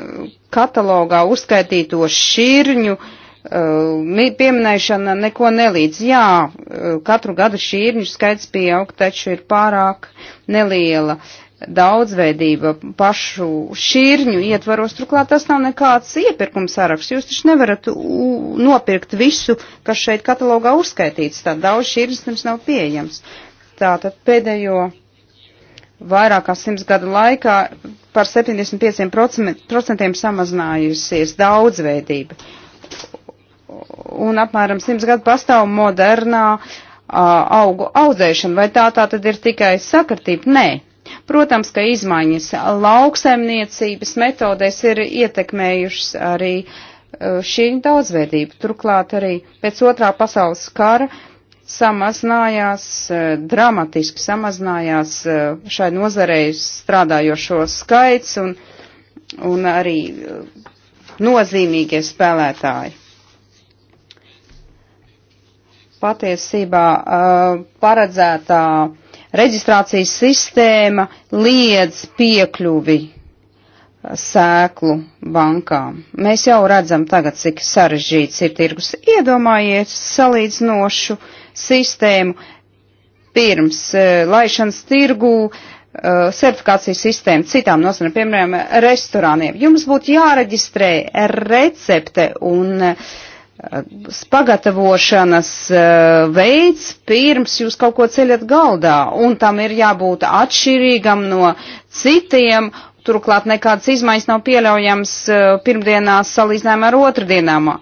katalogā uzskaitīto šķirņu eh, pieminēšana neko nelīdz. Jā, eh, katru gadu šķirņu skaits pieaug, taču ir pārāk neliela daudzveidība pašu šķirņu ietvaros. Turklāt tas nav nekāds iepirkums saraksts. Jūs taču nevarat nopirkt visu, kas šeit katalogā uzskaitīts. Tā daudz šķirņas jums nav pieejams. Tātad pēdējo vairāk kā simts gadu laikā par 75% samazinājusies daudzveidība. Un apmēram 100 gadu pastāv modernā uh, augu audzēšana. Vai tā tā tad ir tikai sakartība? Nē. Protams, ka izmaiņas lauksaimniecības metodēs ir ietekmējušas arī šī daudzveidība. Turklāt arī pēc otrā pasaules kara uh, samazinājās, eh, dramatiski samazinājās eh, šai nozarei strādājošo skaits un, un arī eh, nozīmīgie spēlētāji. Patiesībā paredzētā reģistrācijas sistēma liedz piekļuvi sēklu bankām. Mēs jau redzam tagad, cik sarežģīts ir tirgus. Iedomājiet salīdzinošu uh, sistēmu pirms eh, laišanas tirgū eh, certifikācijas sistēmu citām nozarēm, piemēram, restorāniem. Jums būtu jāreģistrē recepte un eh, pagatavošanas veids pirms jūs kaut ko ceļat galdā, un tam ir jābūt atšķirīgam no citiem, turklāt nekādas izmaiņas nav pieļaujams pirmdienās salīdzinājumā ar otrdienām.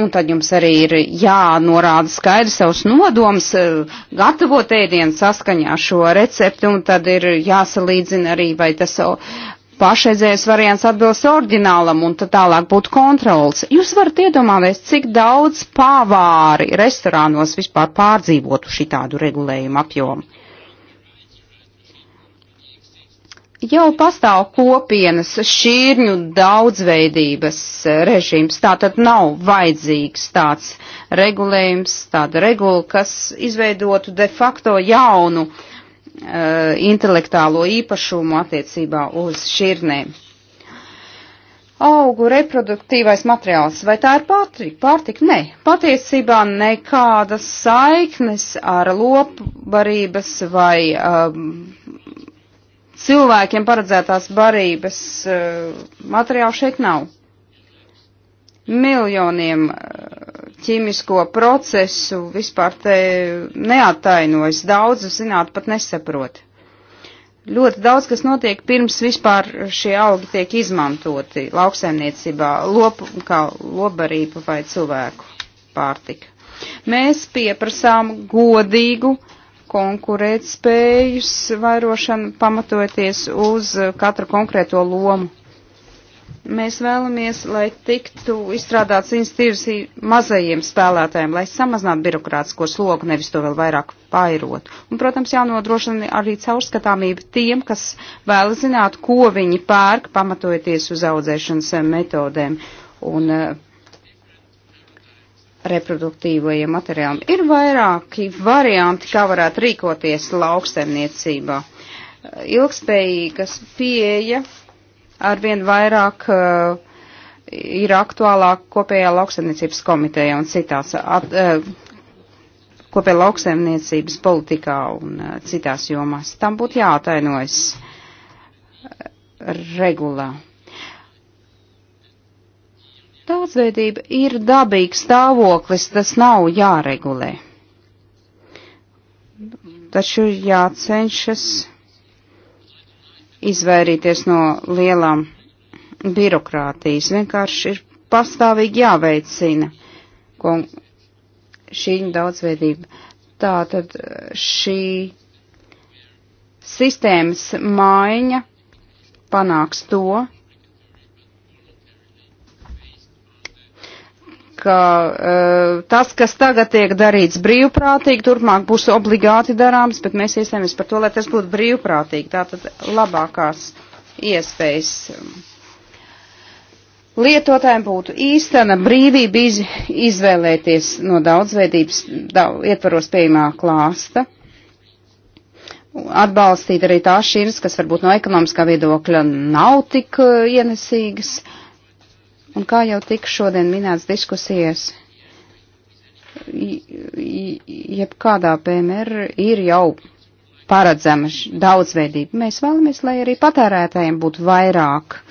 Un tad jums arī ir jānorāda skaidri savus nodoms, eh, gatavot ēdienu saskaņā šo recepti, un tad ir jāsalīdzina arī, vai tas pašreizējais variants atbilst orģinālam, un tad tālāk būtu kontrols. Jūs varat iedomāties, cik daudz pāvāri restorānos vispār pārdzīvotu šitādu regulējumu apjomu. Jau pastāv kopienas šķirņu daudzveidības režīms, tātad nav vajadzīgs tāds regulējums, tāda regula, kas izveidotu de facto jaunu uh, intelektuālo īpašumu attiecībā uz šķirnēm augu reproduktīvais materiāls, vai tā ir pārtika? Pārtika? Nē, patiesībā nekādas saiknes ar lopbarības vai um, cilvēkiem paredzētās barības eh, materiālu šeit nav. Miljoniem eh, ķīmisko procesu vispār te neatainojas, daudz zināt pat nesaprot. Ļoti daudz, kas notiek pirms vispār šie augi tiek izmantoti lauksaimniecībā, lop, kā lobarība vai cilvēku pārtika. Mēs pieprasām godīgu uh, konkurētspējas vairošana pamatoties uz katru konkrēto lomu. Mēs vēlamies, lai tiktu izstrādāts institīvs mazajiem spēlētājiem, lai samazinātu birokrātisko slogu, nevis to vēl vairāk pairot. Un, protams, jānodrošina arī caurskatāmība tiem, kas vēlas zināt, ko viņi pērk, pamatojoties uz audzēšanas metodēm un uh, reproduktīvajiem materiāliem. Ir vairāki varianti, kā varētu rīkoties lauksaimniecībā. Ilgspējīgas pieeja arvien vairāk uh, ir aktuālāk kopējā lauksaimniecības komiteja un citās at, uh, kopējā lauksaimniecības politikā un uh, citās jomās. Tam būtu jāatainojas regulā. Daudzveidība ir dabīgs stāvoklis, tas nav jāregulē. Taču jācenšas izvairīties no lielām birokrātijas. Vienkārši ir pastāvīgi jāveicina šī daudzveidība. Tātad šī sistēmas maiņa panāks to, ka uh, tas, kas tagad tiek darīts brīvprātīgi, turpmāk būs obligāti darāms, bet mēs iestājamies par to, lai tas būtu brīvprātīgi. Tātad labākās iespējas lietotājiem būtu īstena brīvība iz, izvēlēties no daudzveidības daudz, ietvaros pieejamā klāsta atbalstīt arī tās šķiras, kas varbūt no ekonomiskā viedokļa nav tik eh, ienesīgas. Uh, Un kā jau tika šodien minēts diskusijas, jebkādā PMR ir jau paredzama daudzveidība. Mēs vēlamies, lai arī patērētājiem būtu vairāk uh,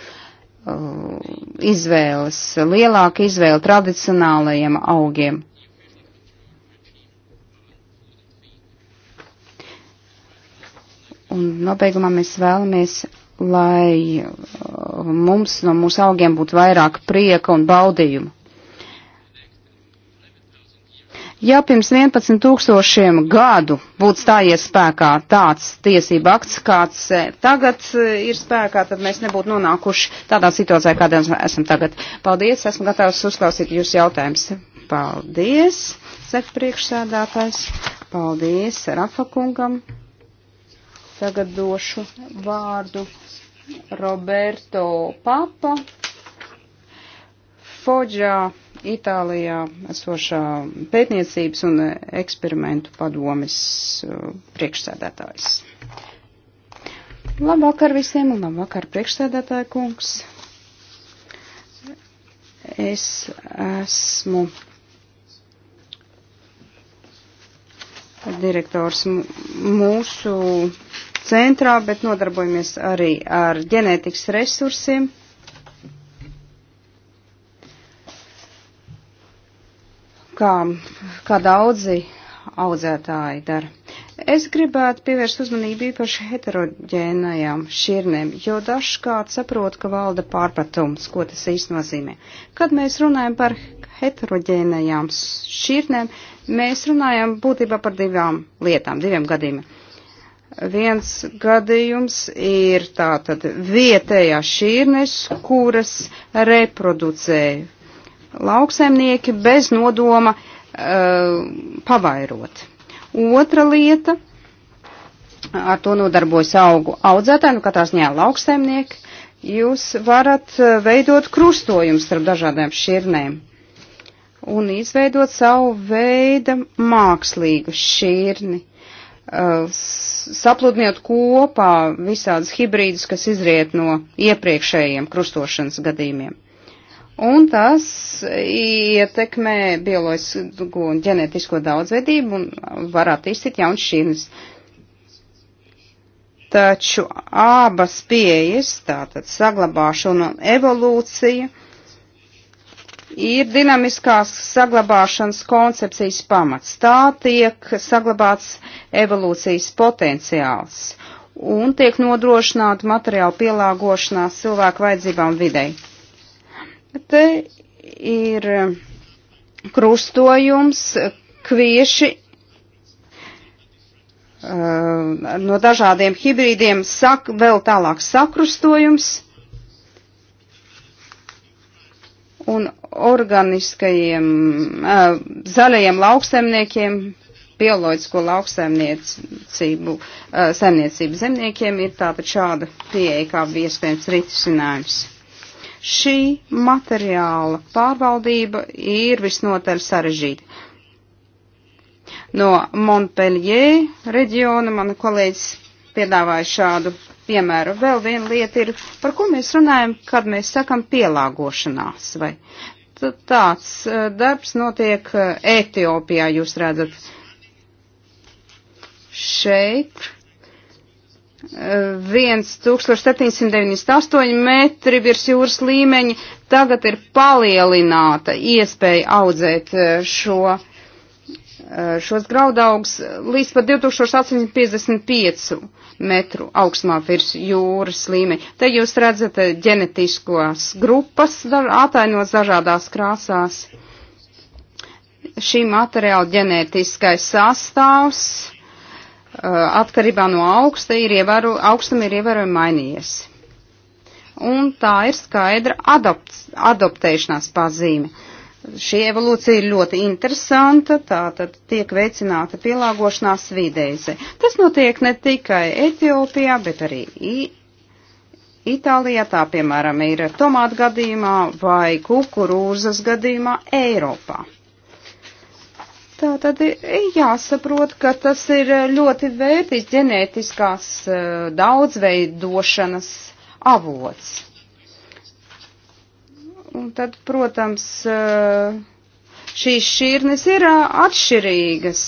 izvēles, lielāka izvēle tradicionālajiem augiem. Un nobeigumā mēs vēlamies lai uh, mums no mūsu augiem būtu vairāk prieka un baudījumu. Ja pirms 11 tūkstošiem gadu būtu stājies spēkā tāds tiesība akts, kāds eh, tagad eh, ir spēkā, tad mēs nebūtu nonākuši tādā situācijā, kādā esam tagad. Paldies, esmu gatavs uzklausīt jūsu jautājumus. Paldies, saka priekšsēdātājs. Paldies Rafa kungam. Tagad došu vārdu Roberto Papa, Foģā, Itālijā esošā pētniecības un eksperimentu padomes uh, priekšsēdētājs. Labvakar visiem un labvakar priekšsēdētāja kungs. Es esmu direktors mūsu centrā, bet nodarbojamies arī ar ģenētikas resursiem. Kā, kā daudzi audzētāji dara. Es gribētu pievērst uzmanību īpaši heteroģēnajām šķirnēm, jo dažkārt saprotu, ka valda pārpratums, ko tas īsti nozīmē. Kad mēs runājam par heteroģēnajām šķirnēm, mēs runājam būtībā par divām lietām, diviem gadījumiem. Viens gadījums ir tātad vietējā šīrnes, kuras reproducē lauksaimnieki bez nodoma uh, pavairot. Otra lieta, ar to nodarbojas augu audzētāji, nu katrā ziņā lauksaimnieki, jūs varat eh, veidot krustojumus starp dažādām šķirnēm un izveidot savu veidu mākslīgu šķirni. Uh, Uh, sapludniet kopā visādas hibrīdus, kas izriet no iepriekšējiem krustošanas gadījumiem. Un tas ietekmē bioloģisko un ģenētisko daudzveidību un var attīstīt jauns šīnas. Taču abas pieejas, tātad saglabāšana un evolūcija, uh, ir dinamiskās saglabāšanas koncepcijas pamats. Tā tiek saglabāts evolūcijas potenciāls un tiek nodrošināta materiāla pielāgošanās cilvēku vajadzībām videi. Te ir eh, krustojums, kvieši eh, no dažādiem hibrīdiem sak, vēl tālāk sakrustojums un organiskajiem uh, zaļajiem lauksaimniekiem, bioloģisko lauksaimniecību, uh, saimniecību zemniekiem ir tātad šāda pieeja kā iespējams risinājums. Šī materiāla pārvaldība ir visnotaļ sarežģīta. No Montpellier reģiona mana kolēģis piedāvāju šādu piemēru. Vēl viena lieta ir, par ko mēs runājam, kad mēs sakam pielāgošanās. Vai tāds e, darbs notiek e, Etiopijā, jūs redzat. Šeit 1798 e, metri virs jūras līmeņa tagad ir palielināta iespēja audzēt šo Eh, šos graudaugus līdz pat 2855 metru augstumā virs jūras līmeņa. Te jūs redzat eh, ģenetiskos grupas atainot dažādās krāsās. Šī materiāla ģenētiskais sastāvs eh, atkarībā no augsta ir ievēru, augstam ir ievērojami mainījies. Un tā ir skaidra adopt, adoptēšanās pazīme. Šī evolūcija ir ļoti interesanta, tā tad tiek veicināta pielāgošanās videize. Tas notiek ne tikai Etiopijā, bet arī Itālijā, tā piemēram ir tomātu gadījumā vai kukurūzas gadījumā Eiropā. Tā tad jāsaprot, ka tas ir ļoti vērtīgs ģenētiskās eh, daudzveidošanas avots. Un tad, protams, eh, šīs šķirnes ir eh, atšķirīgas.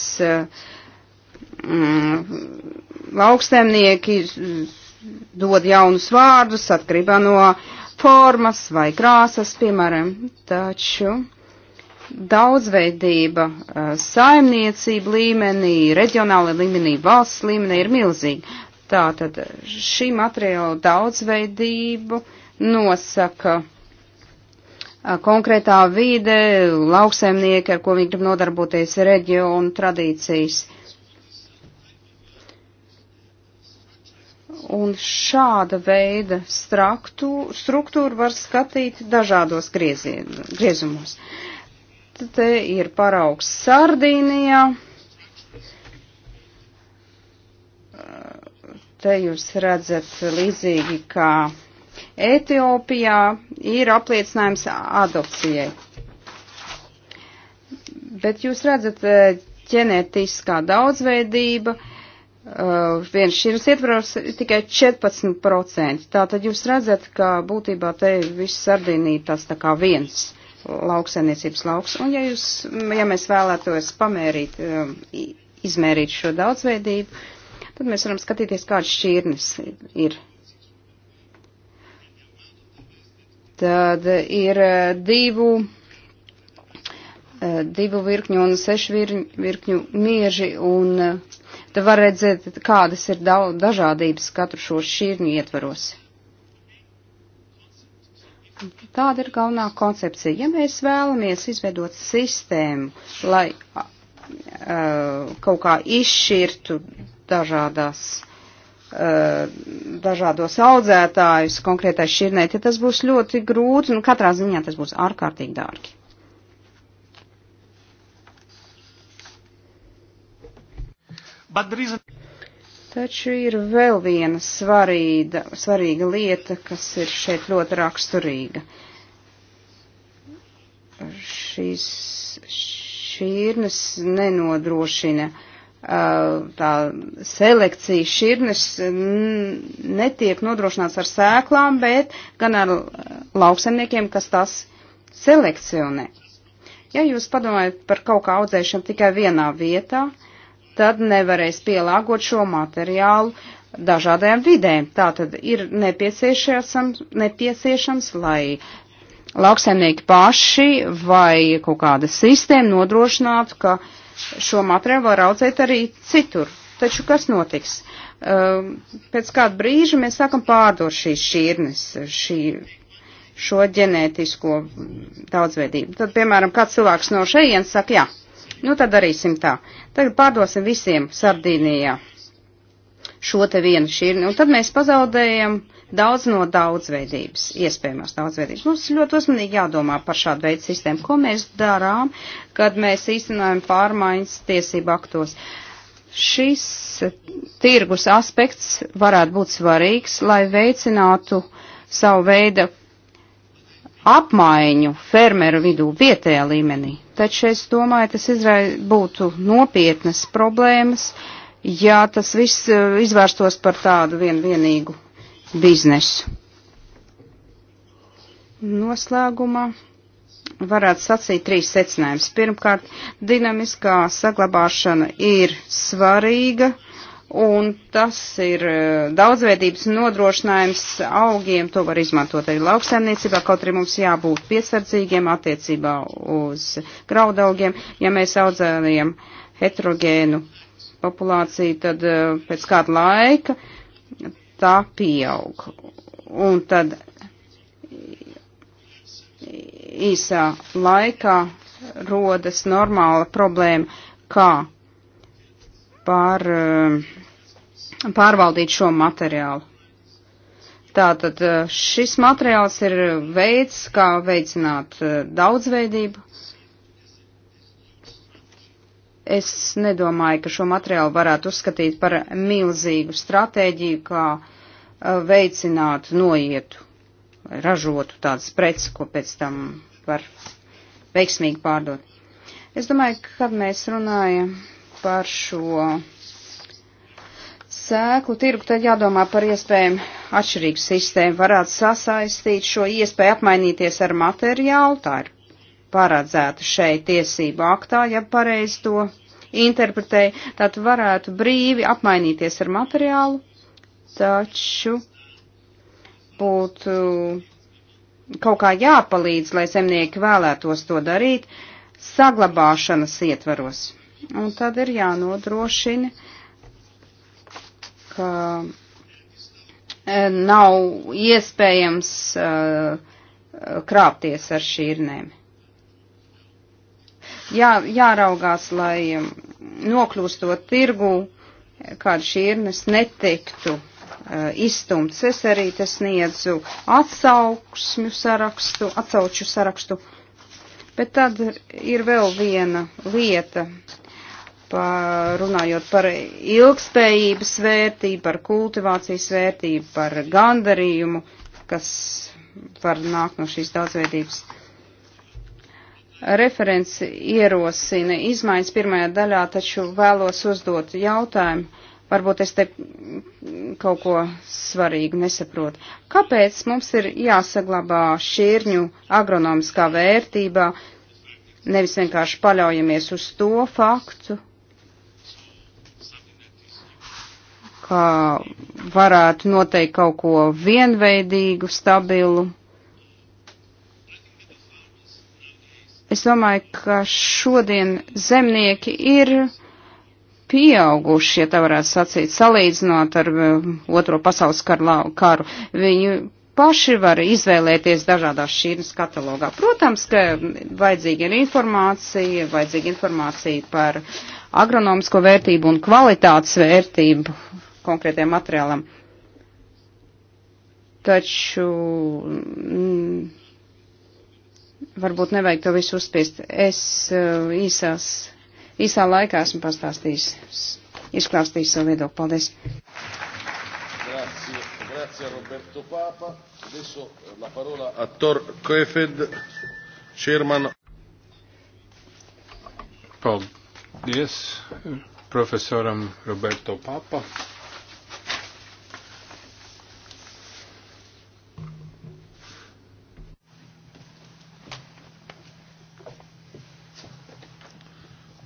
Mm, Laukstēmnieki dod jaunus vārdus atkarībā no formas vai krāsas, piemēram, taču daudzveidība eh, saimniecība līmenī, reģionāla līmenī, valsts līmenī ir milzīga. Tātad šī materiāla daudzveidību nosaka konkrētā vide, lauksaimnieki, ar ko viņi grib nodarboties, reģionu tradīcijas. Un šāda veida straktu, struktūru var skatīt dažādos griezien, griezumos. Te ir paraugs Sardīnijā. Te jūs redzat līdzīgi kā Etiopijā ir apliecinājums adopcijai. Bet jūs redzat, eh, ģenētiskā daudzveidība, eh, viens šīs ietvaros tikai 14%. Tātad jūs redzat, ka būtībā te viss sardinīt tas tā kā viens lauksainiecības lauks. Un ja, jūs, ja mēs vēlētos pamērīt, eh, izmērīt šo daudzveidību, tad mēs varam skatīties, kāds šķirnis ir Tad ir eh, divu, eh, divu virkņu un sešu virkņu mieži, un eh, tad var redzēt, kādas ir dažādības katru šo šķirņu ietvaros. Tāda ir galvenā koncepcija. Ja mēs vēlamies izveidot sistēmu, lai uh, kaut kā izšķirtu dažādās Uh, dažādos audzētājus konkrētai šķirnei, tad tas būs ļoti grūti, un katrā ziņā tas būs ārkārtīgi dārgi. Taču ir vēl viena svarīga, svarīga lieta, kas ir šeit ļoti raksturīga. Šīs šķirnes nenodrošina uh, tā selekcija šķirnes mm, netiek nodrošināts ar sēklām, bet gan ar lauksemniekiem, kas tās selekcionē. Ja jūs padomājat par kaut kā audzēšanu tikai vienā vietā, tad nevarēs pielāgot šo materiālu dažādajām vidēm. Tā tad ir nepieciešams, nepieciešams lai lauksemnieki paši vai kaut kāda sistēma nodrošinātu, ka uh, šo materiālu var audzēt arī citur. Taču kas notiks? Ehm, pēc kāda brīža mēs sākam pārdot šīs šķirnes, šī, šo ģenētisko daudzveidību. Tad, piemēram, kāds cilvēks no šejienes saka, jā, nu tad darīsim tā. Tagad pārdosim visiem Sardīnijā šo te vienu šķirni, un tad mēs pazaudējam daudz no daudzveidības, iespējamās daudzveidības. Mums ļoti uzmanīgi jādomā par šādu veidu sistēmu, ko mēs darām, kad mēs īstenojam pārmaiņas tiesību aktos. Šis tirgus aspekts varētu būt svarīgs, lai veicinātu savu veidu apmaiņu fermeru vidū vietējā līmenī. Taču es domāju, tas izrai būtu nopietnas problēmas, uh, ja tas viss eh, izvērstos par tādu vien vienīgu biznesu. Noslēgumā varētu sacīt trīs secinājumus. Pirmkārt, dinamiskā saglabāšana ir svarīga, un tas ir eh, daudzveidības nodrošinājums augiem. To var izmantot arī lauksaimniecībā, kaut arī mums jābūt piesardzīgiem attiecībā uz graudaugiem, ja mēs audzējam heterogēnu populācija, tad eh, pēc kāda laika tā pieaug. Un tad īsā laikā rodas normāla problēma, kā pār, eh, pārvaldīt šo materiālu. Tātad eh, šis materiāls ir veids, kā veicināt daudzveidību, Es nedomāju, ka šo materiālu varētu uzskatīt par milzīgu stratēģiju, kā veicināt noietu, ražotu tādas preces, ko pēc tam var veiksmīgi pārdot. Es domāju, ka, kad mēs runājam par šo sēklu tirgu, tad jādomā par iespējām atšķirīgu sistēmu. Varētu sasaistīt šo iespēju apmainīties ar materiālu, tā ir paredzētu šeit tiesību aktā, ja pareiz to interpretēju, tad varētu brīvi apmainīties ar materiālu, taču būtu kaut kā jāpalīdz, lai zemnieki vēlētos to darīt, saglabāšanas ietvaros. Un tad ir jānodrošina, ka e, nav iespējams uh, krāpties ar šīrnēm jā, jāraugās, lai nokļūstot tirgu, kāda šķirnes netiktu izstumts. Es arī tas sniedzu atsauksmju sarakstu, atsauču sarakstu. Bet tad ir vēl viena lieta, par, runājot par ilgspējības vērtību, par kultivācijas vērtību, par gandarījumu, kas var nākt no šīs daudzveidības. Referents ierosina izmaiņas pirmajā daļā, taču vēlos uzdot jautājumu. Varbūt es te kaut ko svarīgu nesaprotu. Kāpēc mums ir jāsaglabā šķirņu agronomiskā vērtībā, nevis vienkārši paļaujamies uz to faktu, ka varētu noteikt kaut ko vienveidīgu, stabilu? Es domāju, ka šodien zemnieki ir pieauguši, ja tā varētu sacīt, salīdzinot ar uh, otro pasaules karu. Viņi paši var izvēlēties dažādās šīnas katalogā. Protams, ka vajadzīga ir informācija, vajadzīga informācija par agronomisko vērtību un kvalitātes vērtību konkrētajam materiālam. Taču. Mm, varbūt nevajag to visu uzspiest. Es uh, īsās, īsā laikā esmu pastāstījis, izklāstījis savu viedokli. Paldies! Grazie, grazie Roberto Papa. Adesso la parola a Tor Koefed, chairman. Paldies profesoram Roberto Papa.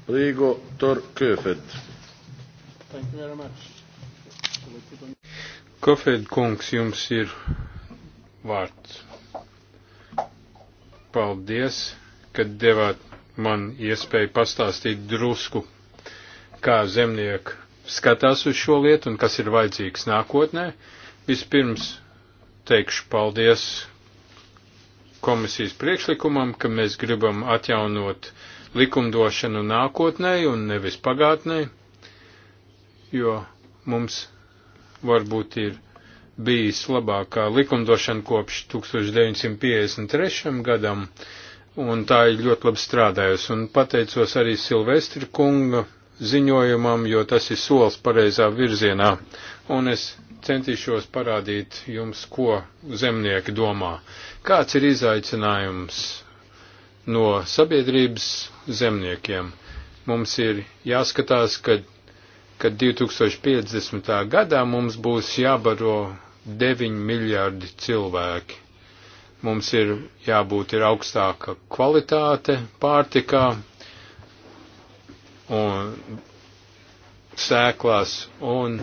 Rigo Torkēfed. Kofēd kungs, jums ir vārds. Paldies, ka devāt man iespēju pastāstīt drusku, kā zemnieki skatās uz šo lietu un kas ir vajadzīgs nākotnē. Vispirms teikšu paldies komisijas priekšlikumam, ka mēs gribam atjaunot uh, likumdošanu nākotnē un nevis pagātnē, jo mums varbūt ir bijis labākā likumdošana kopš 1953. gadam, un tā ir ļoti labi strādājusi. Un pateicos arī Silvestri kunga ziņojumam, jo tas ir solis pareizā virzienā, un es centīšos parādīt jums, ko zemnieki domā. Kāds ir izaicinājums no sabiedrības zemniekiem. Mums ir jāskatās, ka, ka 2050. gadā mums būs jābaro 9 miljardi cilvēki. Mums ir jābūt ir augstāka kvalitāte pārtikā un sēklās, un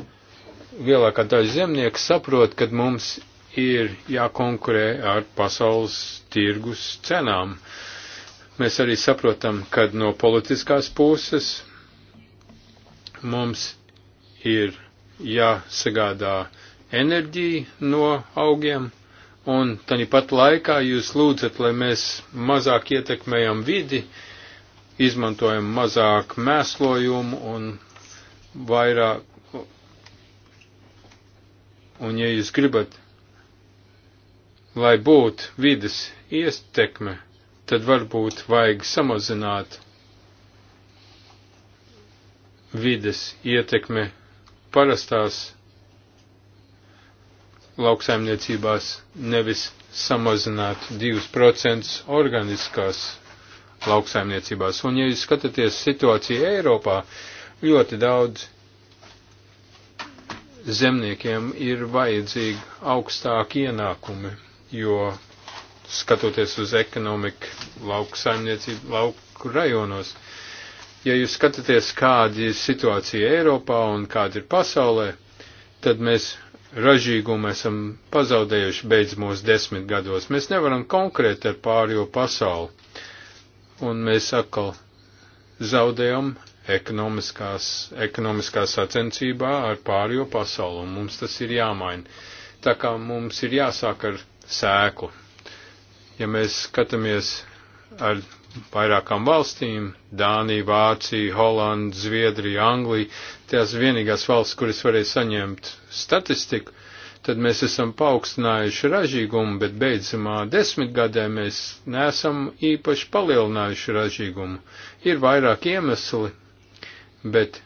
lielākā daļa zemnieku saprot, ka mums ir jākonkurē ar pasaules tirgus cenām. Uh, Mēs arī saprotam, ka no politiskās puses mums ir jāsagādā enerģija no augiem, un tāpat laikā jūs lūdzat, lai mēs mazāk ietekmējam vidi, izmantojam mazāk mēslojumu un vairāk. Un ja jūs gribat, lai būtu vidas iestekme, tad varbūt vajag samazināt vides ietekme parastās lauksaimniecībās, nevis samazināt 2% organiskās lauksaimniecībās. Un, ja jūs skatāties situāciju Eiropā, ļoti daudz zemniekiem ir vajadzīgi augstāki ienākumi, jo skatoties uz ekonomiku lauku saimniecību, lauku rajonos. Ja jūs skatāties, kāda ir situācija Eiropā un kāda ir pasaulē, tad mēs ražīgumu esam pazaudējuši beidz mūsu desmit gados. Mēs nevaram konkrēt ar pārējo pasauli. Un mēs atkal zaudējam ekonomiskās, ekonomiskā sacensībā ar pārējo pasauli, un mums tas ir jāmaina. Tā kā mums ir jāsāk ar sēklu, ja mēs skatāmies ar vairākām valstīm - Dāniju, Vāciju, Holandu, Zviedriju, Angliju, tās vienīgās valsts, kuras varēja saņemt statistiku, tad mēs esam paaugstinājuši ražīgumu, bet beidzamā desmitgadē mēs neesam īpaši palielinājuši ražīgumu. Ir vairāk iemesli, bet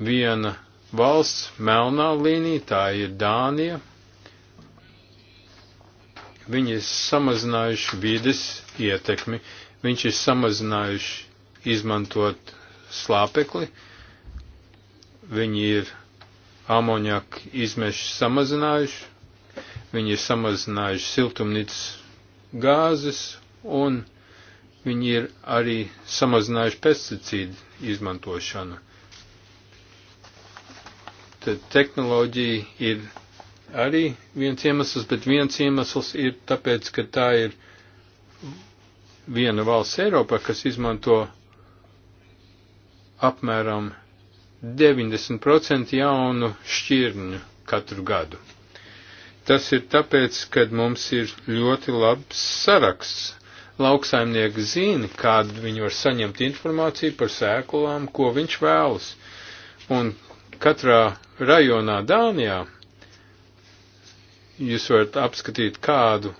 viena valsts melnā līnija, tā ir Dānija, Viņi ir samazinājuši vides ietekmi, viņš ir samazinājuši izmantot slāpekli, viņi ir amoniaku izmešu samazinājuši, viņi ir samazinājuši siltumnīcas gāzes un viņi ir arī samazinājuši pesticīdu izmantošanu. Tad tehnoloģija ir arī viens iemesls, bet viens iemesls ir tāpēc, ka tā ir viena valsts Eiropā, kas izmanto apmēram 90% jaunu šķirņu katru gadu. Tas ir tāpēc, ka mums ir ļoti labs saraksts. Lauksaimnieki zina, kad viņi var saņemt informāciju par sēklām, ko viņš vēlas. Un katrā rajonā Dānijā jūs varat apskatīt, kādu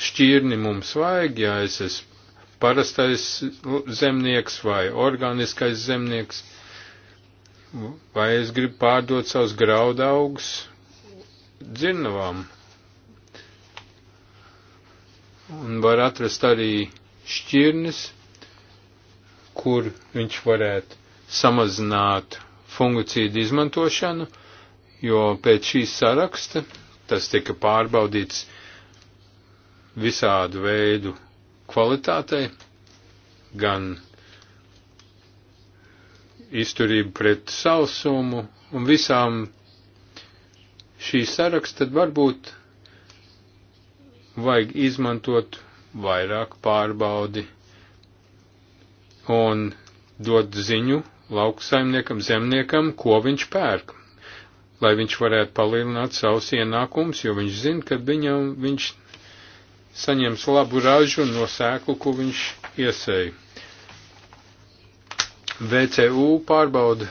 šķirni mums vajag, ja es esmu parastais zemnieks vai organiskais zemnieks, vai es gribu pārdot savus graudaugus dzirnavām. Un var atrast arī šķirnis, kur viņš varētu samazināt fungicīdu izmantošanu, jo pēc šīs saraksta Tas tika pārbaudīts visādu veidu kvalitātei, gan izturību pret sausumu un visām šī saraksta varbūt vajag izmantot vairāk pārbaudi un dot ziņu lauksaimniekam, zemniekam, ko viņš pērk lai viņš varētu palielināt savus ienākumus, jo viņš zina, ka viņam viņš saņems labu ražu no sēklu, ko viņš iesēja. VCU pārbauda,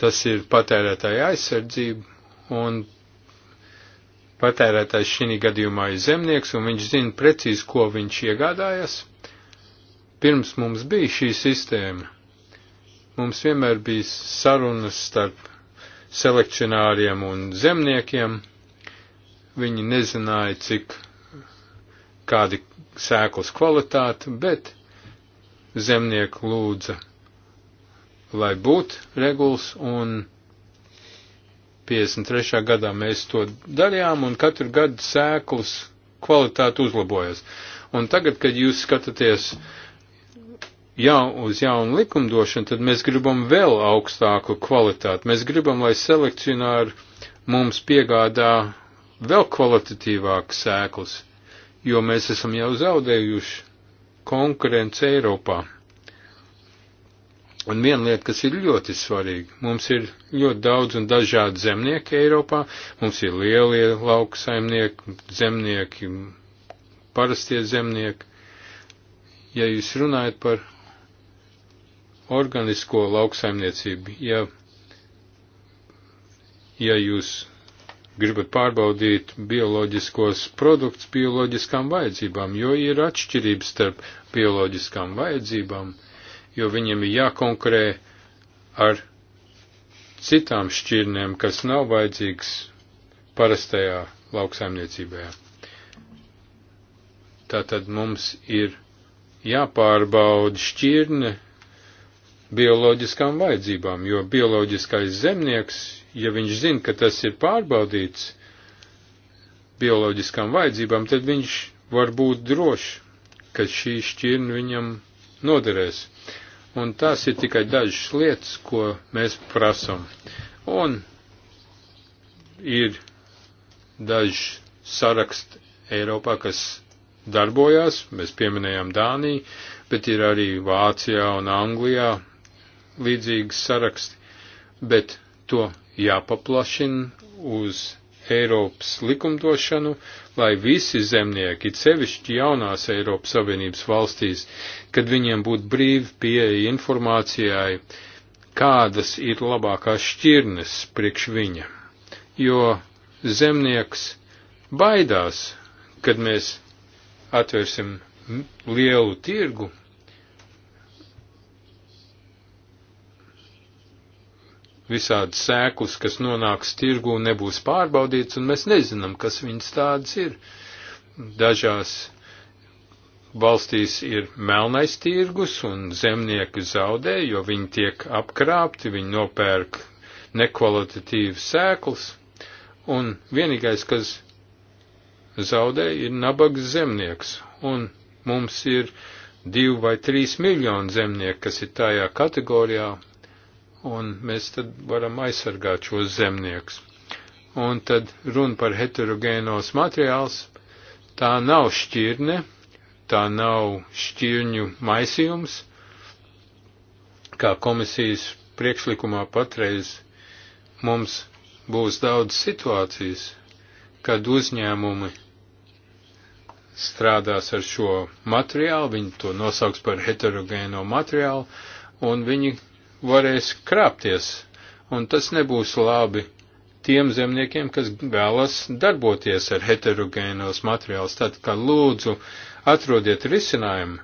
tas ir patērētāja aizsardzība, un patērētājs šī gadījumā ir zemnieks, un viņš zina precīzi, ko viņš iegādājas. Pirms mums bija šī sistēma, mums vienmēr bija sarunas starp selekcionāriem un zemniekiem. Viņi nezināja, cik kādi sēklas kvalitāte, bet zemnieku lūdza, lai būtu regulas, un 53. gadā mēs to darījām, un katru gadu sēklas kvalitāte uzlabojas. Un tagad, kad jūs skatāties uh, jau, uz jaunu likumdošanu, tad mēs gribam vēl augstāku kvalitāti. Mēs gribam, lai selekcionāri mums piegādā vēl kvalitatīvāks sēklas, jo mēs esam jau zaudējuši konkurence Eiropā. Un viena lieta, kas ir ļoti svarīga, mums ir ļoti daudz un dažādi zemnieki Eiropā, mums ir lielie lauksaimnieki, zemnieki, parastie zemnieki. Ja jūs runājat par organisko lauksaimniecību. Ja, ja jūs gribat pārbaudīt bioloģiskos produktus bioloģiskām vajadzībām, jo ir atšķirības starp bioloģiskām vajadzībām, jo viņiem ir jākonkurē ar citām šķirnēm, kas nav vajadzīgs parastajā lauksaimniecībā. Tātad mums ir jāpārbauda šķirne bioloģiskām vajadzībām, jo bioloģiskais zemnieks, ja viņš zina, ka tas ir pārbaudīts bioloģiskām vajadzībām, tad viņš var būt drošs, ka šī šķirna viņam noderēs. Un tās ir tikai dažas lietas, ko mēs prasam. Un ir daži saraksti Eiropā, kas darbojās, mēs pieminējām Dāniju, bet ir arī Vācijā un Anglijā līdzīgi saraksti, bet to jāpaplašina uz Eiropas likumdošanu, lai visi zemnieki, sevišķi jaunās Eiropas Savienības valstīs, kad viņiem būtu brīvi pieeja informācijai, kādas ir labākās šķirnes priekš viņa. Jo zemnieks baidās, kad mēs atvērsim lielu tirgu, visādi sēklas, kas nonāks tirgu, nebūs pārbaudīts, un mēs nezinām, kas viņas tādas ir. Dažās valstīs ir melnais tirgus, un zemnieki zaudē, jo viņi tiek apkrāpti, viņi nopērk nekvalitatīvas sēklas, un vienīgais, kas zaudē, ir nabaga zemnieks, un mums ir divi vai trīs miljoni zemnieku, kas ir tajā kategorijā, un mēs tad varam aizsargāt šos zemniekus. Un tad runa par heterogēnos materiāls, tā nav šķirne, tā nav šķirņu maisījums, kā komisijas priekšlikumā patreiz mums būs daudz situācijas, kad uzņēmumi strādās ar šo materiālu, viņi to nosauks par heterogēno materiālu, un viņi varēs krāpties, un tas nebūs labi tiem zemniekiem, kas vēlas darboties ar heterogēnos materiālus. Tad, kā lūdzu, atrodiet risinājumu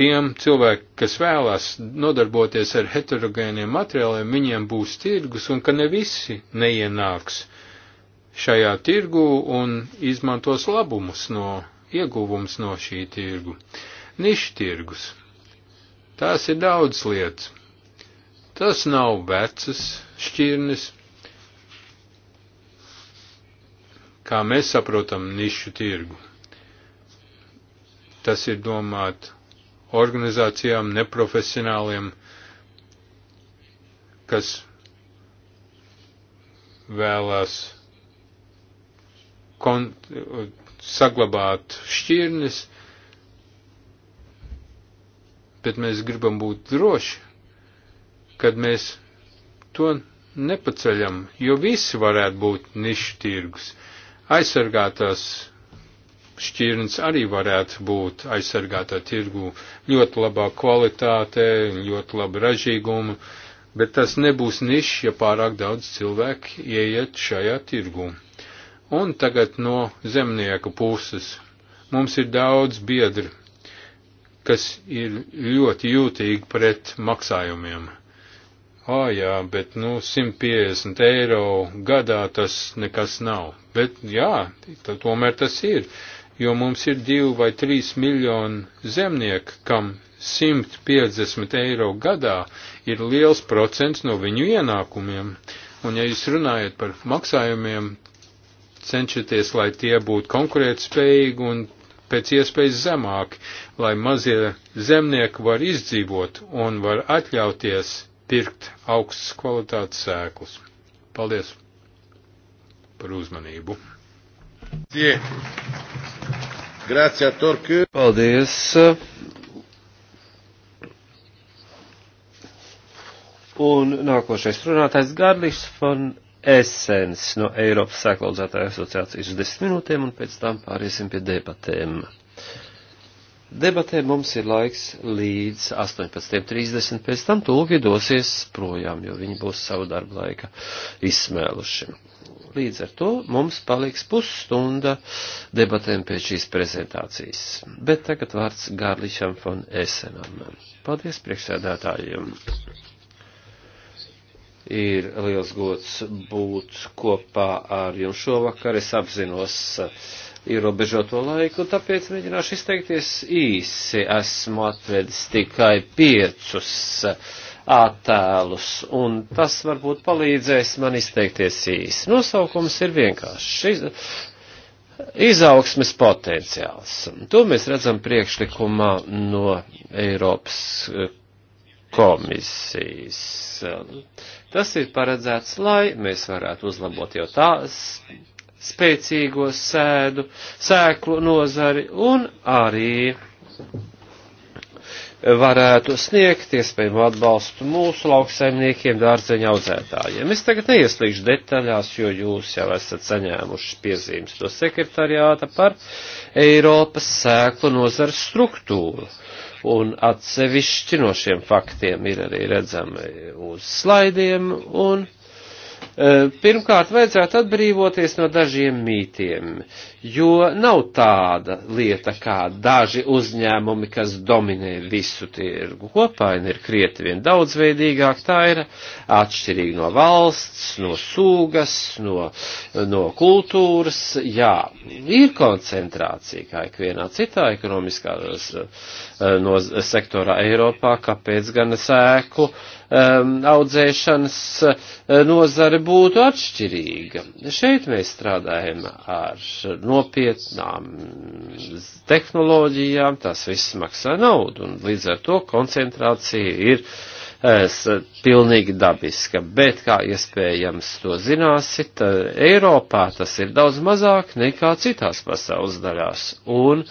tiem cilvēkiem, kas vēlas nodarboties ar heterogēniem materiāliem, viņiem būs tirgus un ka ne visi neienāks šajā tirgu un izmantos labumus no ieguvums no šī tirgu. Nišķirgus. Tās ir daudz lietas. Tas nav vecas šķirnes. Kā mēs saprotam nišu tirgu. Tas ir domāt organizācijām, neprofesionāliem, kas vēlās kon, saglabāt šķirnes, bet mēs gribam būt droši, kad mēs to nepaceļam, jo visi varētu būt nišs tirgus. Aizsargātās šķirnes arī varētu būt aizsargātā tirgu ļoti labā kvalitātē, ļoti laba ražīguma, bet tas nebūs nišs, ja pārāk daudz cilvēku ieiet šajā tirgu. Un tagad no zemnieka puses. Mums ir daudz biedri, kas ir ļoti jūtīgi pret maksājumiem. Ā, jā, bet, nu, 150 eiro gadā tas nekas nav. Bet, jā, tomēr tas ir, jo mums ir 2 vai 3 miljoni zemnieku, kam 150 eiro gadā ir liels procents no viņu ienākumiem. Un, ja jūs runājat par maksājumiem, cenšaties, lai tie būtu konkurētspējīgi un pēc iespējas zemāki, lai mazie zemnieki var izdzīvot un var atļauties pirkt augstas kvalitātes sēklus. Paldies par uzmanību! Tie. Grazie a Torque. Paldies. Un nākošais runātājs Garlis von Esens no Eiropas sēklaudzētāju asociācijas uz desmit minūtēm un pēc tam pāriesim pie debatēm. Debatē mums ir laiks līdz 18.30, pēc tam tulki dosies projām, jo viņi būs savu darbu laika izsmēluši. Līdz ar to mums paliks pusstunda debatēm pēc šīs prezentācijas. Bet tagad vārds Gārlišam von Esenam. Paldies priekšsēdētājiem! ir liels gods būt kopā ar jums šovakar. Es apzinos eh, ierobežoto laiku, tāpēc mēģināšu izteikties īsi. Esmu atvedis tikai piecus eh, attēlus, un tas varbūt palīdzēs man izteikties īsi. Nosaukums ir vienkāršs. Izaugsmes potenciāls. To mēs redzam priekšlikumā no Eiropas eh, komisijas. Tas ir paredzēts, lai mēs varētu uzlabot jau tās spēcīgo sēdu, sēklu nozari un arī varētu sniegt iespējamo atbalstu mūsu lauksaimniekiem, dārzeņa audzētājiem. Es tagad neieslīgšu detaļās, jo jūs jau esat saņēmuši piezīmes no sekretariāta par Eiropas sēklu nozares struktūru. Uh, un atsevišķi no šiem faktiem ir arī redzami uz slaidiem, un Eh, pirmkārt, vajadzētu atbrīvoties no dažiem mītiem, jo nav tāda lieta kā daži uzņēmumi, kas dominē visu tirgu. Kopaina ir krietni vien daudzveidīgāk, tā ir atšķirīga no valsts, no sūgas, no, no kultūras. Jā, ir koncentrācija kā ikvienā citā ekonomiskā eh, no, sektorā Eiropā, kāpēc gan sēku. Uh, um, audzēšanas uh, nozare būtu atšķirīga. Šeit mēs strādājam ar nopietnām tehnoloģijām, tas viss maksā naudu, un līdz ar to koncentrācija ir es, pilnīgi dabiska, bet kā iespējams to zināsit, uh, Eiropā tas ir daudz mazāk nekā citās pasaules daļās, un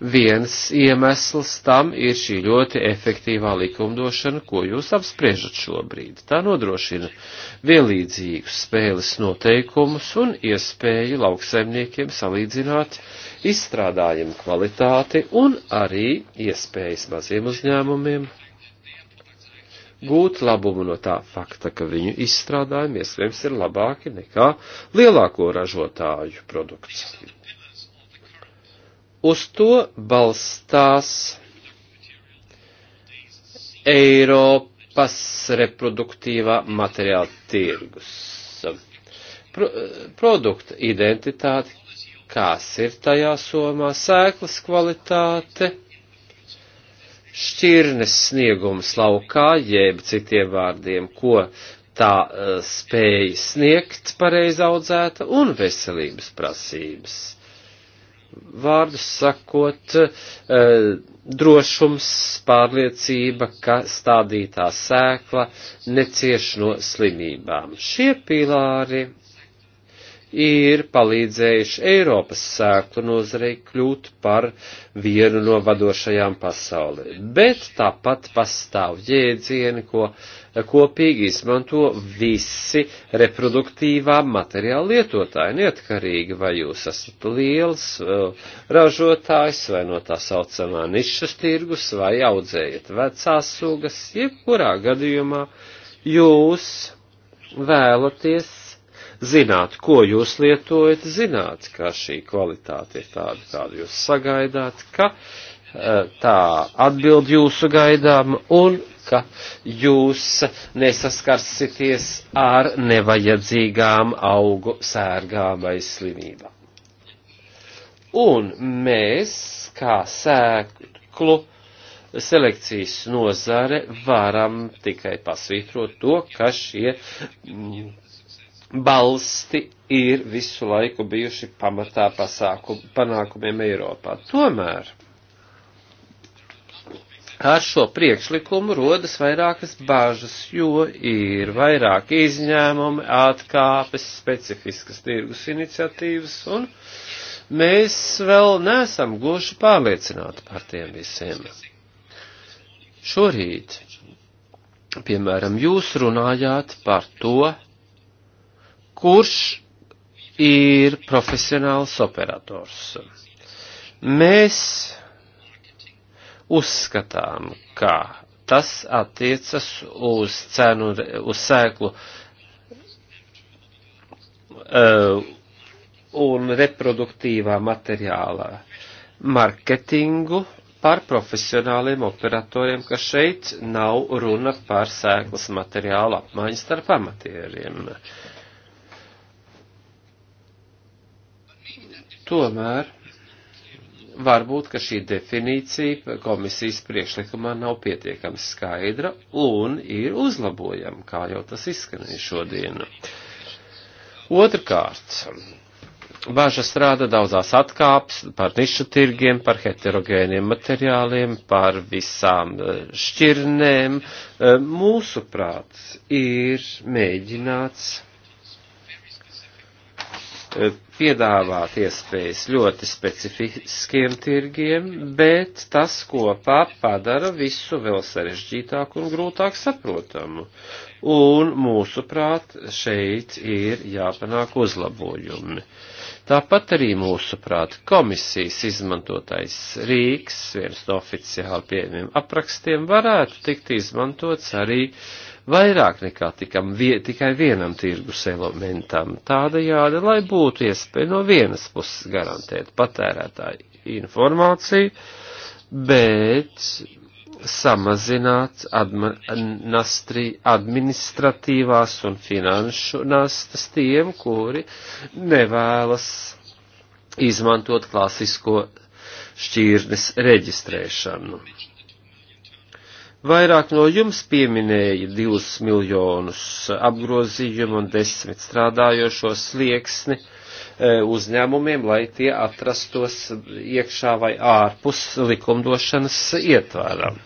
viens iemesls tam ir šī ļoti efektīvā likumdošana, ko jūs apspriežat šobrīd. Tā nodrošina vienlīdzīgus spēles noteikumus un iespēju lauksaimniekiem salīdzināt izstrādājumu kvalitāti un arī iespējas maziem uzņēmumiem gūt labumu no tā fakta, ka viņu izstrādājumi iespējams ir labāki nekā lielāko ražotāju produkts. Uz to balstās Eiropas reproduktīvā materiāla tirgus. Pro, produkta identitāte, kas ir tajā somā, sēklas kvalitāte, šķirnes sniegums laukā, jeb citiem vārdiem, ko tā uh, eh, spēja sniegt pareiz audzēta un veselības prasības vārdus sakot, eh, drošums, pārliecība, ka stādītā sēkla necieš no slimībām. Šie pīlāri ir palīdzējuši Eiropas sēklu nozarei kļūt par vienu no vadošajām pasaulē. Bet tāpat pastāv jēdzieni, ko kopīgi izmanto visi reproduktīvā materiāla lietotāji, neatkarīgi vai jūs esat liels eh, ražotājs vai no tā saucamā nišas tirgus vai audzējat vecās sugas, jebkurā gadījumā jūs vēlaties zināt, ko jūs lietojat, zināt, ka šī kvalitāte ir tāda, kādu jūs sagaidāt, ka e, tā atbild jūsu gaidām un ka jūs nesaskarsities ar nevajadzīgām augu sērgām vai slimībām. Un mēs, kā sēklu selekcijas nozare, varam tikai pasvītrot to, ka šie balsti ir visu laiku bijuši pamatā pasāku, panākumiem Eiropā. Tomēr ar šo priekšlikumu rodas vairākas bāžas, jo ir vairāk izņēmumi, atkāpes, specifiskas tirgus iniciatīvas, un mēs vēl neesam gluži pārliecināti par tiem visiem. Šorīt, piemēram, jūs runājāt par to, kurš ir profesionāls operators. Mēs uzskatām, ka tas attiecas uz cenu, uz sēklu uh, un reproduktīvā materiālā marketingu par profesionāliem operatoriem, ka šeit nav runa par sēklas materiālu apmaiņu starp amatieriem. Uh, Tomēr varbūt, ka šī definīcija komisijas priekšlikumā nav pietiekami skaidra un ir uzlabojama, kā jau tas izskanēja šodien. Otrkārt, bažas strāda daudzās atkāps par nišu tirgiem, par heterogēniem materiāliem, par visām eh, šķirnēm. Eh, mūsu prāts ir mēģināts eh, piedāvāt iespējas ļoti specifiskiem tirgiem, bet tas kopā padara visu vēl sarežģītāku un grūtāk saprotamu. Un mūsuprāt, šeit ir jāpanāk uzlabojumi. Tāpat arī mūsuprāt, komisijas izmantotais rīks, viens no oficiāli pieņemiem aprakstiem, varētu tikt izmantots arī uh, vairāk nekā tikam, vie, tikai vienam tirgus elementam. Tādējādi, lai būtu iespēja no vienas puses garantēt patērētāju informāciju, bet samazināt adma, nastri, administratīvās un finanšu nastas tiem, kuri nevēlas izmantot klasisko šķirnes reģistrēšanu Vairāk no jums pieminēja divus miljonus apgrozījumu un desmit strādājošo slieksni e, uzņēmumiem, lai tie atrastos iekšā vai ārpus likumdošanas ietvaram.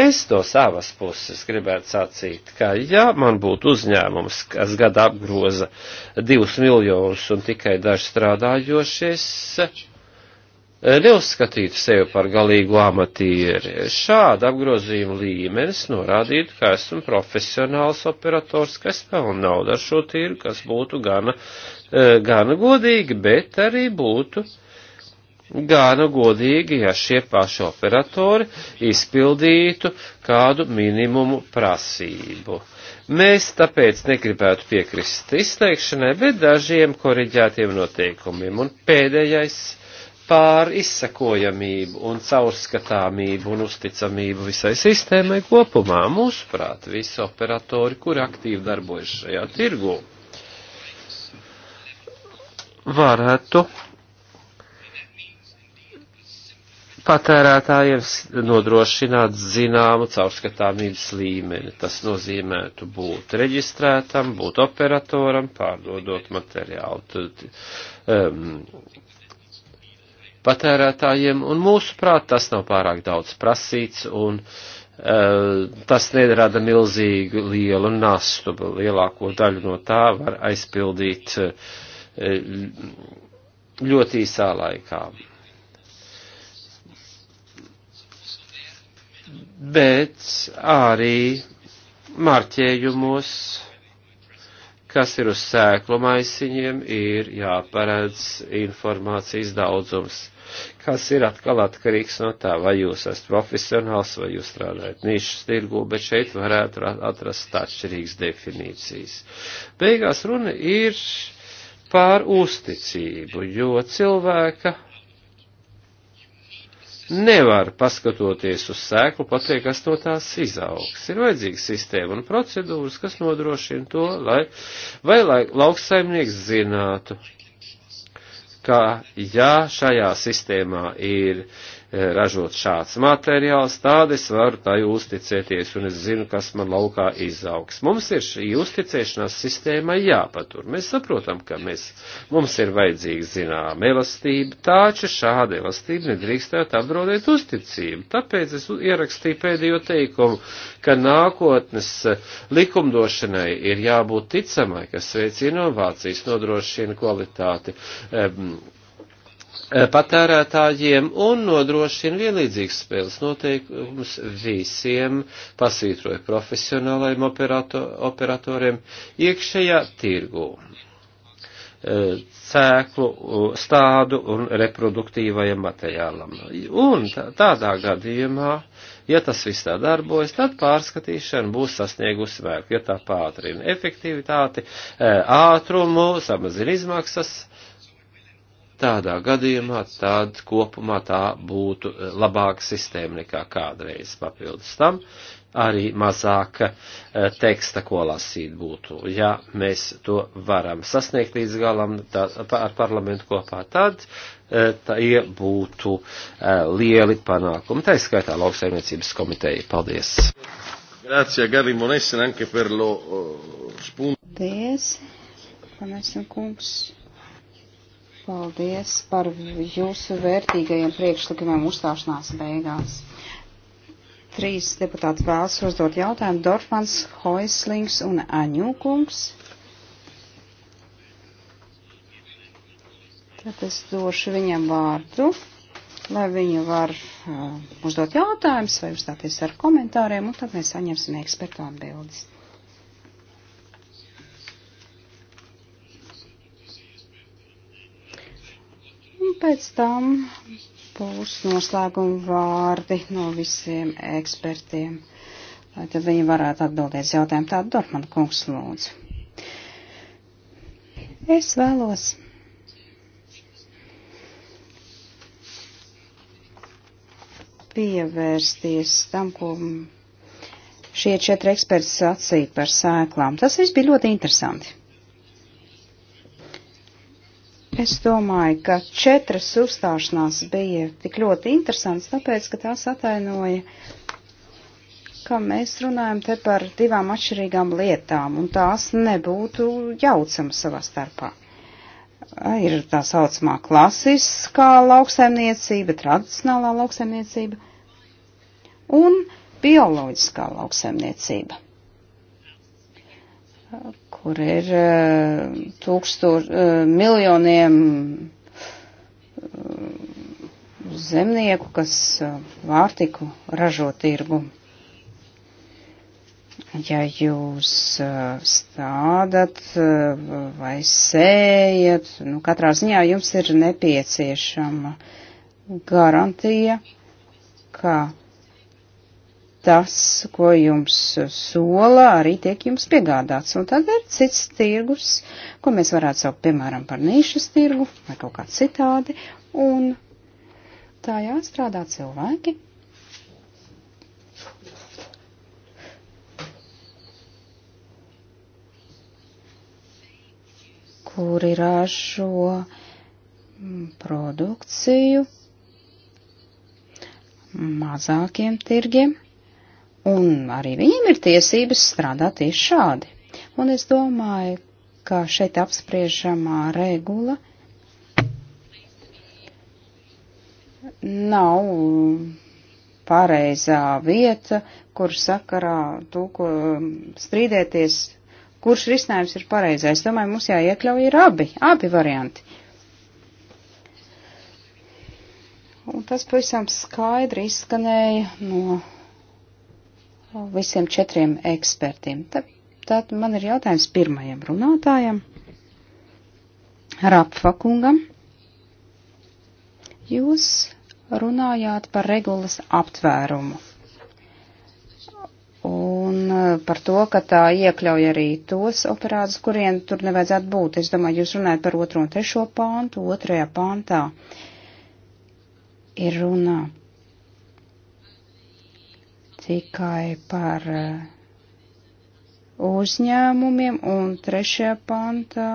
Es no savas puses gribētu sacīt, ka ja man būtu uzņēmums, kas gada apgroza divus miljonus un tikai daži strādājošies, Eh, neuzskatītu sevi par galīgu amatieri. Šāda apgrozījuma līmenis norādītu, ka esmu profesionāls operators, kas pelna naudu ar šo tīru, kas būtu gana, eh, gana godīgi, bet arī būtu gana godīgi, ja šie paši operatori izpildītu kādu minimumu prasību. Mēs tāpēc negribētu piekrist izteikšanai, bet dažiem koriģētiem noteikumiem. Un pēdējais par izsakojamību un caurskatāmību un uzticamību visai sistēmai kopumā. Mūsuprāt, visi operatori, kuri aktīvi darbojas šajā tirgu, varētu patērētājiem nodrošināt zināmu caurskatāmības līmeni. Tas nozīmētu būt reģistrētam, būt operatoram, pārdodot materiālu. Tad, um, patērētājiem, un mūsuprāt tas nav pārāk daudz prasīts, un uh, tas nerada milzīgu lielu nastu, lielāko daļu no tā var aizpildīt uh, ļoti īsā laikā. Bet arī marķējumos kas ir uz sēklu maisiņiem, ir jāparedz informācijas daudzums, kas ir atkal atkarīgs no tā, vai jūs esat profesionāls, vai jūs strādājat nišas tirgu, bet šeit varētu atrast atšķirīgas definīcijas. Beigās runa ir pār uzticību, jo cilvēka nevar paskatoties uz sēklu, pateikt, kas no tās izaugs. Ir vajadzīga sistēma un procedūras, kas nodrošina to, lai, vai lai lauksaimnieks zinātu, ka, ja šajā sistēmā ir Eh, ražot šāds materiāls, tādi es varu tai uzticēties, un es zinu, kas man laukā izaugs. Mums ir šī uzticēšanās sistēma jāpatur. Mēs saprotam, ka mēs, mums ir vajadzīga zināma elastība, taču šāda elastība nedrīkstētu apdraudēt uzticību. Tāpēc es ierakstīju pēdējo teikumu, ka nākotnes eh, likumdošanai ir jābūt ticamai, kas veicina inovācijas, nodrošina kvalitāti. Um, Eh, patērētājiem un nodrošina vienlīdzīgas spēles noteikumus visiem, pasvītroja profesionālajiem operato, operatoriem iekšējā tirgū eh, cēklu, stādu un reproduktīvajam materiālam. Un tādā gadījumā, ja tas viss tā darbojas, tad pārskatīšana būs sasniegusi mērķi, ja tā pātrina efektivitāti, eh, ātrumu, samazina izmaksas, tādā gadījumā tad kopumā tā būtu e, labāka sistēma nekā kādreiz papildus tam. Arī mazāk e, teksta, ko lasīt būtu. Ja mēs to varam sasniegt līdz galam tā, ar parlamentu kopā, tad e, tie būtu lieli panākumi. Tā izskaitā lauksaimniecības komiteja. Paldies! Grazie a Gary Monessen anche per lo uh, spunto. Paldies, Monessen kungs Paldies par jūsu vērtīgajiem priekšlikumiem uzstāšanās beigās. Trīs deputāti vēlas uzdot jautājumu. Dorfmans, Hoislings un Aņūkungs. Tad es došu viņam vārdu, lai viņi var uh, uzdot jautājumus vai uzstāties ar komentāriem, un tad mēs saņemsim ekspertu atbildes. pēc tam būs noslēguma vārdi no visiem ekspertiem, lai tad viņi varētu atbildēt jautājumu. Tā Dortmana kungs lūdzu. Es vēlos. pievērsties tam, ko šie četri eksperti sacīja par sēklām. Tas viss bija ļoti interesanti. Es domāju, ka četras uzstāšanās bija tik ļoti interesants, tāpēc, ka tās atainoja, ka mēs runājam te par divām atšķirīgām lietām, un tās nebūtu jaucamas savā starpā. Ir tā saucamā klasiskā lauksaimniecība, tradicionālā lauksaimniecība un bioloģiskā lauksaimniecība kur ir e, tūkstoš, e, miljoniem e, zemnieku, kas vārtiku ražo tirgu. Ja jūs stādat vai sējat, nu katrā ziņā jums ir nepieciešama garantija, ka tas, ko jums sola, arī tiek jums piegādāts. Un tad ir cits tirgus, ko mēs varētu saukt, piemēram, par nīšas tirgu vai kaut kā citādi. Un tā jāstrādā cilvēki. kuri ražo mm, produkciju mazākiem tirgiem. Un arī viņiem ir tiesības strādāt tieši šādi. Un es domāju, ka šeit apspriežamā regula nav pareizā vieta, kur sakarā tūko um, strīdēties, kurš risinājums ir pareizais. Domāju, mums jāiekļauj ir abi, abi varianti. Un tas pavisam skaidri izskanēja no visiem četriem ekspertiem. Tad, tad man ir jautājums pirmajam runātājam, Rapfakungam. Jūs runājāt par regulas aptvērumu un eh, par to, ka tā iekļauj arī tos operātus, kuriem tur nevajadzētu būt. Es domāju, jūs runājat par otro un trešo pāntu, otrajā pāntā ir runā tikai par eh, uzņēmumiem, un trešajā pantā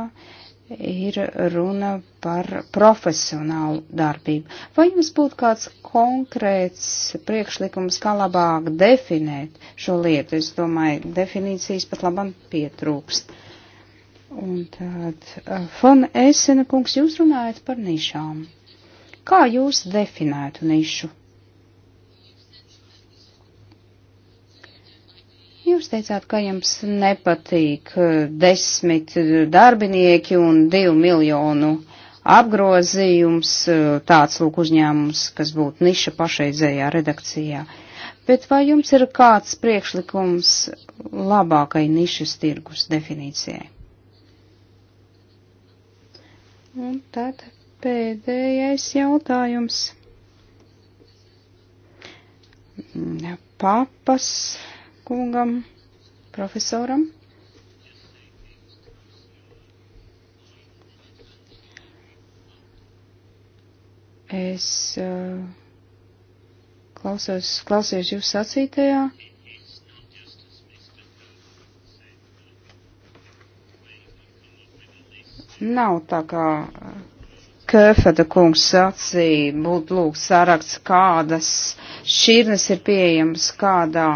ir runa par profesionālu darbību. Vai jums būtu kāds konkrēts priekšlikums, kā labāk definēt šo lietu? Es domāju, definīcijas pat labam pietrūkst. Un tad, eh, Fon Esena kungs, jūs runājat par nišām. Kā jūs definētu nišu? Jūs teicāt, ka jums nepatīk eh, desmit eh, darbinieki un divu miljonu apgrozījums, eh, tāds lūk uzņēmums, kas būtu niša pašreizējā redakcijā. Bet vai jums ir kāds priekšlikums labākai nišas tirgus definīcijai? Un tad pēdējais jautājums. Mm, papas kungam, profesoram. Es uh, klausos, klausies jūs sacītajā. Nav tā kā eh, Köfeda kungs sacīja, būtu lūk saraksts, kādas šķirnes ir pieejamas kādā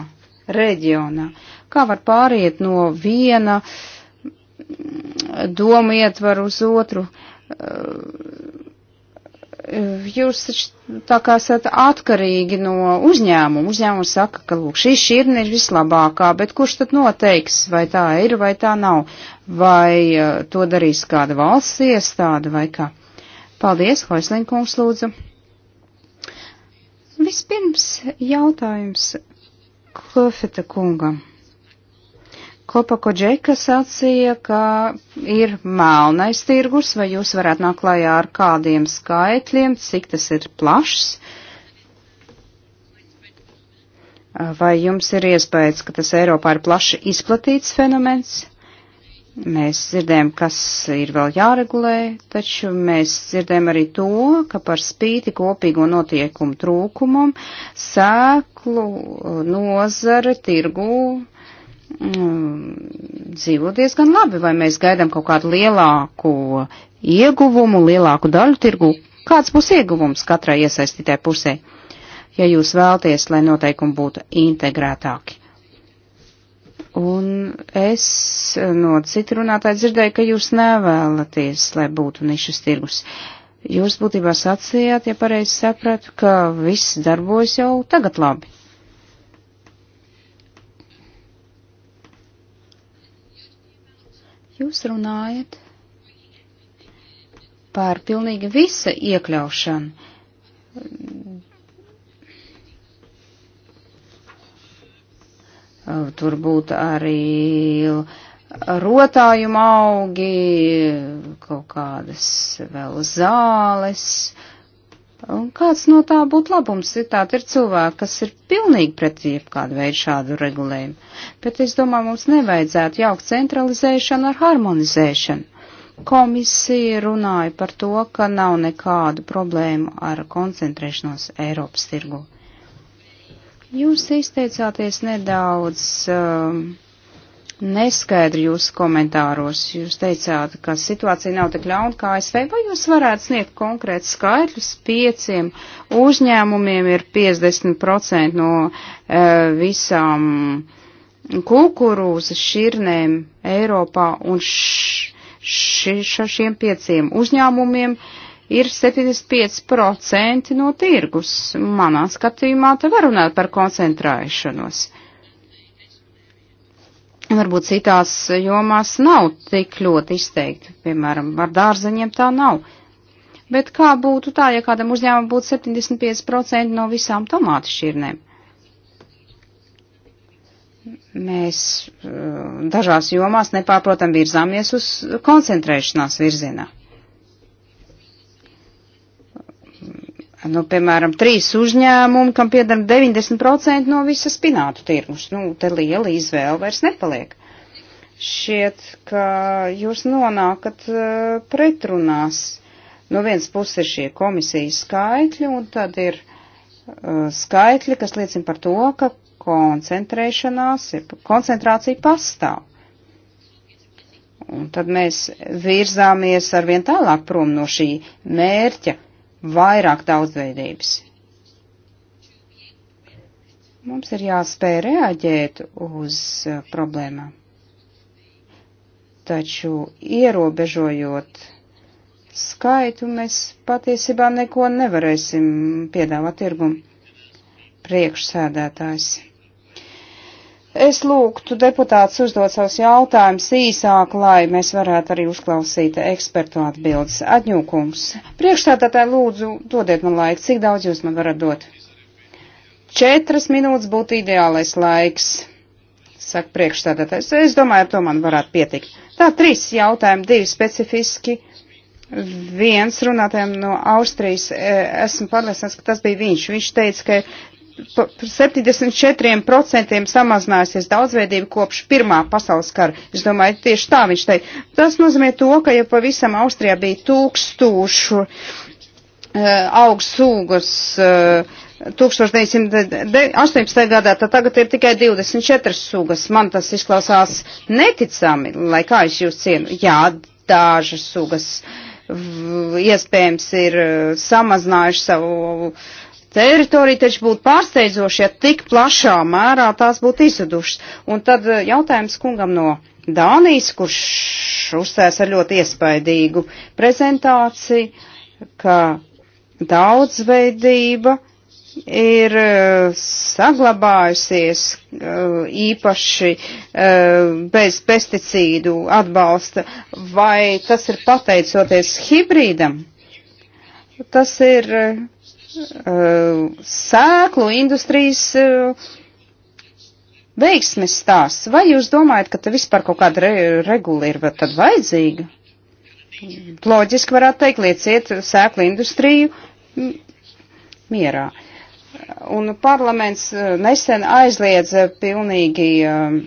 reģionā. Kā var pāriet no viena mm, domu ietvaru uz otru? Eh, jūs taču tā kā esat atkarīgi no uzņēmuma. Uzņēmums saka, ka lūk, šī šķirne ir vislabākā, bet kurš tad noteiks, vai tā ir, vai tā nav? Vai eh, to darīs kāda valsts iestāde vai kā? Paldies, Hoislinkungs, lūdzu. Vispirms jautājums Klofeta kungam. Kopako Džeka sacīja, ka ir melnais tirgus, vai jūs varētu nāk klajā ar kādiem skaitļiem, cik tas ir plašs? Vai jums ir iespējas, ka tas Eiropā ir plaši izplatīts fenomens? Mēs dzirdējam, kas ir vēl jāregulē, taču mēs dzirdējam arī to, ka par spīti kopīgo notiekumu trūkumam sēklu uh, nozare tirgū mm, dzīvo diezgan labi, vai mēs gaidām kaut kādu lielāku ieguvumu, lielāku daļu tirgu. Kāds būs ieguvums katrai iesaistītē pusē, ja jūs vēlties, lai noteikumi būtu integrētāki? Un es eh, no citu runātāju dzirdēju, ka jūs nevēlaties, lai būtu nišas tirgus. Jūs būtībā sacījāt, ja pareizi sapratu, ka viss darbojas jau tagad labi. Jūs runājat par pilnīgi visa iekļaušanu Eh, tur būtu arī rotājuma augi, kaut kādas vēl zāles. Un kāds no tā būtu labums? Citādi ir cilvēki, kas ir pilnīgi pret jebkādu veidu šādu regulējumu. Bet es domāju, mums nevajadzētu jaukt centralizēšanu ar harmonizēšanu. Komisija runāja par to, ka nav nekādu problēmu ar koncentrēšanos Eiropas tirgu. Jūs izteicāties nedaudz um, neskaidri jūsu komentāros. Jūs teicāt, ka situācija nav tik ļauna kā ASV, vai jūs varētu sniegt konkrēts skaidrs? Pieciem uzņēmumiem ir 50% no uh, visām kukurūzas širnēm Eiropā, un š, š, š, šiem pieciem uzņēmumiem uh, ir 75% no tirgus. Manā skatījumā te var runāt par koncentrēšanos. Varbūt citās jomās nav tik ļoti izteikti, piemēram, ar dārzeņiem tā nav. Bet kā būtu tā, ja kādam uzņēmumam būtu 75% no visām tomātu šķirnēm? Mēs eh, dažās jomās nepārprotam virzāmies uz koncentrēšanās virzienā. nu, piemēram, trīs uzņēmumi, kam piedara 90% no visa spinātu tirgus. Nu, te liela izvēle vairs nepaliek. Šķiet, ka jūs nonākat e, pretrunās. No nu, viens puses ir šie komisijas skaitļi, un tad ir uh, skaitļi, kas liecina par to, ka koncentrēšanās, e, koncentrācija pastāv. Un tad mēs virzāmies arvien tālāk prom no šī mērķa vairāk daudzveidības. Mums ir jāspēj reaģēt uz uh, problēmām. Taču ierobežojot skaitu, mēs patiesībā neko nevarēsim piedāvāt tirgumu priekšsēdētājs. Es lūgtu deputātus uzdot savus jautājumus īsāk, lai mēs varētu arī uzklausīt ekspertu atbildes. Atņūkums. Priekšstādātāji lūdzu, dodiet man laiku, cik daudz jūs man varat dot. Četras minūtes būtu ideālais laiks, saka priekšstādātājs. Es domāju, ar to man varētu pietikt. Tā, trīs jautājumi, divi specifiski. Viens runātājiem no Austrijas, e, esmu pārliecināts, ka tas bija viņš. Viņš teica, ka par 74% samazinājusies daudzveidība kopš Pirmā pasaules kara. Es domāju, tieši tā viņš teica. Tas nozīmē to, ka ja pavisam Austrijā bija tūkstošu uh, augstsūgas uh, 1918. gadā, tad tagad ir tikai 24 sugas. Man tas izklausās neticami, lai kā es jūs cienu. Jā, dažas sugas iespējams ir eh, samazinājuši savu uh, Teritorija taču būtu pārsteidzoši, ja tik plašā mērā tās būtu izzudušas. Un tad eh, jautājums kungam no Dānijas, kurš uzstājas ar ļoti iespaidīgu prezentāciju, ka daudzveidība ir eh, saglabājusies eh, īpaši bez pesticīdu atbalsta, vai tas ir pateicoties hibrīdam? Tas ir Eh, sēklu industrijas eh, veiksmes stāsts. Vai jūs domājat, ka te vispār kaut kāda re regula ir tad vajadzīga? Loģiski varētu teikt, lieciet sēklu industriju mierā. Un parlaments eh, nesen aizliedz pilnīgi um,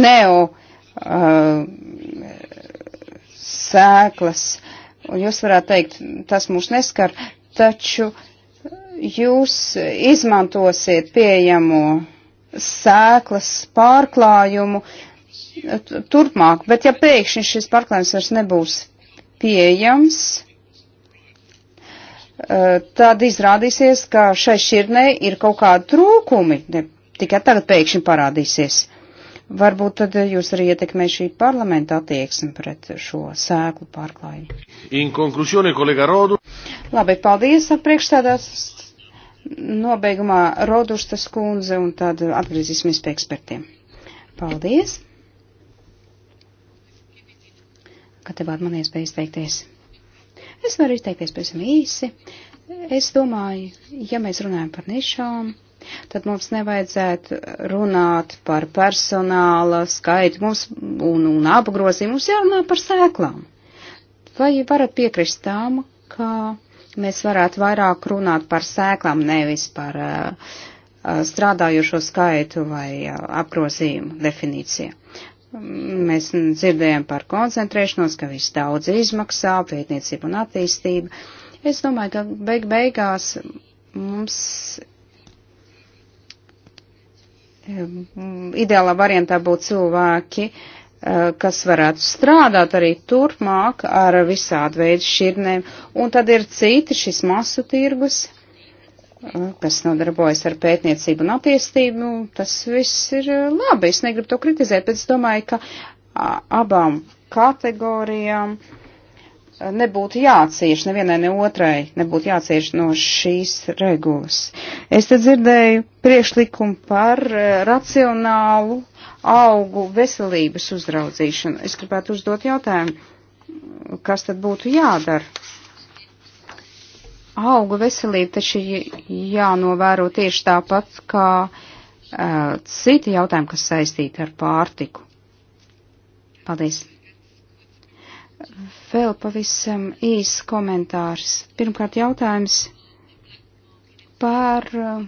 neo uh, sēklas uh, Un jūs varētu teikt, tas mūs neskar, taču jūs izmantosiet pieejamo sēklas pārklājumu turpmāk, bet ja pēkšņi šis pārklājums vairs nebūs pieejams, eh, tad izrādīsies, ka šai šķirnei ir kaut kādi trūkumi, ne tikai tagad pēkšņi parādīsies. Varbūt tad jūs arī ietekmē šī parlamenta attieksme pret šo sēklu pārklājumu. In conclusione, kolega Rodu. Labi, paldies, priekšstādās. Nobeigumā Rodustas kundze un tad atgriezīsimies pie ekspertiem. Paldies. Ka tevāt man iespēja izteikties. Es varu izteikties pēc īsi. Es domāju, ja mēs runājam par nišām tad mums nevajadzētu runāt par personāla skaitu mums un, un apgrozījumu, mums jārunā par sēklām. Vai varat piekrist tām, ka mēs varētu vairāk runāt par sēklām, nevis par uh, uh strādājošo skaitu vai uh, apgrozījumu definīciju? Mēs dzirdējam par koncentrēšanos, ka viss daudz izmaksā, pētniecība un attīstība. Es domāju, ka beig beigās mums Ideālā variantā būtu cilvēki, eh, kas varētu strādāt arī turpmāk ar visādu veidu šķirnēm. Un tad ir citi šis masu tirgus, eh, kas nodarbojas ar pētniecību un attīstību. Nu, tas viss ir eh, labi. Es negribu to kritizēt, bet es domāju, ka abām kategorijām uh, nebūtu jācieš nevienai ne otrai, nebūtu jācieš no šīs regulas. Es te dzirdēju priekšlikumu par eh, racionālu augu veselības uzraudzīšanu. Es gribētu uzdot jautājumu, kas tad būtu jādara? Auga veselība taču jānovēro tieši tāpat kā uh, citi jautājumi, kas saistīti ar pārtiku. Paldies. Vēl pavisam īs komentārs. Pirmkārt jautājums par uh,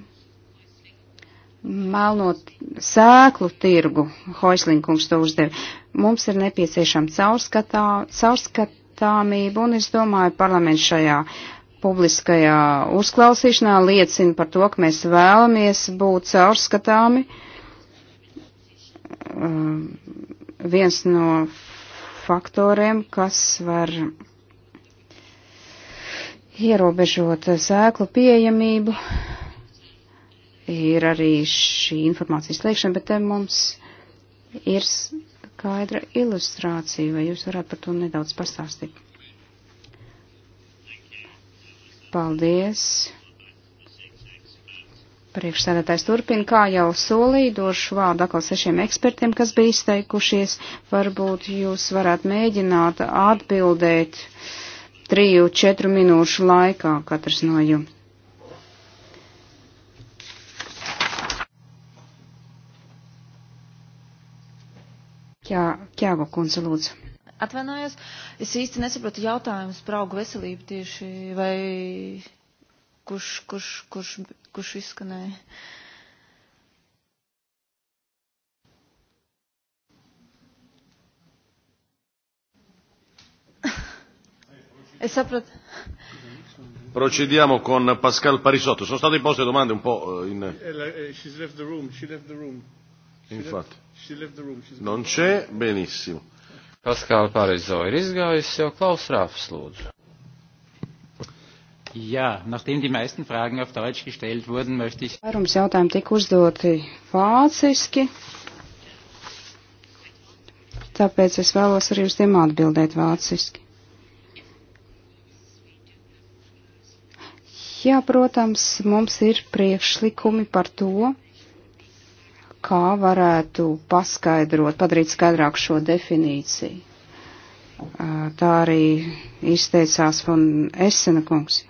melnot sēklu tirgu. Hoislinkungs to uzdev. Mums ir nepieciešama caurskatā, caurskatāmība un es domāju parlaments šajā publiskajā uzklausīšanā liecina par to, ka mēs vēlamies būt caurskatāmi. Um, viens no faktoriem, kas var ierobežot sēklu pieejamību. Ir arī šī informācijas slēgšana, bet te mums ir skaidra ilustrācija, vai jūs varētu par to nedaudz pastāstīt? Paldies! Priekšsēdētājs turpina, kā jau solīju, došu vārdu atkal sešiem ekspertiem, kas bija izteikušies. Varbūt jūs varētu mēģināt atbildēt triju, četru minūšu laikā katrs no jums. Jā, Ķēgo kundze, lūdzu. Atvainojos, es īsti nesapratu jautājumus par augu veselību tieši vai kurš, kurš, kurš, kurš izskanēja. Es saprotu. Procediamo con Pascal Parisotto. Sono state poste domande un po' eh, in. Eh, eh, she's left the room. She left the room. Infatti. She left the room. She's non c'è, benissimo. Pascal Parizo ir izgājis jau Klaus Rāfs lūdzu. Ja, nachdem die meisten Fragen auf Deutsch gestellt wurden, möchte ich. Vairums jautājumu tika uzdoti vāciski, tāpēc es vēlos arī uz tiem atbildēt vāciski. Jā, protams, mums ir priekšlikumi par to, kā varētu paskaidrot, padarīt skaidrāk šo definīciju. Tā arī izteicās von Esena kungs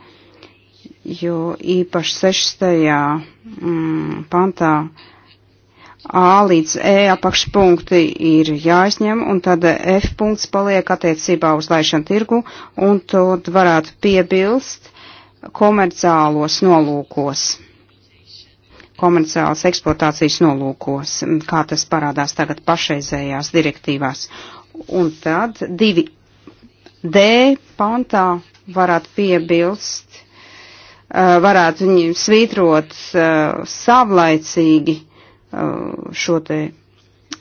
jo īpaši 6. Mm, pantā A līdz E apakšpunkti ir jāizņem, un tad F punkts paliek attiecībā uz laišanu tirgu, un to varētu piebilst komerciālos nolūkos, komerciālas eksploatācijas nolūkos, kā tas parādās tagad pašreizējās direktīvās. Un tad divi D pantā varētu piebilst Eh, varētu viņiem svītrot eh, savlaicīgi eh, šo te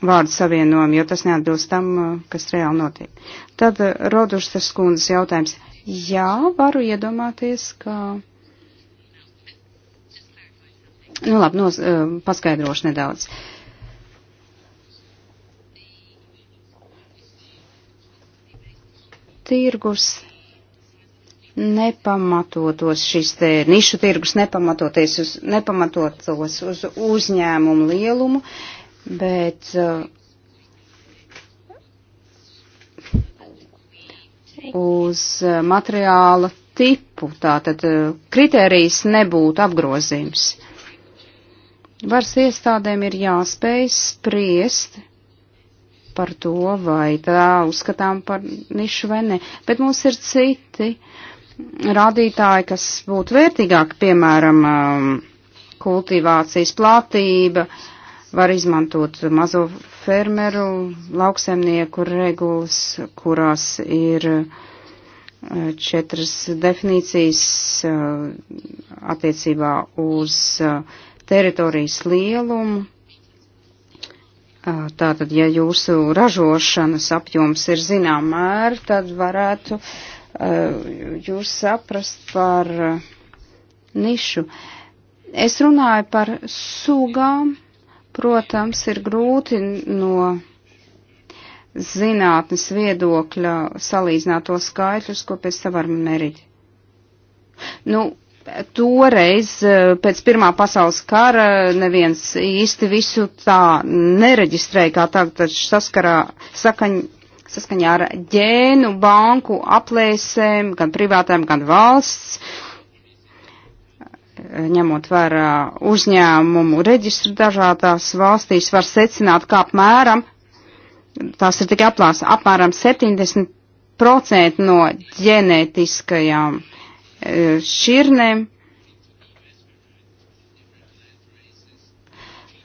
vārdu savienojumu, jo tas neatbilst tam, kas reāli notiek. Tad Rodušas kundzes jautājums. Jā, varu iedomāties, ka. Nu labi, nos, paskaidrošu nedaudz. Tirgus nepamatotos šis te nišu tirgus, nepamatoties uz, nepamatotos uz uzņēmumu lielumu, bet eh, uz eh, materiāla tipu, tātad eh, kritērijs nebūtu apgrozījums. Varas iestādēm ir jāspēj spriest par to, vai tā uzskatām par nišu vai ne, bet mums ir citi uh, rādītāji, kas būtu vērtīgāki, piemēram, um, kultivācijas platība, var izmantot mazo fermeru, lauksemnieku regulas, kurās ir uh, četras definīcijas uh, attiecībā uz uh, teritorijas lielumu. Tātad, ja jūsu ražošanas apjoms ir zinām mēr, tad varētu uh, Eh, jūs saprast par eh, nišu. Es runāju par sugām, protams, ir grūti no zinātnes viedokļa salīdzināt to skaitļus, ko pēc tam var merīt. Nu, toreiz eh, pēc Pirmā pasaules kara neviens īsti visu tā nereģistrēja, kā tagad taču saskarā, sakaņ, saskaņā ar ģēnu banku aplēsēm, gan privātām, gan valsts, ņemot vērā uzņēmumu reģistru dažādās valstīs, var secināt, kā apmēram, tās ir tikai aplās, apmēram 70% no ģenētiskajām eh, šķirnēm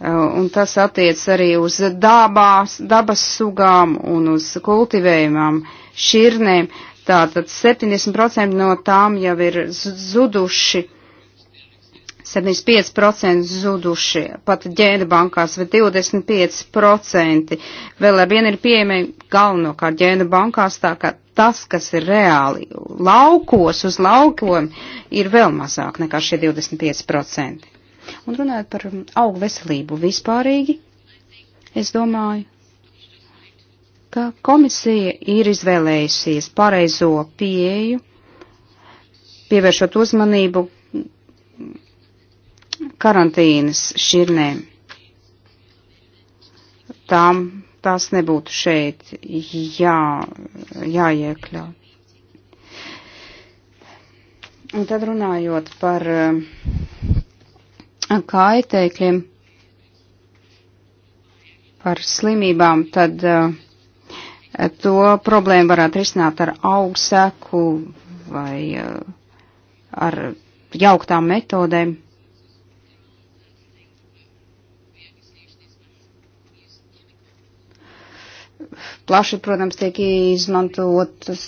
Uh, un tas attiec arī uz dabās, dabas sugām un uz kultivējumām širnēm. Tātad 70% no tām jau ir zuduši, 75% zuduši pat ģēda bankās, bet 25% vēl ar vienu ir pieejami galvenokārt ģēda bankās, tā ka tas, kas ir reāli laukos uz laukiem, ir vēl mazāk nekā šie 25%. Un runājot par um, augu veselību vispārīgi, es domāju, ka komisija ir izvēlējusies pareizo pieeju, pievēršot uzmanību karantīnas šķirnēm. Tām tās nebūtu šeit jā, jāiekļaut. Un tad runājot par um, kaitēkļiem par slimībām, tad uh, to problēmu varētu risināt ar augseku vai uh, ar jauktām metodēm. Plaši, protams, tiek izmantotas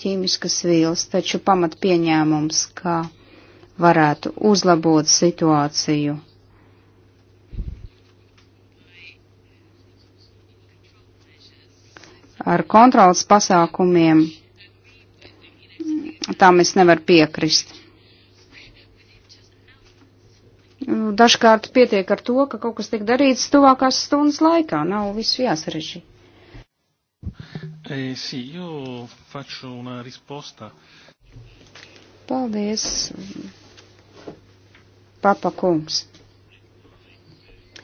ķīmiskas vielas, taču pamat pieņēmums, ka varētu uzlabot situāciju. Ar kontrols pasākumiem tam es nevaru piekrist. Dažkārt pietiek ar to, ka kaut kas tiek darīts tuvākās stundas laikā, nav viss jāsarežģī. Eh, sì, io faccio una risposta. Paldies. Papa kungs.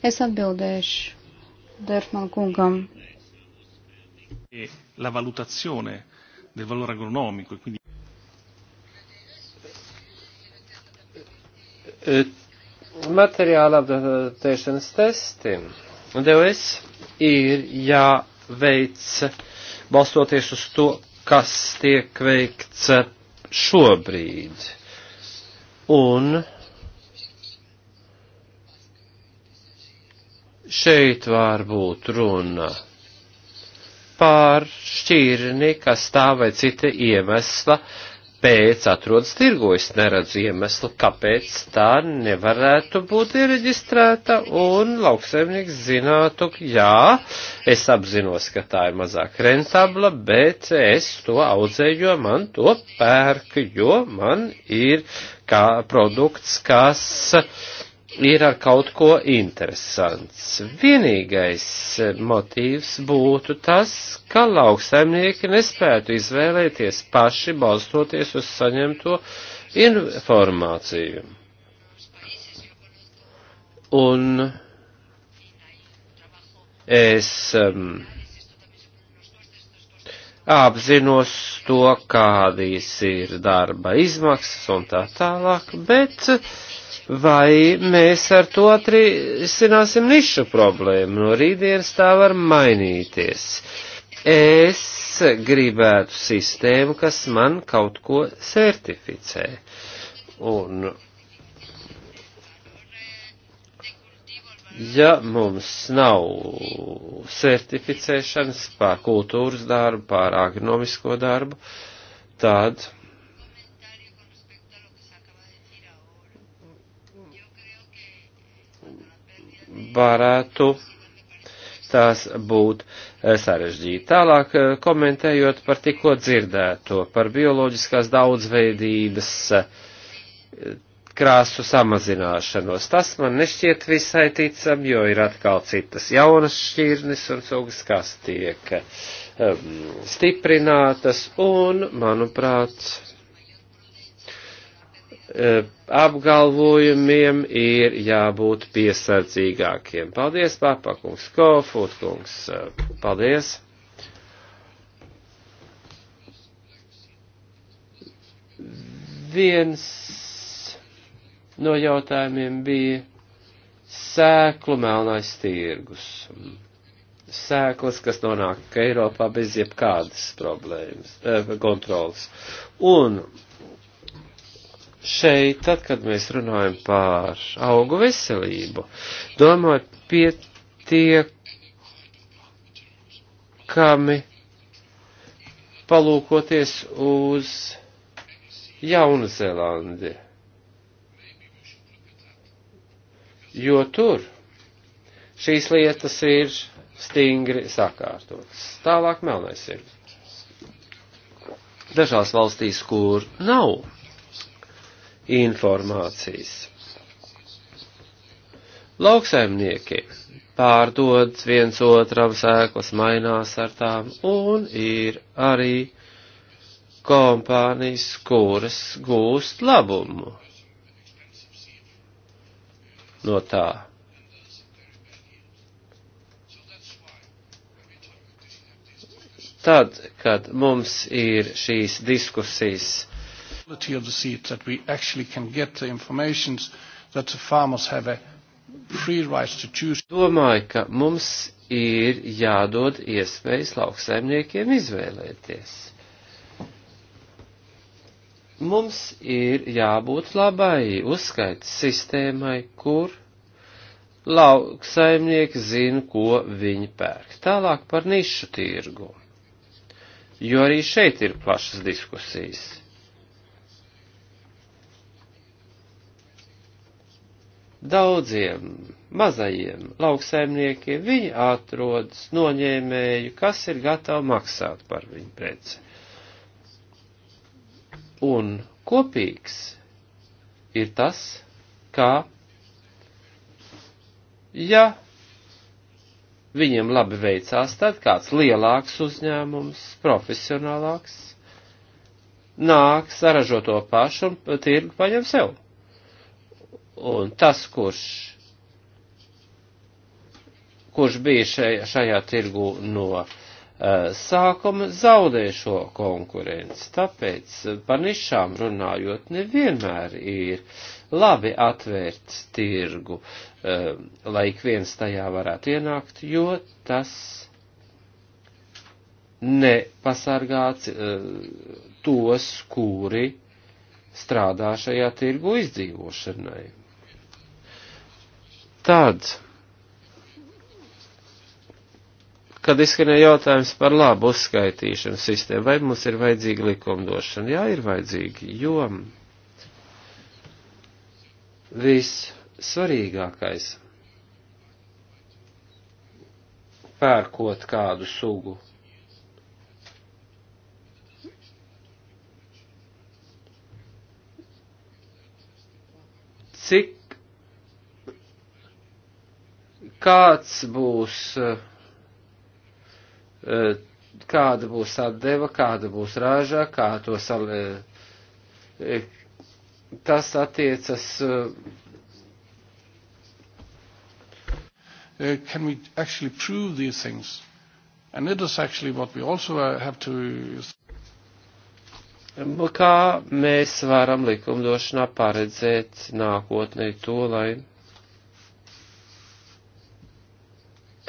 Es atbildēšu Dērfman kungam. E la valutazione del valore agronomico. Quindi... E, materiāla apdatēšanas testi. DOS ir jāveic balstoties uz to, kas tiek veikts šobrīd. Un Šeit var būt runa par šķirni, kas tā vai cita iemesla pēc atrodas tirgu. Es neredzu iemeslu, kāpēc tā nevarētu būt ireģistrēta un lauksaimnieks zinātu, jā, es apzinos, ka tā ir mazāk rentabla, bet es to audzēju, jo man to pērku, jo man ir kā produkts, kas ir ar kaut ko interesants. Vienīgais motīvs būtu tas, ka lauksaimnieki nespētu izvēlēties paši balstoties uz saņemto informāciju. Un es um, apzinos to, kādīs ir darba izmaksas un tā tālāk, bet uh, vai mēs ar to atrisināsim nišu problēmu. No rītdienas tā var mainīties. Es gribētu sistēmu, kas man kaut ko certificē. Un ja mums nav certificēšanas pār kultūras darbu, pār agronomisko darbu, tad varētu tās būt eh, sarežģīti. Tālāk eh, komentējot par tikko dzirdēto, par bioloģiskās daudzveidības eh, krāsu samazināšanos. Tas man nešķiet visai ticam, jo ir atkal citas jaunas šķirnes un sugas, kas tiek um, stiprinātas un, manuprāt, Eh, apgalvojumiem ir jābūt piesardzīgākiem. Paldies, papakungs, kofutkungs, eh, paldies. Viens no jautājumiem bija sēklu melnais tirgus. Sēklas, kas nonāk Eiropā bez jebkādas problēmas, eh, kontrolas. Un šeit, tad, kad mēs runājam par augu veselību, domāju pietiekami palūkoties uz Jaunzēlandi. Jo tur šīs lietas ir stingri sakārtotas. Tālāk melnais ir. Dažās valstīs, kur nav informācijas. Lauksaimnieki pārdod viens otram sēklas, mainās ar tām, un ir arī kompānijas, kuras gūst labumu no tā. Tad, kad mums ir šīs diskusijas quality of the seed, that we actually can get the information that the farmers have a free right to choose. Domāju, ka mums ir jādod iespējas lauksaimniekiem izvēlēties. Mums ir jābūt labai uzskaits sistēmai, kur lauksaimnieki zina, ko viņi pērk. Tālāk par nišu tirgu. Jo arī šeit ir plašas diskusijas daudziem mazajiem lauksaimniekiem viņi atrodas noņēmēju, kas ir gatavi maksāt par viņu preci. Un kopīgs ir tas, kā, ja viņiem labi veicās, tad kāds lielāks uzņēmums, profesionālāks, nāk saražo to pašu un tirgu paņem sev. Un tas, kurš, kurš bija šajā, šajā tirgu no uh, sākuma, zaudē šo konkurenci. Tāpēc eh, par nišām runājot, nevienmēr ir labi atvērt tirgu, uh, lai ik viens tajā varētu ienākt, jo tas nepasargāts uh, tos, kuri strādā šajā tirgu izdzīvošanai. Tad, kad izskanēja jautājums par labu uzskaitīšanu sistēmu, vai mums ir vajadzīga likumdošana? Jā, ir vajadzīga, jo vissvarīgākais pērkot kādu sugu cik kāds būs, eh, kāda būs atdeva, kāda būs rāža, kā to sal... Eh, tas attiecas. Eh, can we actually prove these things? And it is actually what we also uh, have to. Kā mēs varam likumdošanā paredzēt nākotnē to, lai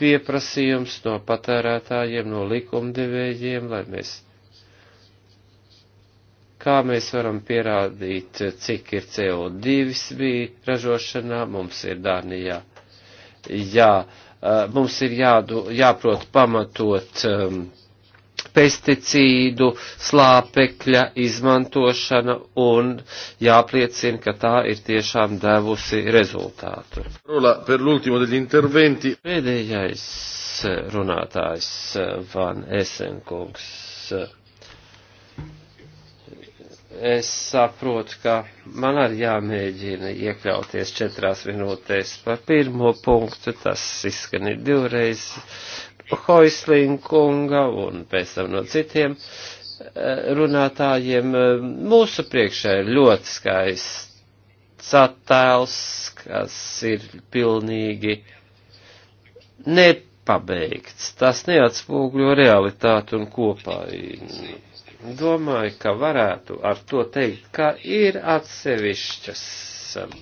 pieprasījums no patērētājiem, no likumdevējiem, lai mēs, kā mēs varam pierādīt, cik ir CO2 bija ražošanā, mums ir Dānijā. Jā, mums ir jādu, jāprot pamatot um, pesticīdu, slāpekļa izmantošana un jāpliecina, ka tā ir tiešām devusi rezultātu. Rola, per l'ultimo degli interventi. Pēdējais runātājs eh, Van Esenkungs. Es saprotu, ka man arī jāmēģina iekļauties četrās minūtēs par pirmo punktu, tas izskan ir divreiz, Hoislinkunga un pēc tam no citiem eh, runātājiem. Eh, mūsu priekšā ir ļoti skaists attēls, kas ir pilnīgi nepabeigts. Tas neatspūgļo realitāti un kopā. Domāju, ka varētu ar to teikt, ka ir atsevišķas eh,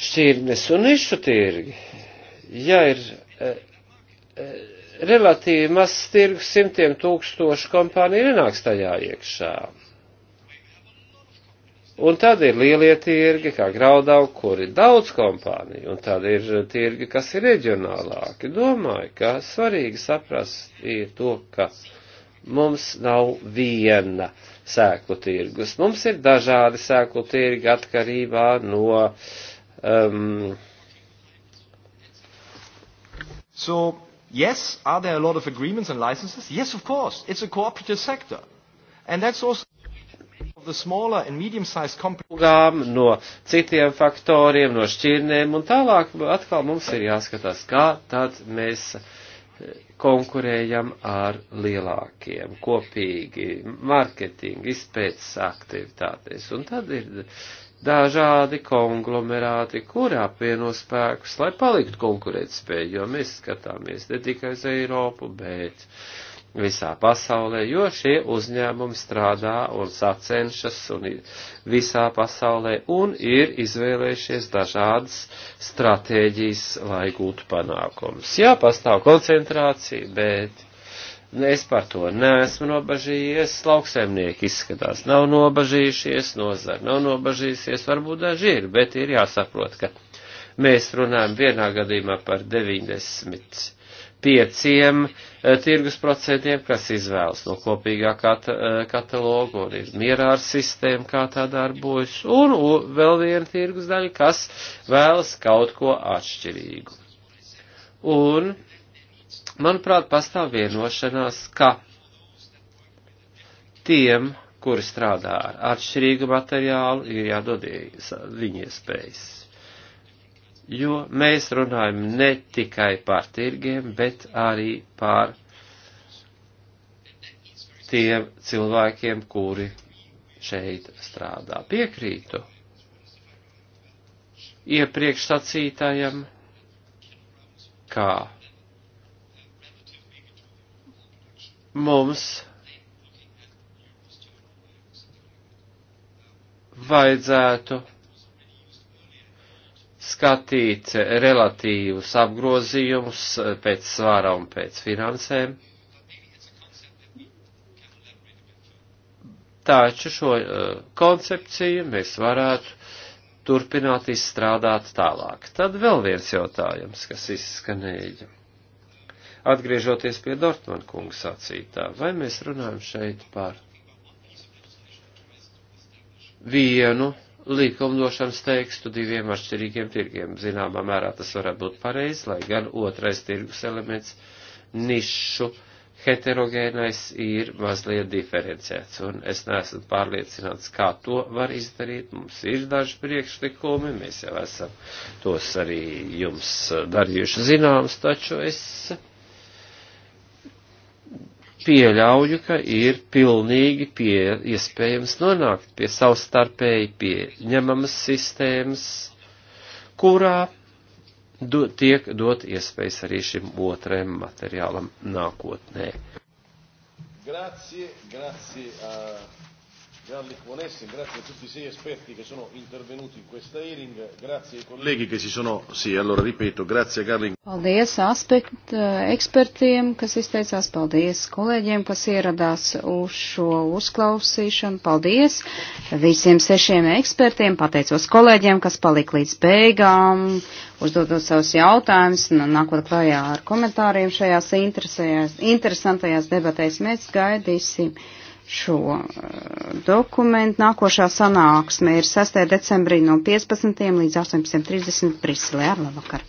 šķirnes un nišu tirgi. Ja ir Eh, eh, relatīvi mazs tirgus simtiem tūkstošu kompāniju nenāks tajā iekšā. Un tad ir lielie tirgi, kā graudau, kur ir daudz kompāniju, un tad ir tirgi, kas ir reģionālāki. Domāju, ka svarīgi saprast ir to, ka mums nav viena sēklu tirgus. Mums ir dažādi sēklu tirgi atkarībā no um, So, yes, are there a lot of agreements and licenses? Yes, of course. It's a cooperative sector. And that's also Gām, no citiem faktoriem, no šķirnēm, un tālāk atkal mums ir jāskatās, kā tad mēs eh, konkurējam ar lielākiem kopīgi, mārketinga, izpētes aktivitātēs, un tad ir dažādi konglomerāti, kuri apvieno spēkus, lai paliktu konkurētspēju, jo mēs skatāmies ne tikai uz Eiropu, bet visā pasaulē, jo šie uzņēmumi strādā un sacenšas un visā pasaulē un ir izvēlējušies dažādas stratēģijas, lai gūtu panākumus. Jā, pastāv koncentrācija, bet Es par to neesmu nobažījies, lauksaimnieki izskatās nav nobažījušies, nozara nav nobažījusies, varbūt daži ir, bet ir jāsaprot, ka mēs runājam vienā gadījumā par 95 eh, tirgus procentiem, kas izvēlas no kopīgā kata, eh, kataloga un ir mierā ar sistēmu, kā tā darbojas, un vēl viena tirgus daļa, kas vēlas kaut ko atšķirīgu. Un Manuprāt, pastāv vienošanās, ka tiem, kuri strādā ar atšķirīgu materiālu, ir jādod viņa iespējas. Jo mēs runājam ne tikai par tirgiem, bet arī par tiem cilvēkiem, kuri šeit strādā. Piekrītu iepriekš sacītajam, kā mums vajadzētu skatīt relatīvus apgrozījumus pēc svārā un pēc finansēm. Taču šo eh, koncepciju mēs varētu turpināt izstrādāt tālāk. Tad vēl viens jautājums, kas izskanēja atgriežoties pie Dortmana kunga sacītā, vai mēs runājam šeit par vienu likumdošanas tekstu diviem atšķirīgiem tirgiem. Zināmā mērā tas varētu būt pareizi, lai gan otrais tirgus elements nišu heterogēnais ir mazliet diferencēts, un es neesmu pārliecināts, kā to var izdarīt. Mums ir daži priekšlikumi, mēs jau esam tos arī jums darījuši zināms, taču es pieļauju, ka ir pilnīgi pie, iespējams nonākt pie savstarpēji pieņemamas sistēmas, kurā do, tiek dot iespējas arī šim otrajam materiālam nākotnē. Grazie, grazie, uh... Gianni Quonessi, grazie a tutti i sei esperti che sono intervenuti in questa hearing, grazie ai colleghi che si sono, sì, allora ripeto, grazie a Garling. Paldies aspekt, eh, ekspertiem, kas izteicās, paldies kolēģiem, kas ieradās uz šo uzklausīšanu, paldies visiem sešiem ekspertiem, pateicos kolēģiem, kas palika līdz beigām, uzdodot savus jautājumus, nu, nākot klājā ar komentāriem šajās interesantajās debatēs, mēs gaidīsim šo eh, dokumentu. Nākošā sanāksme ir 6. decembrī no 15. līdz 18.30 Briselē. Labvakar!